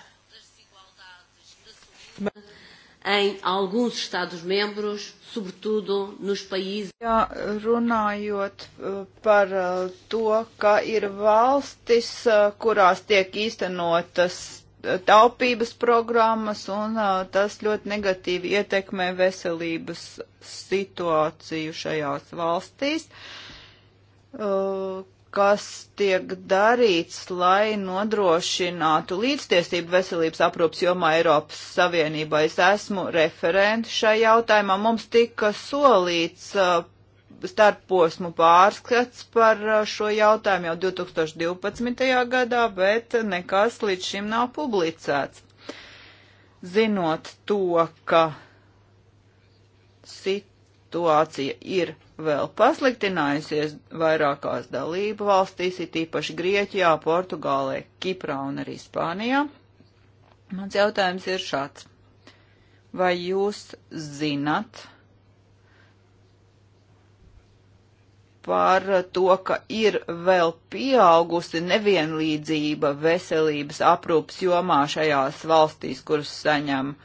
Em alguns Estados-membros, sobretudo nos países. Jā, runājot uh, par uh, to, ka ir valstis, uh, kurās tiek īstenotas taupības programmas, un tas ļoti negatīvi ietekmē veselības situāciju šajās valstīs. Uh, kas tiek darīts, lai nodrošinātu līdztiesību veselības aprūpas jomā Eiropas Savienībā. Es esmu referenti šai jautājumā. Mums tika solīts uh, starposmu pārskats par uh, šo jautājumu jau 2012. gadā, bet nekas līdz šim nav publicēts. Zinot to, ka sit situācija ir vēl pasliktinājusies vairākās dalību valstīs, it īpaši Grieķijā, Portugālē, Kiprā un arī Spānijā. Mans jautājums ir šāds. Vai jūs zinat par to, ka ir vēl pieaugusi nevienlīdzība veselības aprūpas jomā šajās valstīs, kuras saņem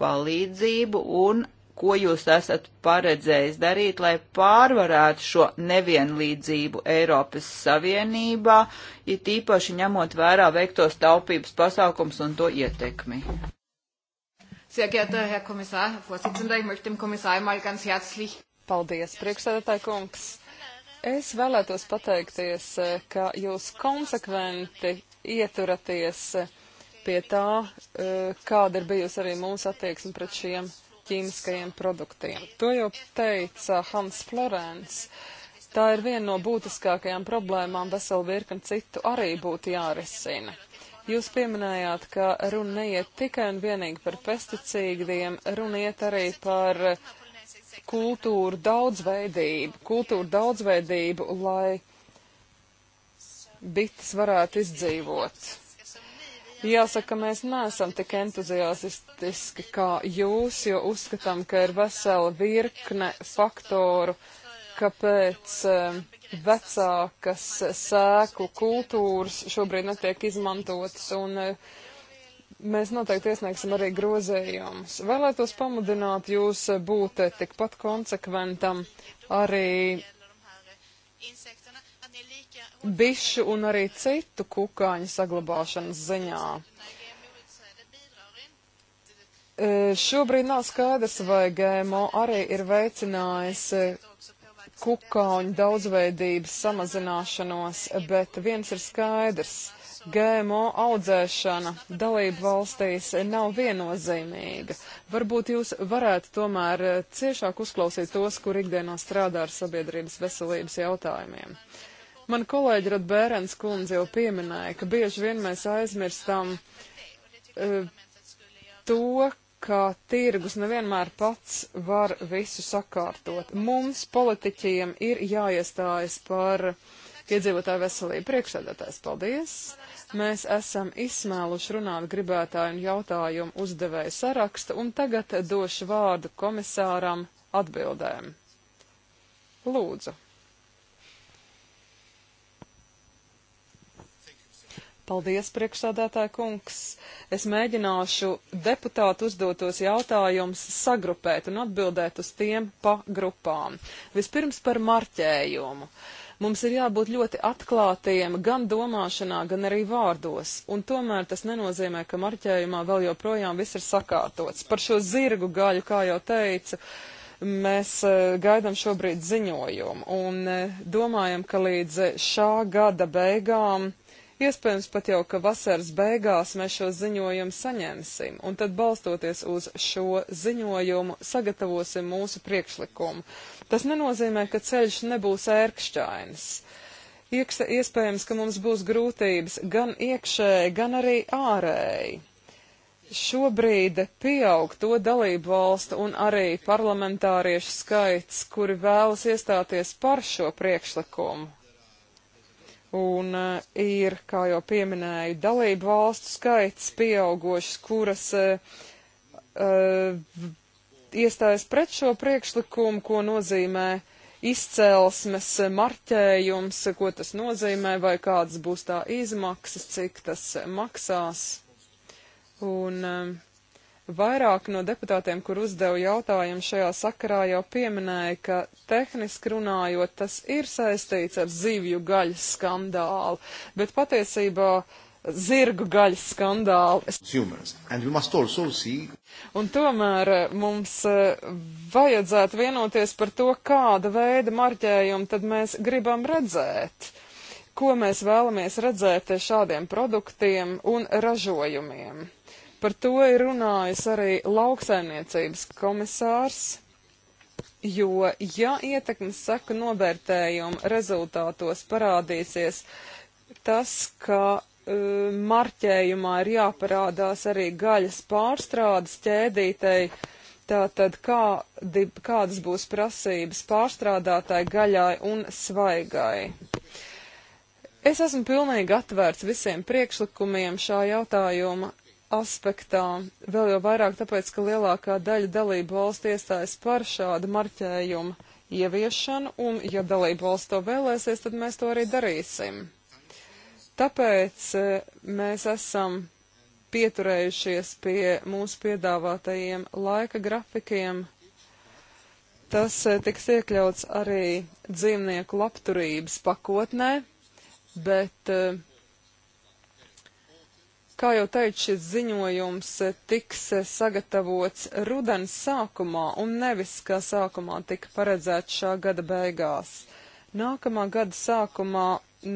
palīdzību, un ko jūs esat paredzējis darīt, lai pārvarētu šo nevienlīdzību Eiropas Savienībā, it īpaši ņemot vērā veiktos taupības pasākums un to ietekmi? Sehr geehrter Herr Kommissar, Herr Vorsitzender, ich möchte dem Kommissar mal ganz herzlich. Paldies, priekšsēdētāj kungs. Es vēlētos pateikties, ka jūs konsekventi ieturaties pie tā, eh, kāda ir bijusi arī mūsu attieksme pret šiem ķīmiskajiem produktiem. To jau teica Hans Florence. Tā ir viena no būtiskākajām problēmām, veselu virkni citu arī būtu jārisina. Jūs pieminējāt, ka runa neiet tikai un vienīgi par pesticīdiem, runa iet arī par kultūru daudzveidību, kultūru daudzveidību, lai bites varētu izdzīvot. Jāsaka, mēs neesam tik entuziastiski kā jūs, jo uzskatām, ka ir vesela virkne faktoru, kāpēc eh, vecākas sēku kultūras šobrīd netiek izmantotas, un eh, mēs noteikti iesniegsim arī grozējumus. Vēlētos pamudināt jūs eh, būt tikpat konsekventam arī bišu un arī citu kukaiņu saglabāšanas ziņā. E, šobrīd nav skaidrs, vai GMO arī ir veicinājis e, kukaiņu daudzveidības samazināšanos, bet viens ir skaidrs. GMO audzēšana dalību valstīs nav viennozīmīga. Varbūt jūs varētu tomēr e, ciešāk uzklausīt tos, kur ikdienā strādā ar sabiedrības veselības jautājumiem. Uh, Man kolēģi Radbērens kundze jau pieminēja, ka bieži vien mēs aizmirstam uh, to, ka tirgus nevienmēr pats var visu sakārtot. Mums, politiķiem, ir jāiestājas par iedzīvotāju veselību. Priekšsēdētājs, paldies! Mēs esam izsmēluši runāt gribētāju un jautājumu uzdevēju sarakstu, un tagad došu vārdu komisāram atbildēm. Lūdzu! Paldies, priekšsādātāja kungs. Es mēģināšu deputātu uzdotos jautājumus sagrupēt un atbildēt uz tiem pa grupām. Vispirms par marķējumu. Mums ir jābūt ļoti atklātiem gan domāšanā, gan arī vārdos, un tomēr tas nenozīmē, ka marķējumā vēl joprojām viss ir sakārtots. Par šo zirgu gaļu, kā jau teicu, mēs e, gaidām šobrīd ziņojumu un e, domājam, ka līdz e, šā gada beigām Iespējams pat jau, ka vasaras beigās mēs šo ziņojumu saņemsim, un tad balstoties uz šo ziņojumu sagatavosim mūsu priekšlikumu. Tas nenozīmē, ka ceļš nebūs ērkšķains. Ieksa, iespējams, ka mums būs grūtības gan iekšēji, gan arī ārēji šobrīd pieaug to dalību valstu un arī parlamentāriešu skaits, kuri vēlas iestāties par šo priekšlikumu. Un eh, ir, kā jau pieminēju, dalību valstu skaits pieaugošs, kuras uh, uh, iestājas pret šo priekšlikumu, ko nozīmē izcelsmes marķējums, ko tas nozīmē, vai kādas būs tā izmaksas, cik tas maksās. Un uh, Vairāk no deputātiem, kur uzdeva jautājumu šajā sakarā, jau pieminēja, ka tehniski runājot, tas ir saistīts ar zivju gaļas skandālu, bet patiesībā zirgu gaļas skandālu. Un tomēr eh, mums eh, vajadzētu vienoties par to, kāda veida marķējumu tad mēs gribam redzēt, ko mēs vēlamies redzēt šādiem produktiem un ražojumiem. Par to ir runājis arī lauksaimniecības komisārs, jo ja ietekmes saka novērtējuma rezultātos parādīsies tas, ka e, marķējumā ir jāparādās arī gaļas pārstrādes ķēdītei, tātad kādi, kādas būs prasības pārstrādātāji gaļai un svaigai. Es esmu pilnīgi atvērts visiem priekšlikumiem šā jautājuma aspektā, vēl jau vairāk tāpēc, ka lielākā daļa dalību valstu iestājas par šādu marķējumu ieviešanu, un ja dalību valsts to vēlēsies, tad mēs to arī darīsim. Tāpēc e, mēs esam pieturējušies pie mūsu piedāvātajiem laika grafikiem. Tas e, tiks iekļauts arī dzīvnieku labturības pakotnē, bet uh, Kā jau teicu, šis ziņojums eh, tiks eh, sagatavots rudens sākumā un nevis, kā sākumā tika paredzēts šā gada beigās. Nākamā gada sākumā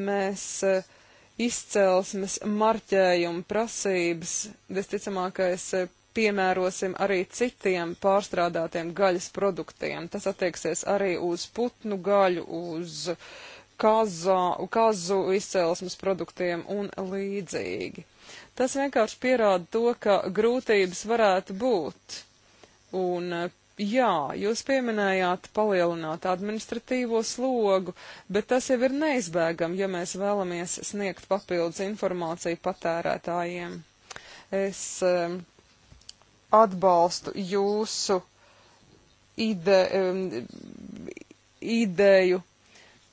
mēs eh, izcelsmes marķējumu prasības, visticamākais, piemērosim arī citiem pārstrādātiem gaļas produktiem. Tas attieksies arī uz putnu gaļu, uz kazā, kazu izcelsmes produktiem un līdzīgi. Tas vienkārši pierāda to, ka grūtības varētu būt. Un eh, jā, jūs pieminējāt palielināt administratīvo slogu, bet tas jau ir neizbēgam, ja mēs vēlamies sniegt papildus informāciju patērētājiem. Es eh, atbalstu jūsu ide, eh, ideju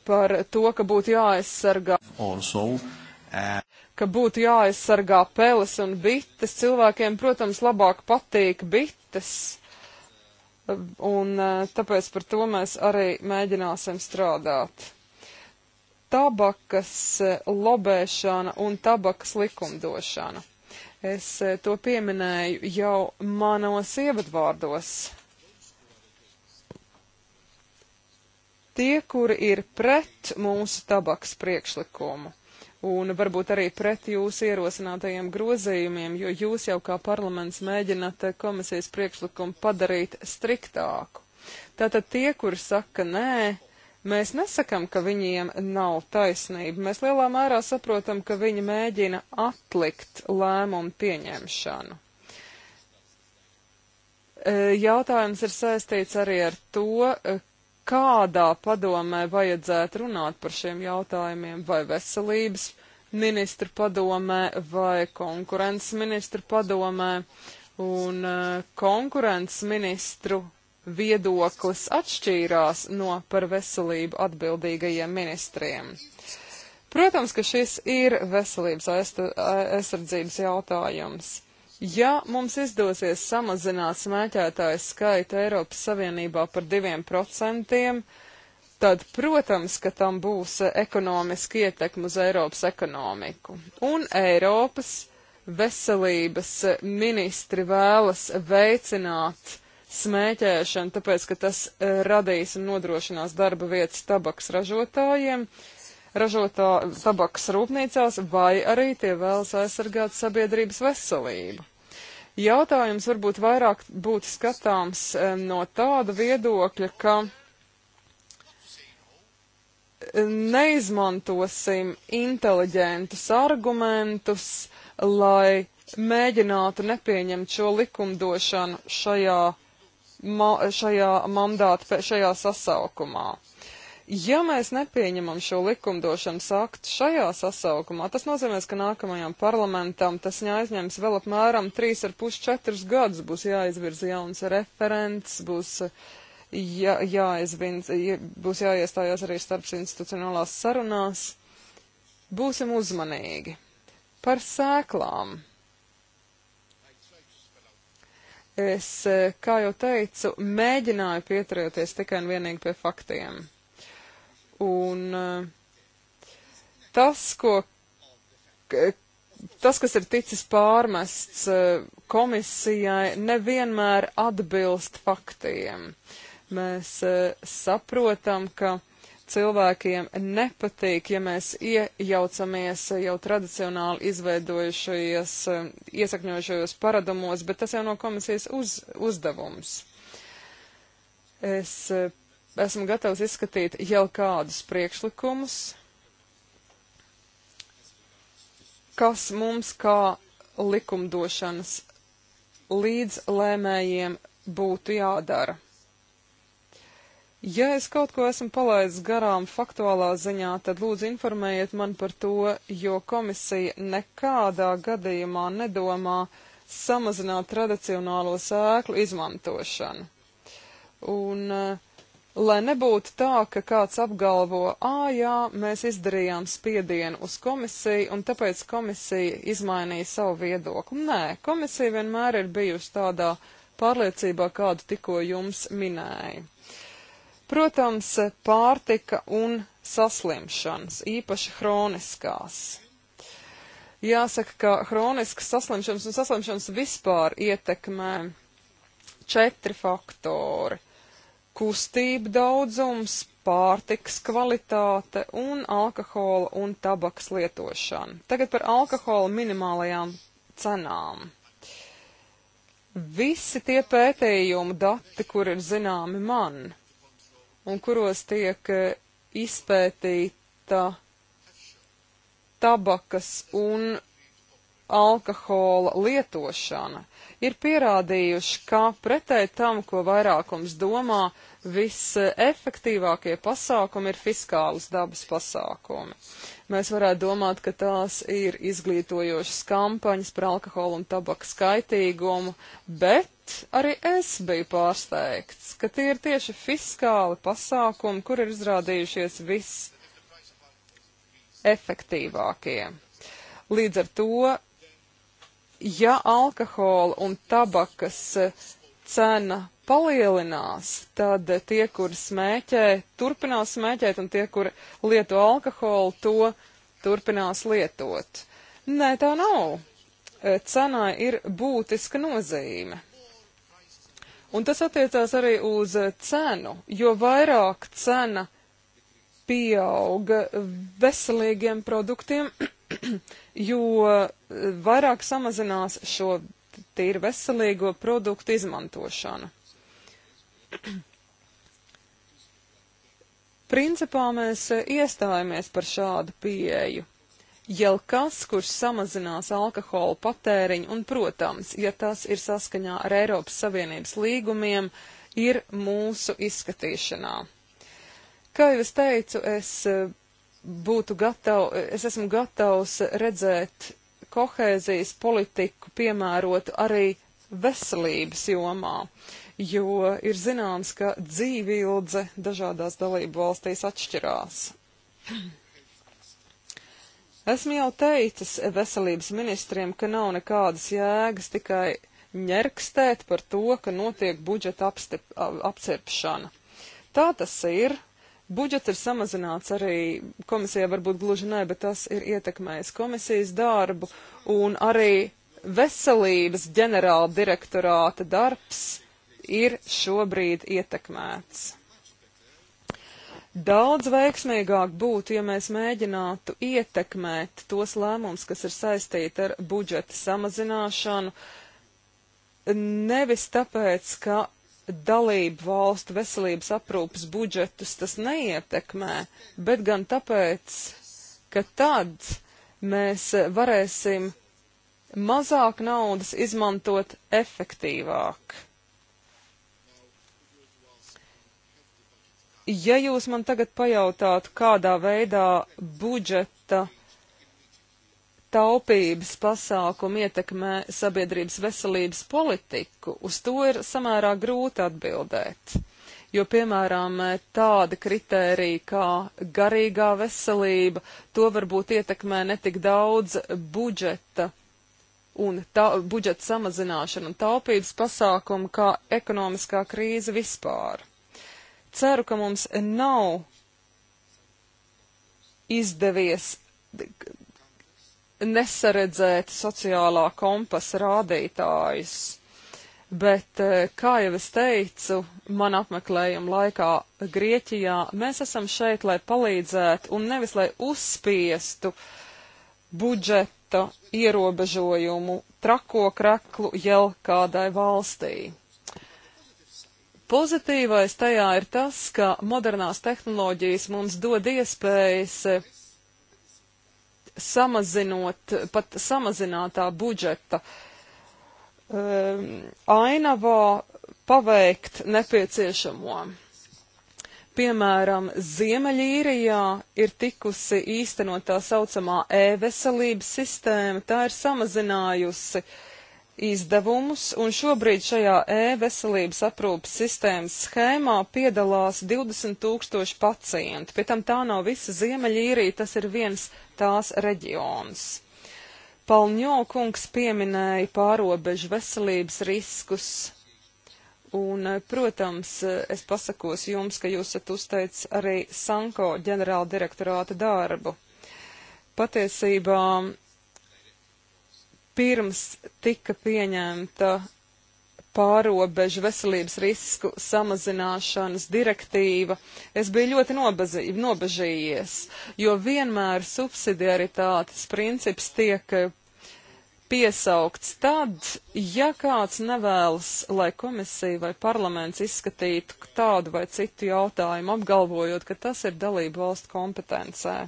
par to, ka būtu jāaizsargā. Also, uh ka būtu jāaizsargā peles un bites. Cilvēkiem, protams, labāk patīk bites, un e, tāpēc par to mēs arī mēģināsim strādāt. Tabakas e, lobēšana un tabakas likumdošana. Es e, to pieminēju jau manos ievadvārdos. Tie, kuri ir pret mūsu tabaks priekšlikumu, un varbūt arī pret jūsu ierosinātajiem grozījumiem, jo jūs jau kā parlaments mēģināt eh, komisijas priekšlikumu padarīt striktāku. Tātad tie, kuri saka nē, mēs nesakam, ka viņiem nav taisnība. Mēs lielā mērā saprotam, ka viņi mēģina atlikt lēmumu pieņemšanu. Eh, jautājums ir saistīts arī ar to, eh, kādā padomē vajadzētu runāt par šiem jautājumiem, vai veselības ministra padomē, vai konkurences ministra padomē, un eh, konkurences ministru viedoklis atšķīrās no par veselību atbildīgajiem ministriem. Protams, ka šis ir veselības aizsardzības jautājums. Ja mums izdosies samazināt smēķētāju skaitu Eiropas Savienībā par diviem procentiem, tad, protams, ka tam būs ekonomiski ietekmi uz Eiropas ekonomiku. Un Eiropas veselības ministri vēlas veicināt smēķēšanu, tāpēc, ka tas radīs un nodrošinās darba vietas tabaks ražotājiem, ražotā tabakas rūpnīcās, vai arī tie vēlas aizsargāt sabiedrības veselību. Jautājums varbūt vairāk būtu skatāms no tāda viedokļa, ka neizmantosim inteliģentus argumentus, lai mēģinātu nepieņemt šo likumdošanu šajā, ma šajā mandāta, šajā sasaukumā. Ja mēs nepieņemam šo likumdošanas aktu šajā sasaukumā, tas nozīmēs, ka nākamajam parlamentam tas jāizņems vēl apmēram 3,5-4 gadus. Būs jāizvirza jauns referents, būs, jā, jāizvinz, būs jāiestājās arī starpsinstitucionālās sarunās. Būsim uzmanīgi par sēklām. Es, kā jau teicu, mēģināju pieturēties tikai un vienīgi pie faktiem. Un eh, tas, ko, tas, kas ir ticis pārmests eh, komisijai, nevienmēr atbilst faktiem. Mēs eh, saprotam, ka cilvēkiem nepatīk, ja mēs iejaucamies jau tradicionāli izveidojušajos, iesakņojušajos paradumos, bet tas jau no komisijas uz, uzdevums. Es esmu gatavs izskatīt jau kādus priekšlikumus, kas mums kā likumdošanas līdzlēmējiem būtu jādara. Ja es kaut ko esmu palaidis garām faktuālā ziņā, tad lūdzu informējiet man par to, jo komisija nekādā gadījumā nedomā samazināt tradicionālo sēklu izmantošanu. Un uh, lai nebūtu tā, ka kāds apgalvo, ā, jā, mēs izdarījām spiedienu uz komisiju, un tāpēc komisija izmainīja savu viedokli. Nē, komisija vienmēr ir bijusi tādā pārliecībā, kādu tikko jums minēju. Protams, pārtika un saslimšanas, īpaši hroniskās. Jāsaka, ka hroniskas saslimšanas un saslimšanas vispār ietekmē četri faktori kustību daudzums, pārtiks kvalitāte un alkohola un tabaks lietošana. Tagad par alkohola minimālajām cenām. Visi tie pētījumu dati, kur ir zināmi man, un kuros tiek eh, izpētīta tabakas un alkohola lietošana ir pierādījuši, ka pretēji tam, ko vairākums domā, visefektīvākie pasākumi ir fiskālas dabas pasākumi. Mēs varētu domāt, ka tās ir izglītojošas kampaņas par alkoholu un tabaku skaitīgumu, bet arī es biju pārsteigts, ka tie ir tieši fiskāli pasākumi, kur ir izrādījušies viss efektīvākie. Līdz ar to ja alkohola un tabakas eh, cena palielinās, tad tie, kur smēķē, turpinās smēķēt, un tie, kur lieto alkoholu, to turpinās lietot. Nē, tā nav. Eh, Cenai ir būtiska nozīme. Un tas attiecās arī uz eh, cenu, jo vairāk cena pieauga veselīgiem produktiem, jo vairāk samazinās šo tīri veselīgo produktu izmantošanu. Principā mēs eh, iestājamies par šādu pieeju. Jau kas, kurš samazinās alkohola patēriņu, un, protams, ja tas ir saskaņā ar Eiropas Savienības līgumiem, ir mūsu izskatīšanā. Kā jau es teicu, es eh, būtu gatavs, es esmu gatavs redzēt kohēzijas politiku piemērotu arī veselības jomā, jo ir zināms, ka dzīvi ilgze dažādās dalību valstīs atšķirās. Esmu jau teicis veselības ministriem, ka nav nekādas jēgas tikai ņerkstēt par to, ka notiek budžeta apcirpšana. Tā tas ir, Budžets ir samazināts arī komisijā, varbūt gluži nē, bet tas ir ietekmējis komisijas darbu un arī veselības ģenerāla direktorāta darbs ir šobrīd ietekmēts. Daudz veiksmīgāk būtu, ja mēs mēģinātu ietekmēt tos lēmumus, kas ir saistīti ar budžeta samazināšanu, nevis tāpēc, ka dalību valstu veselības aprūpas budžetus tas neietekmē, bet gan tāpēc, ka tad mēs varēsim mazāk naudas izmantot efektīvāk. Ja jūs man tagad pajautātu, kādā veidā budžeta taupības pasākumi ietekmē sabiedrības veselības politiku, uz to ir samērā grūti atbildēt. Jo, piemēram, tāda kritērija kā garīgā veselība, to varbūt ietekmē netik daudz budžeta un ta, budžeta samazināšana un taupības pasākuma kā ekonomiskā krīze vispār. Ceru, ka mums nav izdevies nesaredzēt sociālā kompasa rādītājus. Bet, eh, kā jau es teicu, man apmeklējuma laikā Grieķijā mēs esam šeit, lai palīdzētu un nevis lai uzspiestu budžeta ierobežojumu trako kraklu jau kādai valstī. Pozitīvais tajā ir tas, ka modernās tehnoloģijas mums dod iespējas samazinot, pat samazinātā budžeta um, ainavā paveikt nepieciešamo. Piemēram, Ziemeļīrijā ir tikusi īstenot tā saucamā e-veselības sistēma, tā ir samazinājusi uh, izdevumus, un šobrīd šajā e-veselības aprūpas sistēmas schēmā piedalās 20 tūkstoši pacientu. Pie tam tā nav visa Ziemeļīrija, tas ir viens tās reģions. Palņo kungs pieminēja pārobežu veselības riskus. Un, protams, es pasakos jums, ka jūs esat uzteicis arī Sanko ģenerāla direktorāta darbu. Patiesībā pirms tika pieņemta pārobežu veselības risku samazināšanas direktīva, es biju ļoti nobazi, nobežījies, jo vienmēr subsidiaritātes princips tiek piesaukts tad, ja kāds nevēlas, lai komisija vai parlaments izskatītu tādu vai citu jautājumu, apgalvojot, ka tas ir dalību valstu kompetencē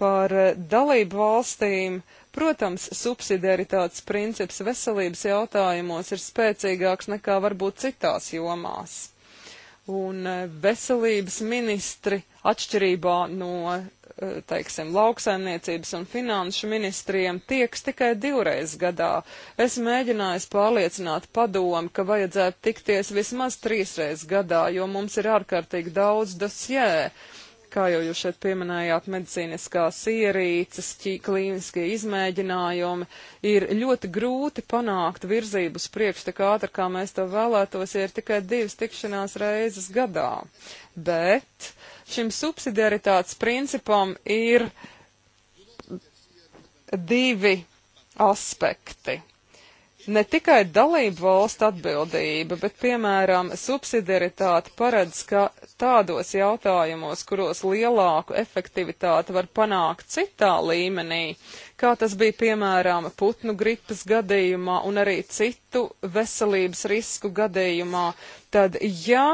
par eh, dalību valstīm. Protams, subsidiaritātes princips veselības jautājumos ir spēcīgāks nekā varbūt citās jomās. Un eh, veselības ministri atšķirībā no, eh, teiksim, lauksaimniecības un finanšu ministriem tieks tikai divreiz gadā. Es mēģināju pārliecināt padomu, ka vajadzētu tikties vismaz trīsreiz gadā, jo mums ir ārkārtīgi daudz dosjē. Yeah kā jau jūs šeit pieminējāt, medicīniskās ierīces, klīniskie izmēģinājumi, ir ļoti grūti panākt virzību uz priekšu tik ātri, kā mēs to vēlētos, ja ir tikai divas tikšanās reizes gadā. Bet šim subsidiaritātes principam ir divi aspekti ne tikai dalību valstu atbildība, bet, piemēram, subsidiaritāte paredz, ka tādos jautājumos, kuros lielāku efektivitāti var panākt citā līmenī, kā tas bija, piemēram, putnu gripas gadījumā un arī citu veselības risku gadījumā, tad, ja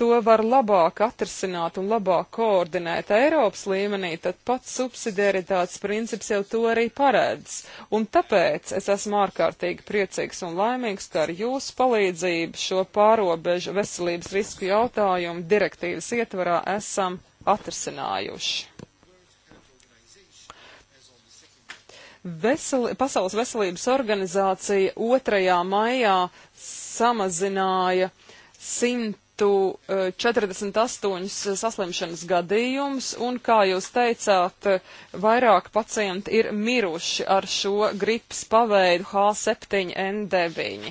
to var labāk atrisināt un labāk koordinēt Eiropas līmenī, tad pats subsidiaritātes princips jau to arī paredz. Un tāpēc es esmu ārkārtīgi priecīgs un laimīgs, ka ar jūsu palīdzību šo pārobežu veselības risku jautājumu direktīvas ietvarā esam atrisinājuši. Veseli, Pasaules veselības organizācija 2. maijā samazināja simt 48 e, saslimšanas gadījumus, un, kā jūs teicāt, vairāk pacienti ir miruši ar šo gripas paveidu H7N9.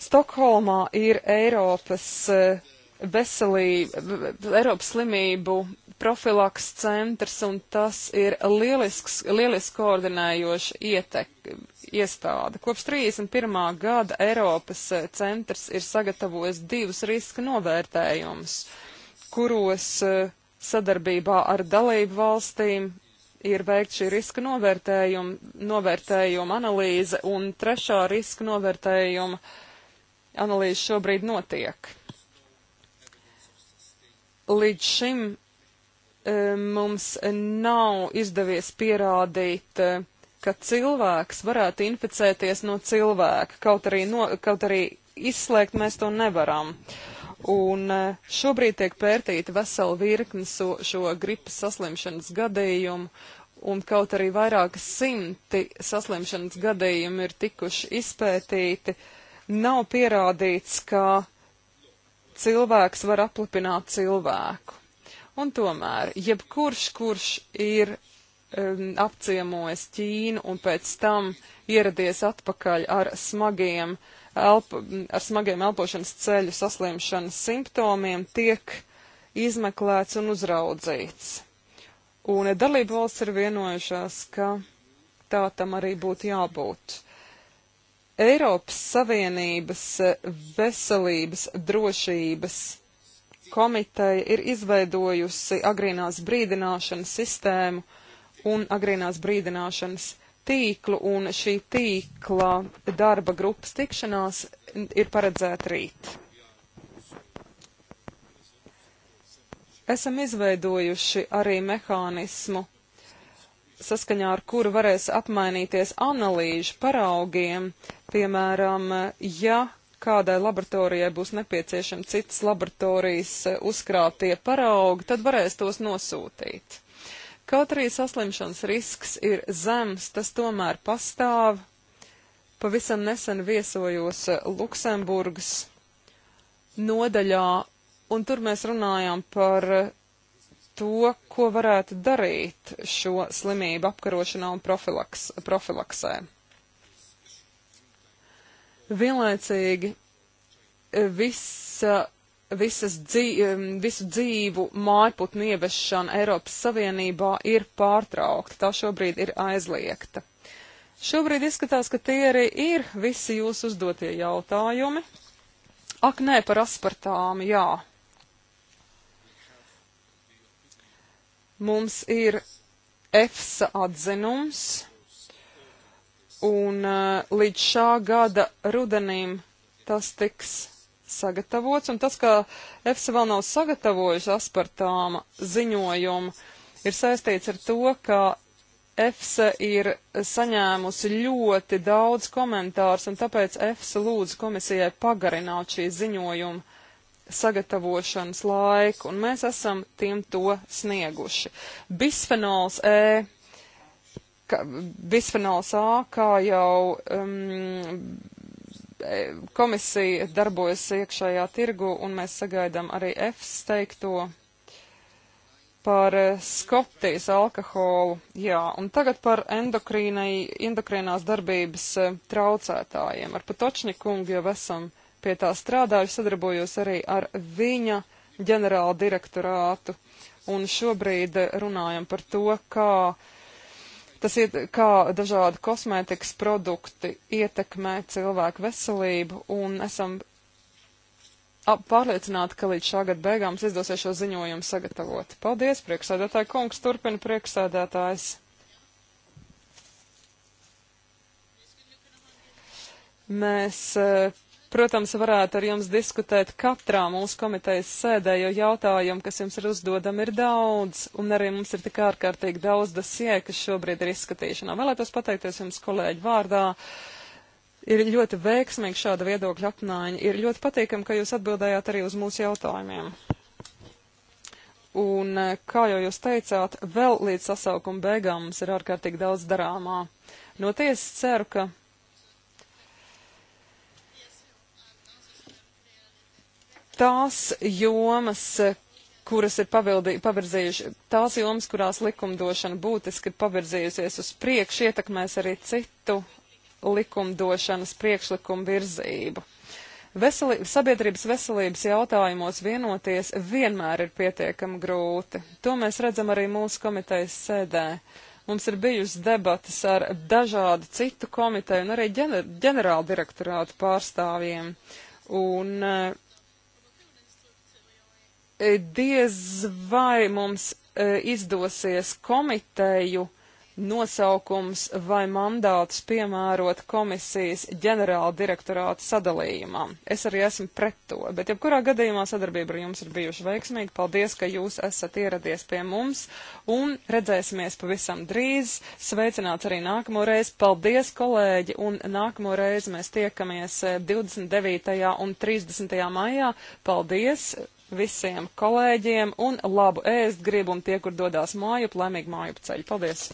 Stokholmā ir Eiropas e, veselība, Eiropas slimību profilaks centrs, un tas ir lielisks, lielisks koordinējošs ietekmes iestāde. Kopš 31. gada Eiropas eh, centrs ir sagatavojis divus riska novērtējumus, kuros eh, sadarbībā ar dalību valstīm ir veikt šī riska novērtējuma, novērtējuma analīze, un trešā riska novērtējuma analīze šobrīd notiek. Līdz šim eh, mums nav izdevies pierādīt ka cilvēks varētu inficēties no cilvēka, kaut arī, no, kaut arī izslēgt mēs to nevaram. Un e, šobrīd tiek pērtīta vesela virkne so, šo gripas saslimšanas gadījumu, un kaut arī vairāki simti saslimšanas gadījumi ir tikuši izpētīti, nav pierādīts, ka cilvēks var aplipināt cilvēku. Un tomēr, jebkurš, kurš ir um, apciemojis Ķīnu un pēc tam ieradies atpakaļ ar smagiem, elpo, ar smagiem elpošanas ceļu saslimšanas simptomiem, tiek izmeklēts un uzraudzīts. Un dalību valsts ir vienojušās, ka tā tam arī būtu jābūt. Eiropas Savienības veselības drošības komiteja ir izveidojusi agrīnās brīdināšanas sistēmu, un agrīnās brīdināšanas tīklu, un šī tīkla darba grupas tikšanās ir paredzēta rīt. Esam izveidojuši arī mehānismu, saskaņā ar kuru varēs apmainīties analīžu paraugiem, piemēram, ja kādai laboratorijai būs nepieciešami citas laboratorijas eh, uzkrātie paraugi, tad varēs tos nosūtīt. Kaut arī saslimšanas risks ir zems, tas tomēr pastāv. Pavisam nesen viesojos Luksemburgas nodaļā, un tur mēs runājām par to, ko varētu darīt šo slimību apkarošanā un profilaks, profilaksē. Vienlaicīgi visa visas dzīvi, visu dzīvu mājputnu ievešana Eiropas Savienībā ir pārtraukta, tā šobrīd ir aizliegta. Šobrīd izskatās, ka tie arī ir visi jūsu uzdotie jautājumi. Ak, nē, par aspartām, jā. Mums ir EFSA atzinums, un eh, līdz šā gada rudenim tas tiks sagatavots, un tas, ka EFSA vēl nav sagatavojuši aspartāma ziņojumu, ir saistīts ar to, ka EFSA ir saņēmusi ļoti daudz komentārus, un tāpēc EFSA lūdz komisijai pagarināt šī ziņojuma sagatavošanas laiku, un mēs esam tiem to snieguši. Bisfenols E, ka, bisfenols A, kā jau um, E, komisija darbojas iekšējā tirgu, un mēs sagaidām arī EFS teikto par e, Skotijas alkoholu. Jā, un tagad par endokrīnās darbības e, traucētājiem. Ar Patočņa kungu jau esam pie tā strādājuši, sadarbojos arī ar viņa ģenerāla direktorātu, un šobrīd runājam par to, kā Tas ir kā dažādi kosmētikas produkti ietekmē cilvēku veselību un esam pārliecināti, ka līdz šā gada beigām mums izdosies šo ziņojumu sagatavot. Paldies, priekšsēdētāji kungs, turpina priekšsēdētājs. Mēs eh, Protams, varētu ar jums diskutēt katrā mūsu komitejas sēdē, jo jautājumu, kas jums ir uzdodam, ir daudz, un arī mums ir tik ārkārtīgi daudz dosie, kas šobrīd ir izskatīšanā. Vēlētos pateikties jums kolēģi vārdā. Ir ļoti veiksmīgi šāda viedokļa apmaiņa. Ir ļoti patīkami, ka jūs atbildējāt arī uz mūsu jautājumiem. Un, eh, kā jau jūs teicāt, vēl līdz sasaukuma beigām mums ir ārkārtīgi daudz darāmā. No tiesas ceru, ka tās jomas, kuras ir pavirzījuši, tās jomas, kurās likumdošana būtiski ir pavirzījusies uz priekšu, ietekmēs arī citu likumdošanas priekšlikumu virzību. Veseli, sabiedrības veselības jautājumos vienoties vienmēr ir pietiekami grūti. To mēs redzam arī mūsu komitejas sēdē. Mums ir bijusi debatas ar dažādu citu komiteju un arī ģenerāldirektorātu pārstāvjiem. Un uh, E, diez vai mums e, izdosies komiteju nosaukums vai mandāts piemērot komisijas ģenerāla direktorāta sadalījumam. Es arī esmu pret to, bet jebkurā gadījumā sadarbība ar jums ir bijuši veiksmīga. Paldies, ka jūs esat ieradies pie mums un redzēsimies pavisam drīz. Sveicināts arī nākamo reizi. Paldies, kolēģi, un nākamo reizi mēs tiekamies 29. E, un 30. maijā. Paldies! visiem kolēģiem un labu ēst gribu un tie, kur dodās mājup, laimīgu mājup ceļu. Paldies!